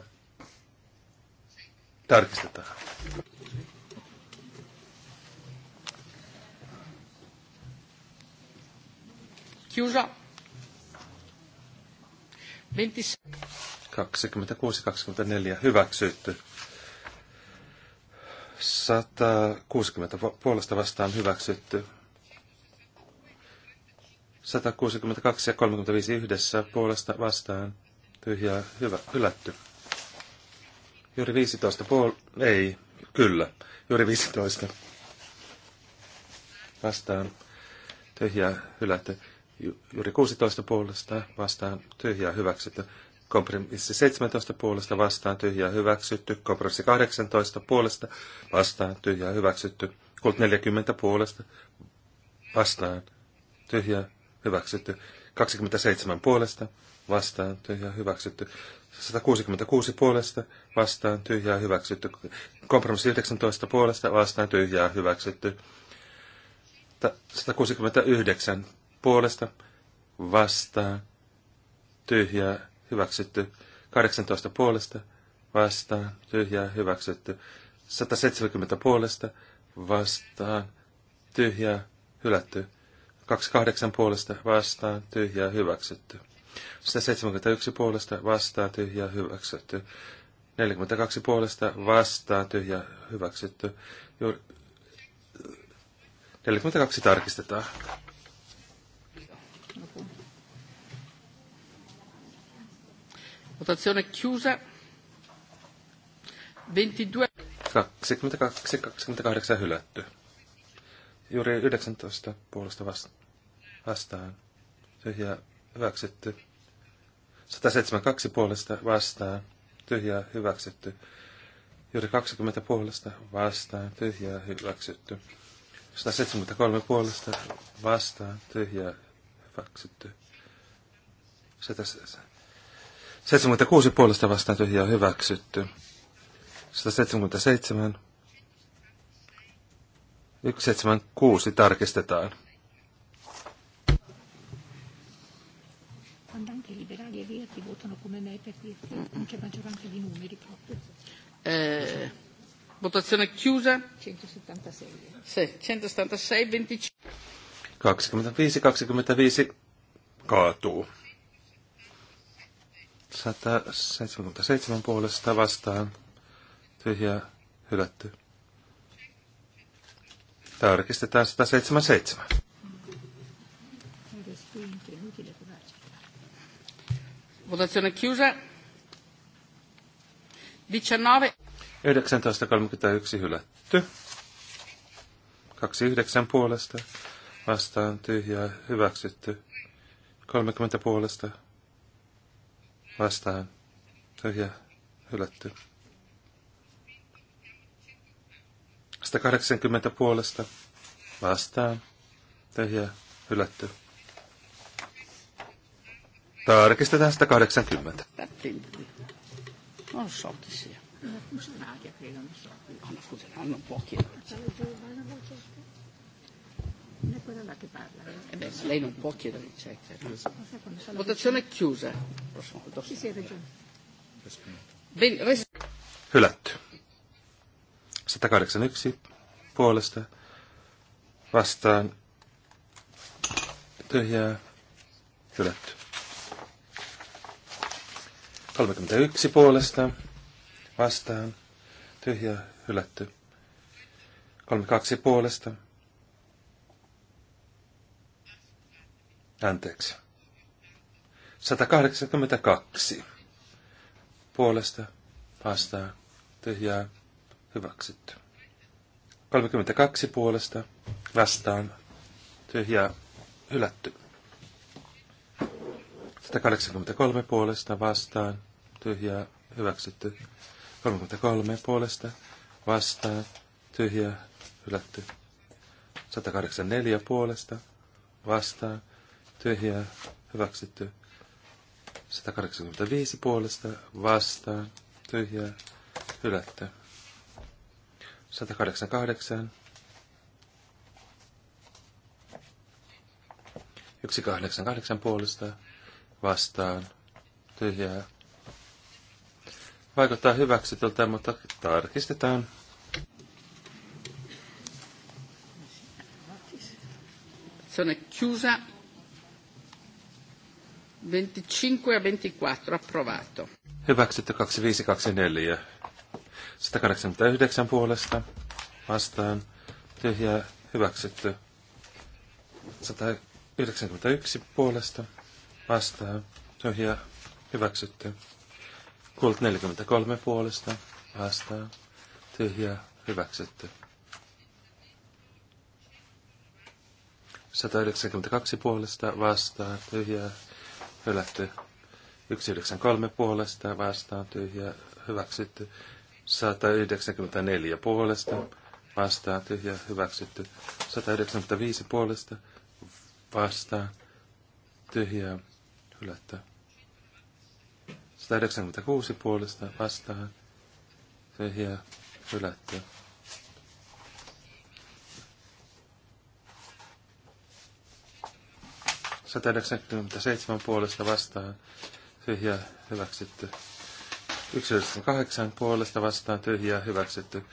tarkistetaan. Kiusa. 26-24 hyväksytty. 160 puolesta vastaan hyväksytty. 162 ja 35 yhdessä puolesta vastaan tyhjää hyvä, hylätty. Juuri 15 puol... Ei, kyllä. Juuri 15. Vastaan tyhjää hylätty. juuri 16 puolesta vastaan tyhjää hyväksytty. Kompromissi 17 puolesta vastaan tyhjää hyväksytty. Kompromissi 18 puolesta vastaan tyhjää hyväksytty. Kult 40 puolesta vastaan tyhjää hyväksytty. 27 puolesta, vastaan, tyhjää, hyväksytty. 166 puolesta, vastaan, tyhjää, hyväksytty. Kompromissi 19 puolesta, vastaan, tyhjää, hyväksytty. 169 puolesta, vastaan, tyhjää, hyväksytty. 18 puolesta, vastaan, tyhjää, hyväksytty. 170 puolesta, vastaan, tyhjää, hylätty. 28 puolesta vastaan tyhjää hyväksytty. 171 puolesta vastaan tyhjää hyväksytty. 42 puolesta vastaan tyhjää hyväksytty. 42 tarkistetaan. Votazione chiusa. 22. 22, 28 hylätty. Juuri 19 puolesta vastaan. Tyhjää hyväksytty. 172 puolesta vastaan. Tyhjää hyväksytty. Juuri 20 puolesta vastaan. Tyhjää hyväksytty. 173 puolesta vastaan. Tyhjää hyväksytty. 76 puolesta vastaan tyhjää hyväksytty. 177 176 tarkistetaan. Eh, votazione chiusa. 176. Se, 176, 25. 25, 25 kaatuu. 177 puolesta vastaan. Tyhjä hylätty. Tarkistetaan 177. Votazione chiusa. 19.31 hylätty. 29 puolesta. Vastaan tyhjää hyväksytty. 30 puolesta. Vastaan tyhjää hylätty. 180 puolesta vastaan. Tyhjä, hylätty. Tarkistetaan 180. Non lei non può chiedere il check. Votazione chiusa. Hylätty. 181 puolesta vastaan tyhjää hylätty. 31 puolesta vastaan tyhjää hylätty. 32 puolesta anteeksi. 182 puolesta vastaan tyhjää Hyväksytty. 32 puolesta vastaan. tyhjä Hylätty. 183 puolesta vastaan. tyhjä Hyväksytty. 33 puolesta vastaan. tyhjä Hylätty. 184 puolesta vastaan. tyhjä Hyväksytty. 185 puolesta vastaan. tyhjä Hylätty. 188. 188 puolesta vastaan tyhjää. Vaikuttaa hyväksytyltä, mutta tarkistetaan. Sono chiusa 25 a 24 approvato. Hyväksytty 2524. 189 puolesta vastaan tyhjää hyväksytty. 191 puolesta vastaan tyhjää hyväksytty. Kult 43 puolesta vastaan tyhjää hyväksytty. 192 puolesta vastaan tyhjää hylätty. 193 puolesta vastaan tyhjää hyväksytty. 194 puolesta, vastaan tyhjä hyväksytty. 195 puolesta, vastaan tyhjä, hylättä. 196 puolesta vastaan tyhjä, hylättä. Sata puolesta vastaan tyhjää hyväksytty. 198 puolesta vastaan tyhjää hyväksytty.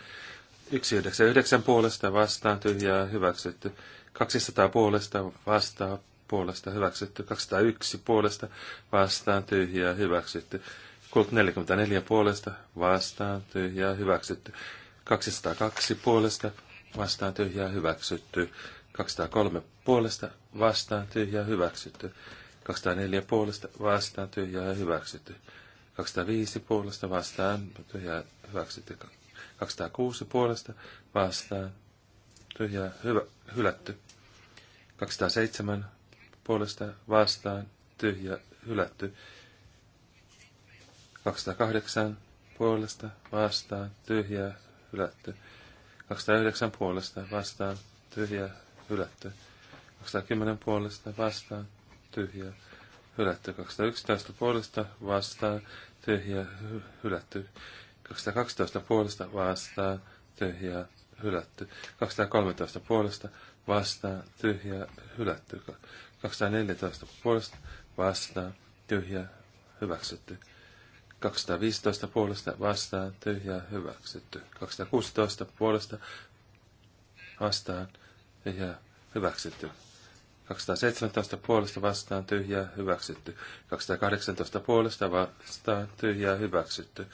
199 puolesta vastaan tyhjää hyväksytty. 200 puolesta vastaan puolesta hyväksytty. 201 puolesta vastaan tyhjää hyväksytty. 44 puolesta vastaan tyhjää hyväksytty. 202 puolesta vastaan tyhjää hyväksytty. 203 puolesta vastaan tyhjää hyväksytty. 204 puolesta vastaan tyhjää hyväksytty. 205 puolesta vastaan, tyhjää hyväksytty. 206 puolesta vastaan, tyhjää hyvä, hylätty. 207 puolesta vastaan, tyhjä hylätty. 208 puolesta vastaan, tyhjä hylätty. 209 puolesta vastaan, tyhjä hylätty. 210 puolesta vastaan, tyhjä hylätty. 211 puolesta vastaan, tyhjä hylätty. 212 puolesta vastaan tyhjä hylätty. 213 puolesta vastaan tyhjä hylätty. 214 puolesta vastaan tyhjä hyväksytty. 215 puolesta vastaan tyhjä hyväksytty. 216 puolesta vastaan tyhjä hyväksytty. 217 puolesta vastaan tyhjää hyväksytty. 218 puolesta vastaan tyhjää hyväksytty.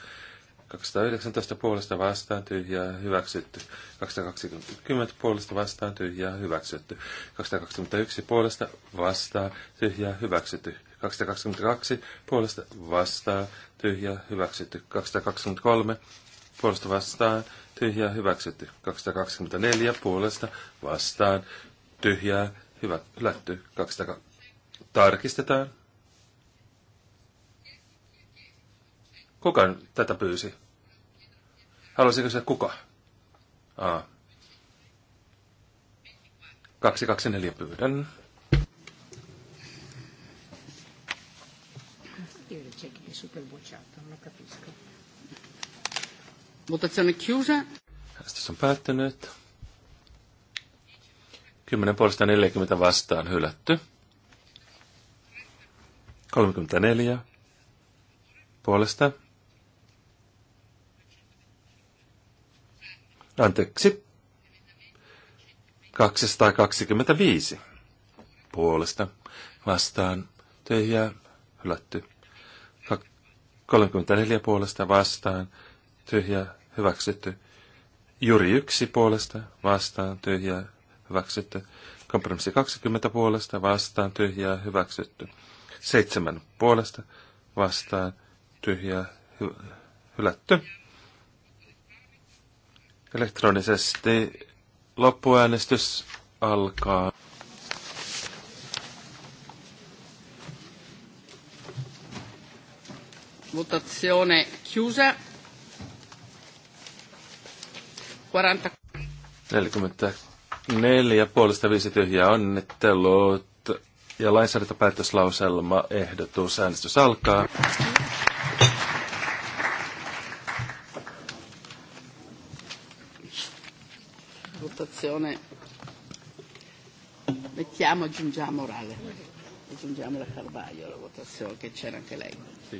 219 puolesta vastaan tyhjää hyväksytty. 220 puolesta vastaan tyhjää hyväksytty. 221 puolesta vastaan tyhjää hyväksytty. 222 puolesta vastaan tyhjää hyväksytty. 223 puolesta vastaan tyhjää hyväksytty. 224 puolesta vastaan tyhjää Hyvä, lähty takaa. Tarkistetaan. Kuka tätä pyysi? Haluaisinko se kuka? Aa. 224 pyydän. on kiusa. Äänestys on päättynyt. 10 puolesta 40 vastaan hylätty. 34 puolesta. Anteeksi. 225 puolesta vastaan tyhjää hylätty. 34 puolesta vastaan tyhjää hyväksytty. Juri yksi puolesta vastaan tyhjää hyväksytty. Kompromissi 20 puolesta vastaan tyhjää hyväksytty. 7 puolesta vastaan tyhjää hy- hylätty. Elektronisesti loppuäänestys alkaa. Votazione chiusa. 40. 40 Neljä puolesta viisi tyhjää onnittelut. Ja lainsäädäntöpäätöslauselma ehdotus. Äänestys alkaa. Votazione. Mettiamo, aggiungiamo orale. Aggiungiamo la Carvaglio, la votazione che c'era anche lei. Sì.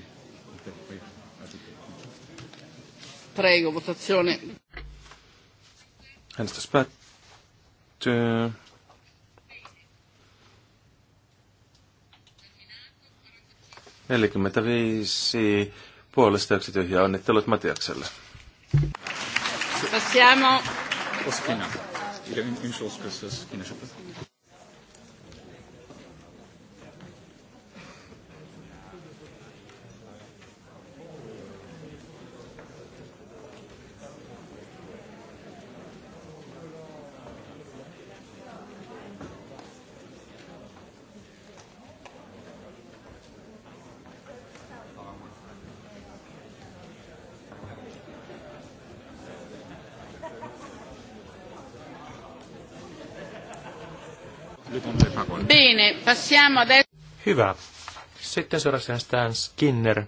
Prego, votazione. Äänestys päättyy päättyy. Neljäkymmentäviisi puolesta yksi tyhjä. Onnittelut Matiakselle. Passiamo. Hyvä. Sitten seuraavaksi äänestetään Skinner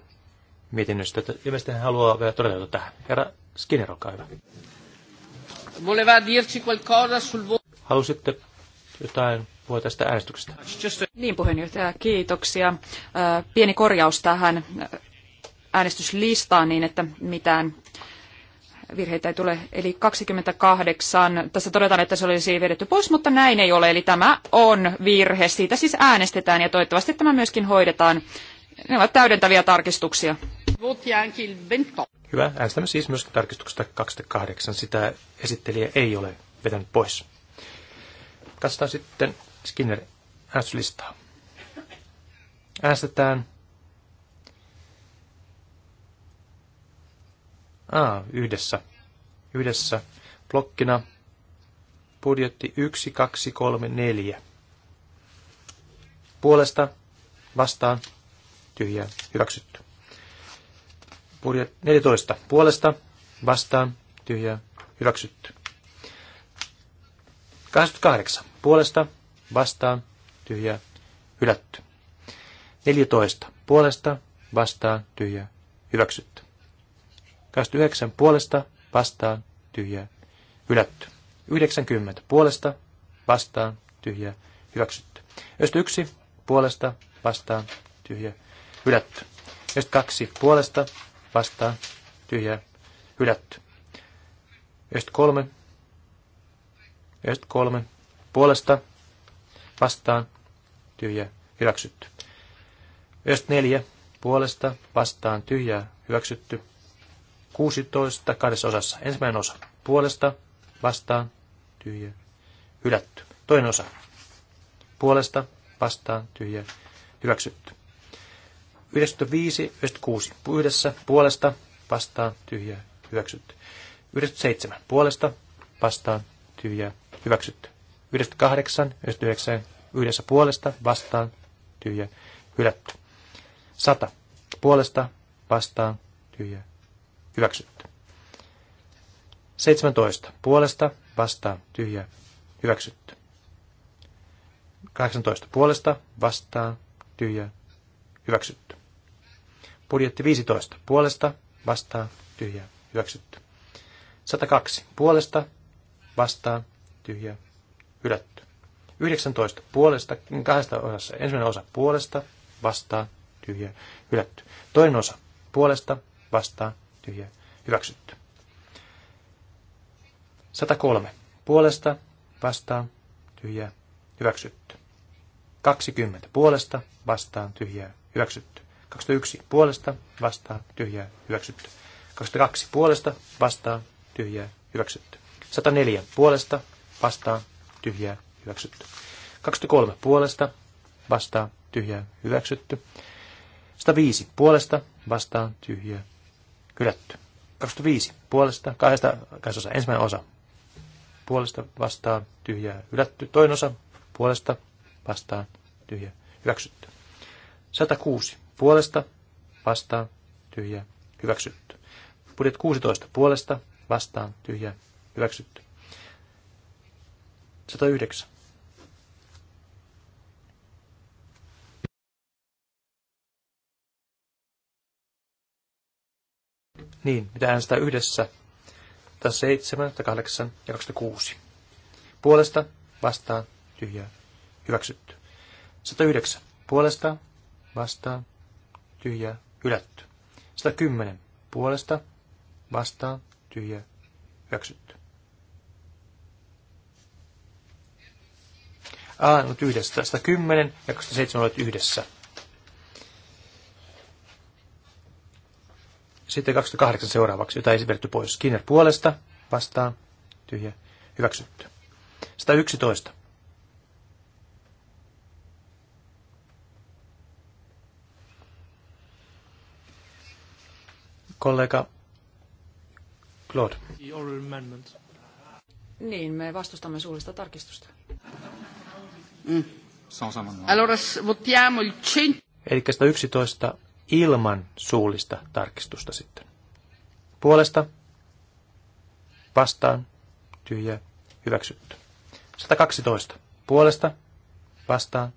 mietinnöstä. Ilmeisesti hän haluaa vielä todeta tähän. Herra Skinner, olkaa hyvä. Voleva dirci qualcosa sul Halusitte jotain puhua tästä äänestyksestä? Niin puheenjohtaja, kiitoksia. Pieni korjaus tähän äänestyslistaan niin, että mitään virheitä ei tule, eli 28. Tässä todetaan, että se olisi vedetty pois, mutta näin ei ole, eli tämä on virhe. Siitä siis äänestetään ja toivottavasti tämä myöskin hoidetaan. Ne ovat täydentäviä tarkistuksia. Hyvä, äänestämme siis myös tarkistuksesta 28. Sitä esittelijä ei ole vetänyt pois. Katsotaan sitten Skinner äänestyslistaa. Äänestetään Aa, yhdessä. Yhdessä. Blokkina budjetti 1, 2, 3, 4. Puolesta vastaan tyhjää hyväksytty. Budjet 14. Puolesta vastaan tyhjää hyväksytty. 28. Puolesta vastaan tyhjää hylätty. 14. Puolesta vastaan tyhjää hyväksytty. 29 puolesta vastaan tyhjää hylätty. 90 puolesta vastaan tyhjää hyväksytty. 91 puolesta vastaan tyhjää hylätty. 92 puolesta vastaan tyhjää hylätty. 93 93 puolesta vastaan tyhjää hyväksytty. 94 puolesta vastaan tyhjää hyväksytty. 16 kahdessa osassa. Ensimmäinen osa puolesta, vastaan, tyhjä, hylätty. Toinen osa puolesta, vastaan, tyhjä, hyväksytty. 95, 96 yhdessä, puolesta, vastaan, tyhjä, hyväksytty. 97 puolesta, vastaan, tyhjä, hyväksytty. 98, 99 yhdessä puolesta, vastaan, tyhjä, hylätty. 100 puolesta, vastaan, tyhjä, Hyväksytty. 17. Puolesta vastaan tyhjä. Hyväksytty. 18. Puolesta vastaan tyhjä. Hyväksytty. Budjetti 15. Puolesta vastaan tyhjä. Hyväksytty. 102. Puolesta vastaan tyhjä. Hylätty. 19. Puolesta, kahdesta osassa. Ensimmäinen osa puolesta vastaan tyhjä. Hylätty. Toinen osa puolesta vastaan tyhjä hyväksytty. 103. Puolesta, vastaan, tyhjä hyväksytty. 20. Puolesta, vastaan, tyhjä hyväksytty. 21. Puolesta, vastaan, tyhjä hyväksytty. 22. Puolesta, vastaan, tyhjä hyväksytty. 104. Puolesta, vastaan, tyhjä hyväksytty. 23. Puolesta, vastaan, tyhjä hyväksytty. 105. Puolesta, vastaan, tyhjä Hylätty. 25. Puolesta, kahdesta, kahdesta osa. Ensimmäinen osa. Puolesta vastaan, tyhjää. Hylätty. Toinen osa. Puolesta vastaan, tyhjää. Hyväksytty. 106. Puolesta vastaan, tyhjää. Hyväksytty. Budjet 16. Puolesta vastaan, tyhjää. Hyväksytty. 109 Niin, mitä äänestää yhdessä. Tai 7, 8 ja 26. Puolesta, vastaan, tyhjää, hyväksytty. 109. Puolesta, vastaan, tyhjää, hylätty. 110. Puolesta, vastaan, tyhjää, hyväksytty. A, nyt yhdessä. 110 ja 27 olet yhdessä. Sitten 28 seuraavaksi, jota ei siirretty pois. Skinner puolesta, vastaan, tyhjä, hyväksytty. 111. Kollega Claude. Niin, me vastustamme suullista tarkistusta. Mm. Allora votiamo il 100. Eli 111 ilman suullista tarkistusta sitten. Puolesta, vastaan, tyhjä hyväksytty. 112. Puolesta, vastaan,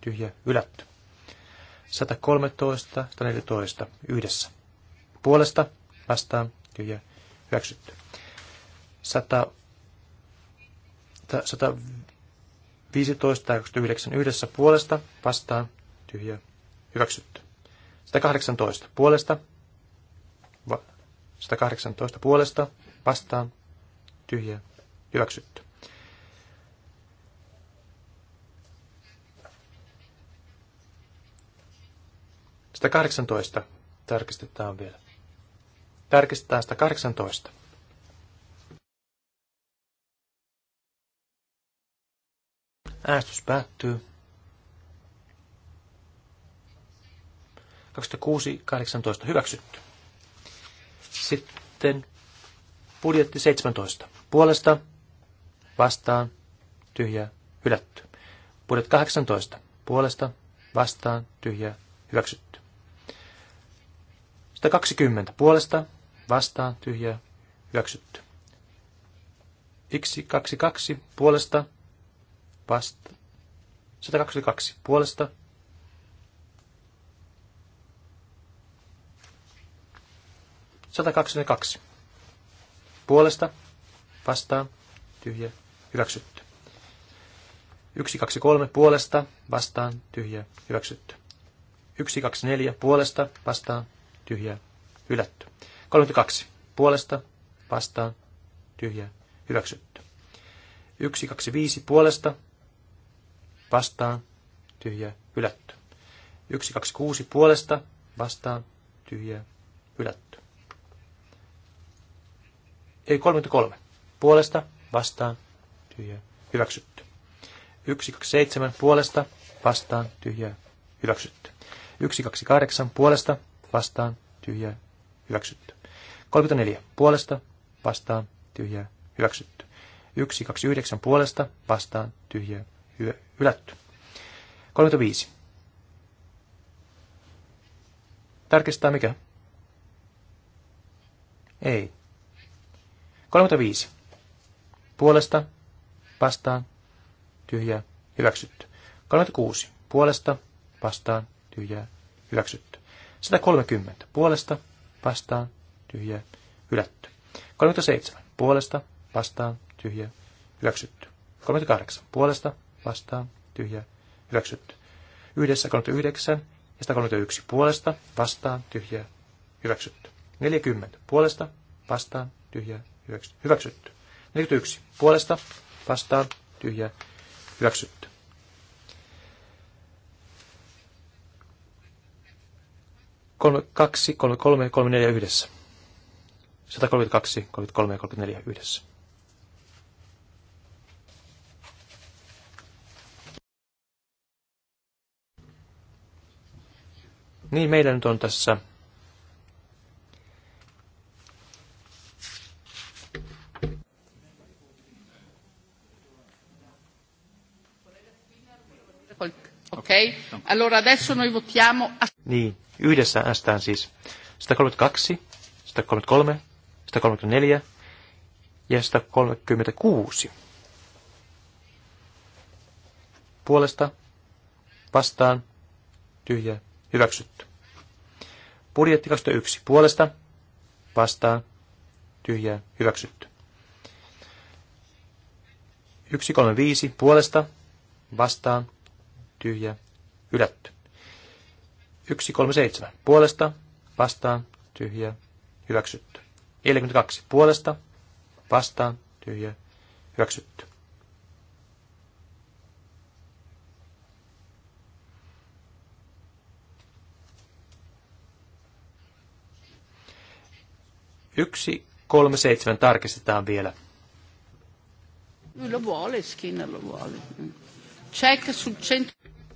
tyhjä, ylätty. 113, 114, yhdessä. Puolesta, vastaan, tyhjä, hyväksytty. 100, 115 ja yhdessä puolesta, vastaan, tyhjä, Hyväksytty. 118 puolesta. 118 puolesta. Vastaan. Tyhjä. Hyväksytty. Sitä 18 tarkistetaan vielä. Tarkistetaan sitä 18. Äänestys päättyy. 26.18 hyväksytty. Sitten budjetti 17. Puolesta, vastaan, tyhjä, hylätty. Budjetti 18. Puolesta, vastaan, tyhjä, hyväksytty. 120. Puolesta, vastaan, tyhjä, hyväksytty. 122. Puolesta, vastaan. 122. Puolesta, 122. Puolesta, vastaan, tyhjä, hyväksytty. 123 puolesta, vastaan, tyhjä, hyväksytty. 124 puolesta, vastaan, tyhjä, hylätty. 32 puolesta, vastaan, tyhjä, hyväksytty. 125 puolesta, vastaan, tyhjä, hylätty. 126 puolesta, vastaan, tyhjä, hylätty ei 33. Puolesta, vastaan, tyhjää, hyväksytty. 127 puolesta, vastaan, tyhjää, hyväksytty. 128 puolesta, vastaan, tyhjää, hyväksytty. 34 puolesta, vastaan, tyhjää, hyväksytty. 129 puolesta, vastaan, tyhjää, hyö, hylätty. 35. Tarkistaa mikä? Ei, 35. Puolesta, vastaan, tyhjää, hyväksytty. 36. Puolesta, vastaan, tyhjää, hyväksytty. 130. Puolesta, vastaan, tyhjää, hylätty. 37. Puolesta, vastaan, tyhjää, hyväksytty. 38. Puolesta, vastaan, tyhjää, hyväksytty. Yhdessä 39 ja 131. Puolesta, vastaan, tyhjää, hyväksytty. 40. Puolesta, vastaan, tyhjää, hyväksytty. 41 puolesta vastaan tyhjä hyväksytty. Kolme, kaksi, kolme, kolme, kolme, neljä yhdessä. 132, 33 ja 34 yhdessä. Niin, meidän nyt on tässä Okei, okay. allora adesso noi votiamo... Niin, yhdessä äänestetään siis 132, 133, 134 ja 136. Puolesta, vastaan, tyhjä, hyväksytty. Budjetti 21. Puolesta, vastaan, tyhjä, hyväksytty. 135. Puolesta, vastaan, tyhjä, hylätty. 137 puolesta, vastaan, tyhjä, hyväksytty. 42 puolesta, vastaan, tyhjä, hyväksytty. Yksi, kolme, seitsemän tarkistetaan vielä. Lo vuole, skinna vuole. Check su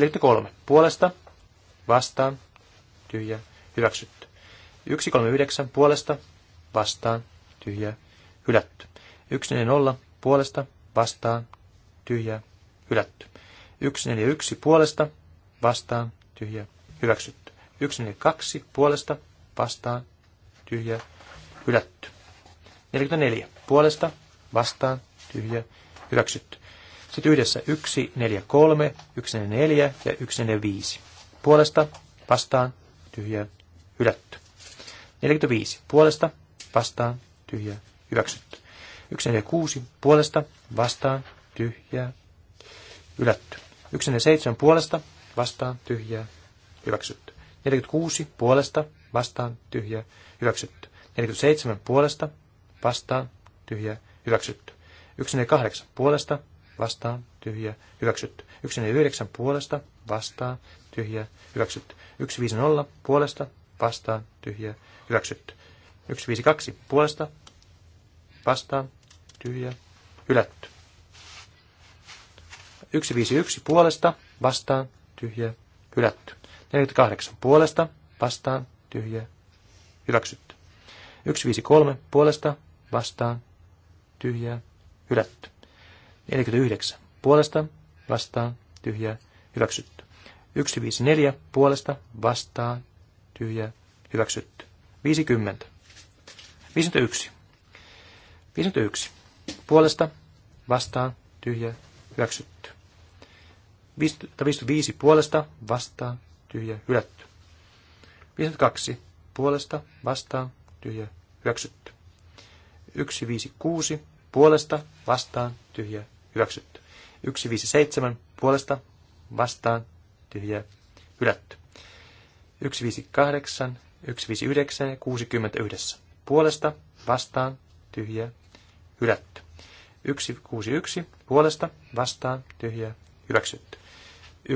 43. Puolesta, vastaan, tyhjä, hyväksytty. 139. Puolesta, vastaan, tyhjä, hylätty. 140. Puolesta, vastaan, tyhjä, hylätty. 141. Puolesta, vastaan, tyhjä, hyväksytty. 142. Puolesta, vastaan, tyhjä, hylätty. 44. Puolesta, vastaan, tyhjä, hyväksytty. Sitten yhdessä 1, 4, 3, 1, 4, ja 1, 4, 5. Puolesta, vastaan, tyhjä, hylätty. 45. Puolesta, vastaan, tyhjä, hyväksytty. 1, 4, 6. Puolesta, vastaan, tyhjä, hylätty. 1, 4, 7. Puolesta, vastaan, tyhjä, hyväksytty. 46. Puolesta, vastaan, tyhjä, hyväksytty. 47. Puolesta, vastaan, tyhjä, hyväksytty. 1, 4, 8. puolesta, vastaan, tyhjä, hyväksytty. 149 puolesta, vastaan, tyhjä, hyväksytty. 150 puolesta, vastaan, tyhjä, hyväksytty. 152 puolesta, vastaan, tyhjä, hylätty. 151 puolesta, vastaan, tyhjä, hylätty. 48 puolesta, vastaan, tyhjä, hyväksytty. 153 puolesta, vastaan, tyhjä hylätty. 49 puolesta vastaan tyhjä, hyväksytty. 154 puolesta vastaan tyhjä, hyväksytty. 50. 51. 51 puolesta vastaan tyhjä, hyväksytty. 55 puolesta vastaan tyhjä hylätty. 52 puolesta vastaan tyhjä hyväksytty. 156 puolesta vastaan tyhjä hyväksytty. 157 puolesta vastaan tyhjää hylätty. 158, 159 ja 60 yhdessä. Puolesta vastaan tyhjää hylätty. 161 puolesta vastaan tyhjää hyväksytty.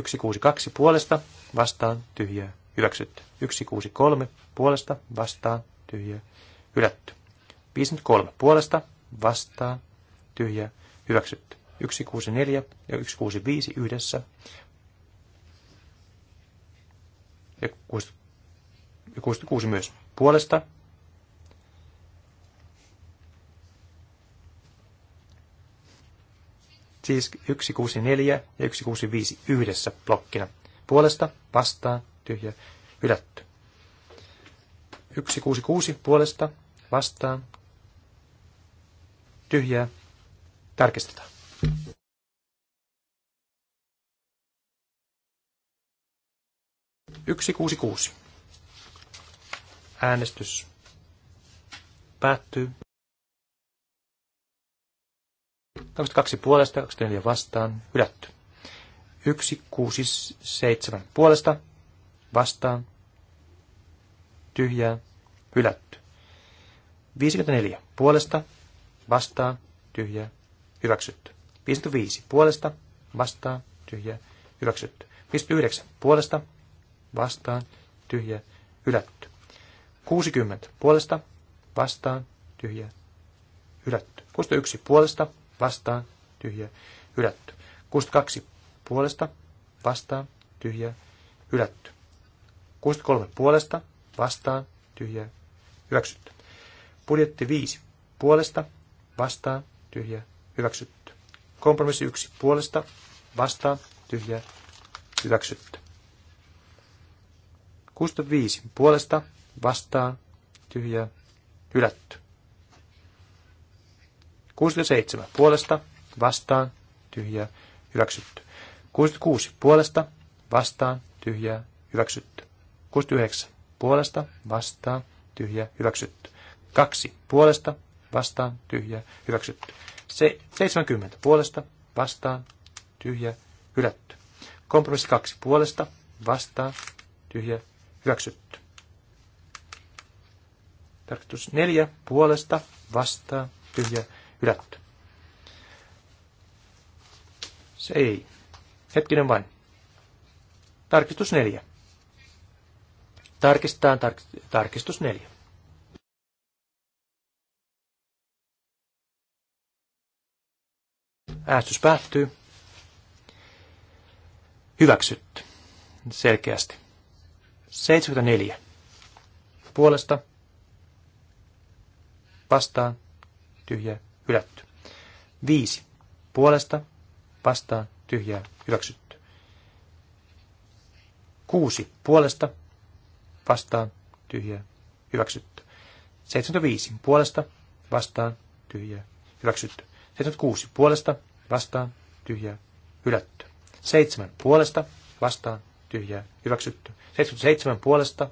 162 puolesta vastaan tyhjää hyväksytty. 163 puolesta vastaan tyhjää hylätty. 53 puolesta vastaan tyhjää hyväksytty. 164 ja 165 yhdessä. Ja 66 myös puolesta. Siis 164 ja 165 yhdessä blokkina. Puolesta, vastaan, tyhjä, hylätty. 166 puolesta, vastaan, tyhjää, tarkistetaan. 166. Äänestys päättyy. 22 puolesta, 24 vastaan, hylätty. 167 puolesta, vastaan, tyhjää, hylätty. 54 puolesta, vastaan, tyhjää, hyväksytty. 55 puolesta, vastaan, tyhjää, hyväksytty. 59 puolesta, vastaan, tyhjä, hylätty. 60 puolesta, vastaan, tyhjä, hylätty. 61 puolesta, vastaan, tyhjä, hylätty. 62 puolesta, vastaan, tyhjä, hylätty. 63 puolesta, vastaan, tyhjä, hyväksytty. Budjetti 5 puolesta, vastaan, tyhjä, hyväksytty. Kompromissi 1 puolesta, vastaan, tyhjä, hyväksytty. 65 puolesta vastaan tyhjä, hylätty. 67 puolesta vastaan tyhjä, hyväksytty. 66 puolesta vastaan tyhjä, hyväksytty. 69 puolesta vastaan tyhjä, hyväksytty. 2 puolesta vastaan tyhjä, hyväksytty. 70 puolesta vastaan tyhjä hylätty. Kompromissi 2 puolesta vastaan tyhjä Hyväksytty. Tarkoitus neljä puolesta vastaan tyhjä hylätty. Se ei. Hetkinen vain. Tarkistus neljä. Tarkistetaan tar- tarkistus neljä. Äästys päättyy. Hyväksytty. Selkeästi. 74. Puolesta vastaan tyhjä hylätty. 5. Puolesta vastaan tyhjä hyväksytty. 6. Puolesta vastaan tyhjä hyväksytty. 75. Puolesta vastaan tyhjä hyväksytty. 76. Puolesta vastaan tyhjä hylätty. 7. Puolesta vastaan tyhjä hyväksytty. 77 puolesta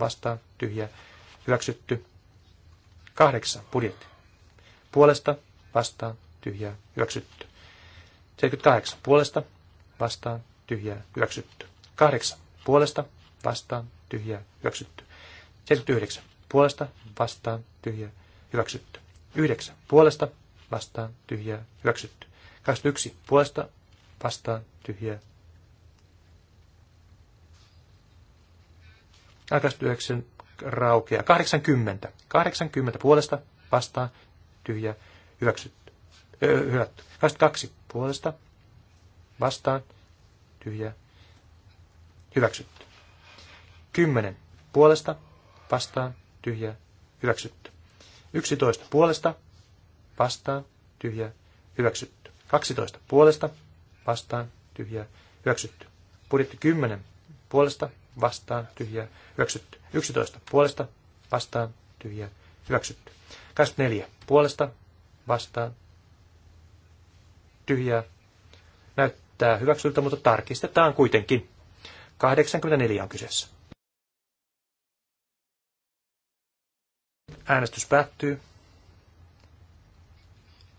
vastaan tyhjä hyväksytty. 8 budjetti. Puolesta vastaan tyhjä hyväksytty. 78 puolesta vastaan tyhjä hyväksytty. 8 puolesta vastaan tyhjä hyväksytty. 79 puolesta vastaan tyhjä hyväksytty. 9 puolesta vastaan tyhjä hyväksytty. 21 puolesta vastaan tyhjä 49 raukea. 80. 80 puolesta vastaan tyhjä hyväksytty. Öö, hylätty. 22 puolesta vastaan tyhjä hyväksytty. 10 puolesta vastaan tyhjä hyväksytty. 11 puolesta vastaan tyhjä hyväksytty. 12 puolesta vastaan tyhjä hyväksytty. Budjetti 10 puolesta vastaan, tyhjä, hyväksytty. 11 puolesta, vastaan, tyhjä, hyväksytty. 24 puolesta, vastaan, tyhjä, näyttää hyväksyltä, mutta tarkistetaan kuitenkin. 84 on kyseessä. Äänestys päättyy.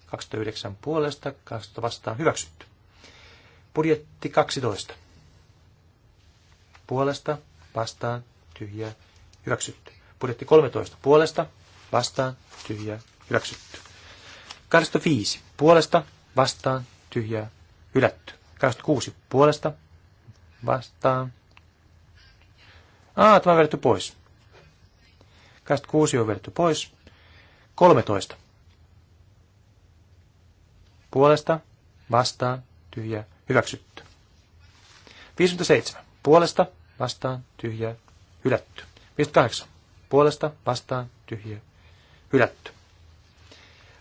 29 puolesta, 12 vastaan hyväksytty. Budjetti 12 puolesta, vastaan, tyhjää, hyväksytty. Budjetti 13 puolesta, vastaan, tyhjää, hyväksytty. 25 puolesta, vastaan, tyhjää, hylätty. 26 puolesta, vastaan. Aa, tämä on vedetty pois. 26 on vedetty pois. 13. Puolesta, vastaan, tyhjä, hyväksytty. 57. Puolesta vastaan tyhjä, hylätty. 58. Puolesta vastaan tyhjä hylätty.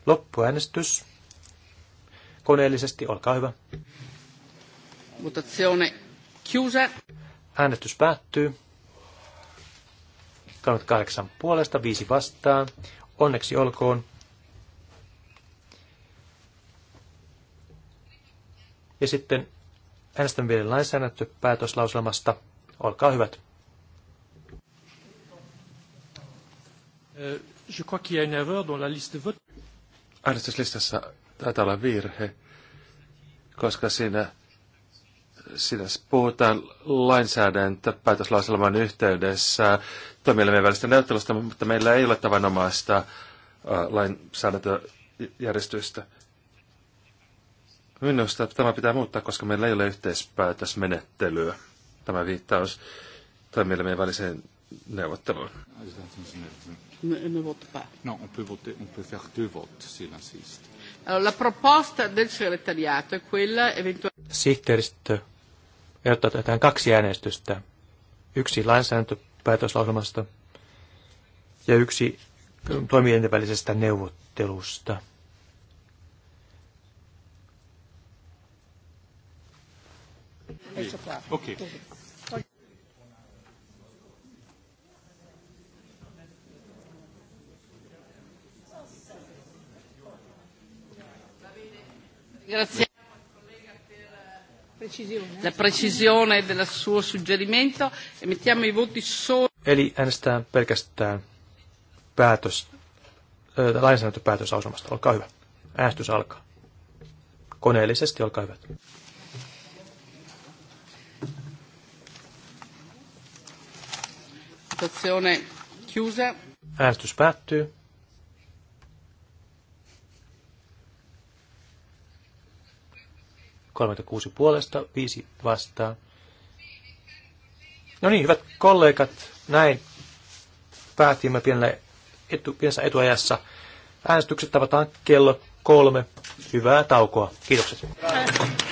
Loppuäänestys. Koneellisesti, olkaa hyvä. Mutta se on kiusa. Äänestys päättyy. 38 puolesta, 5 vastaan. Onneksi olkoon. Ja sitten äänestän vielä lainsäädäntö päätöslauselmasta. Olkaa hyvät. Euh, je crois qu'il y a une erreur dans la liste de vote. Äänestyslistassa taitaa olla virhe, koska siinä, siinä puhutaan lainsäädäntö päätöslauselman yhteydessä toimielimien välistä neuvottelusta, mutta meillä ei ole tavanomaista lainsäädäntöjärjestystä. Minusta tämä pitää muuttaa, koska meillä ei ole yhteispäätösmenettelyä. Tämä viittaus meidän väliseen neuvotteluun. Ne, ne no, on peut on peut faire deux votes s'il insiste. Alors, la proposta del segretariato è quella eventualmente... Sihteeristö ehdottaa tähän kaksi äänestystä. Yksi lainsäädäntöpäätöslauselmasta ja yksi toimielinten välisestä neuvottelusta. Terzo quadro. Okay. Grazie la precisione del suo suggerimento e mettiamo i voti solo. Eli äänestetään pelkästään päätös, äh, lainsäädäntöpäätösausumasta. Olkaa hyvä. Äänestys alkaa. Koneellisesti, olkaa hyvä. Votazione chiusa. Äänestys päättyy. kuusi puolesta, viisi vastaan. No niin, hyvät kollegat, näin päätimme pienellä etu, pienessä etuajassa. Äänestykset tavataan kello kolme. Hyvää taukoa. Kiitokset.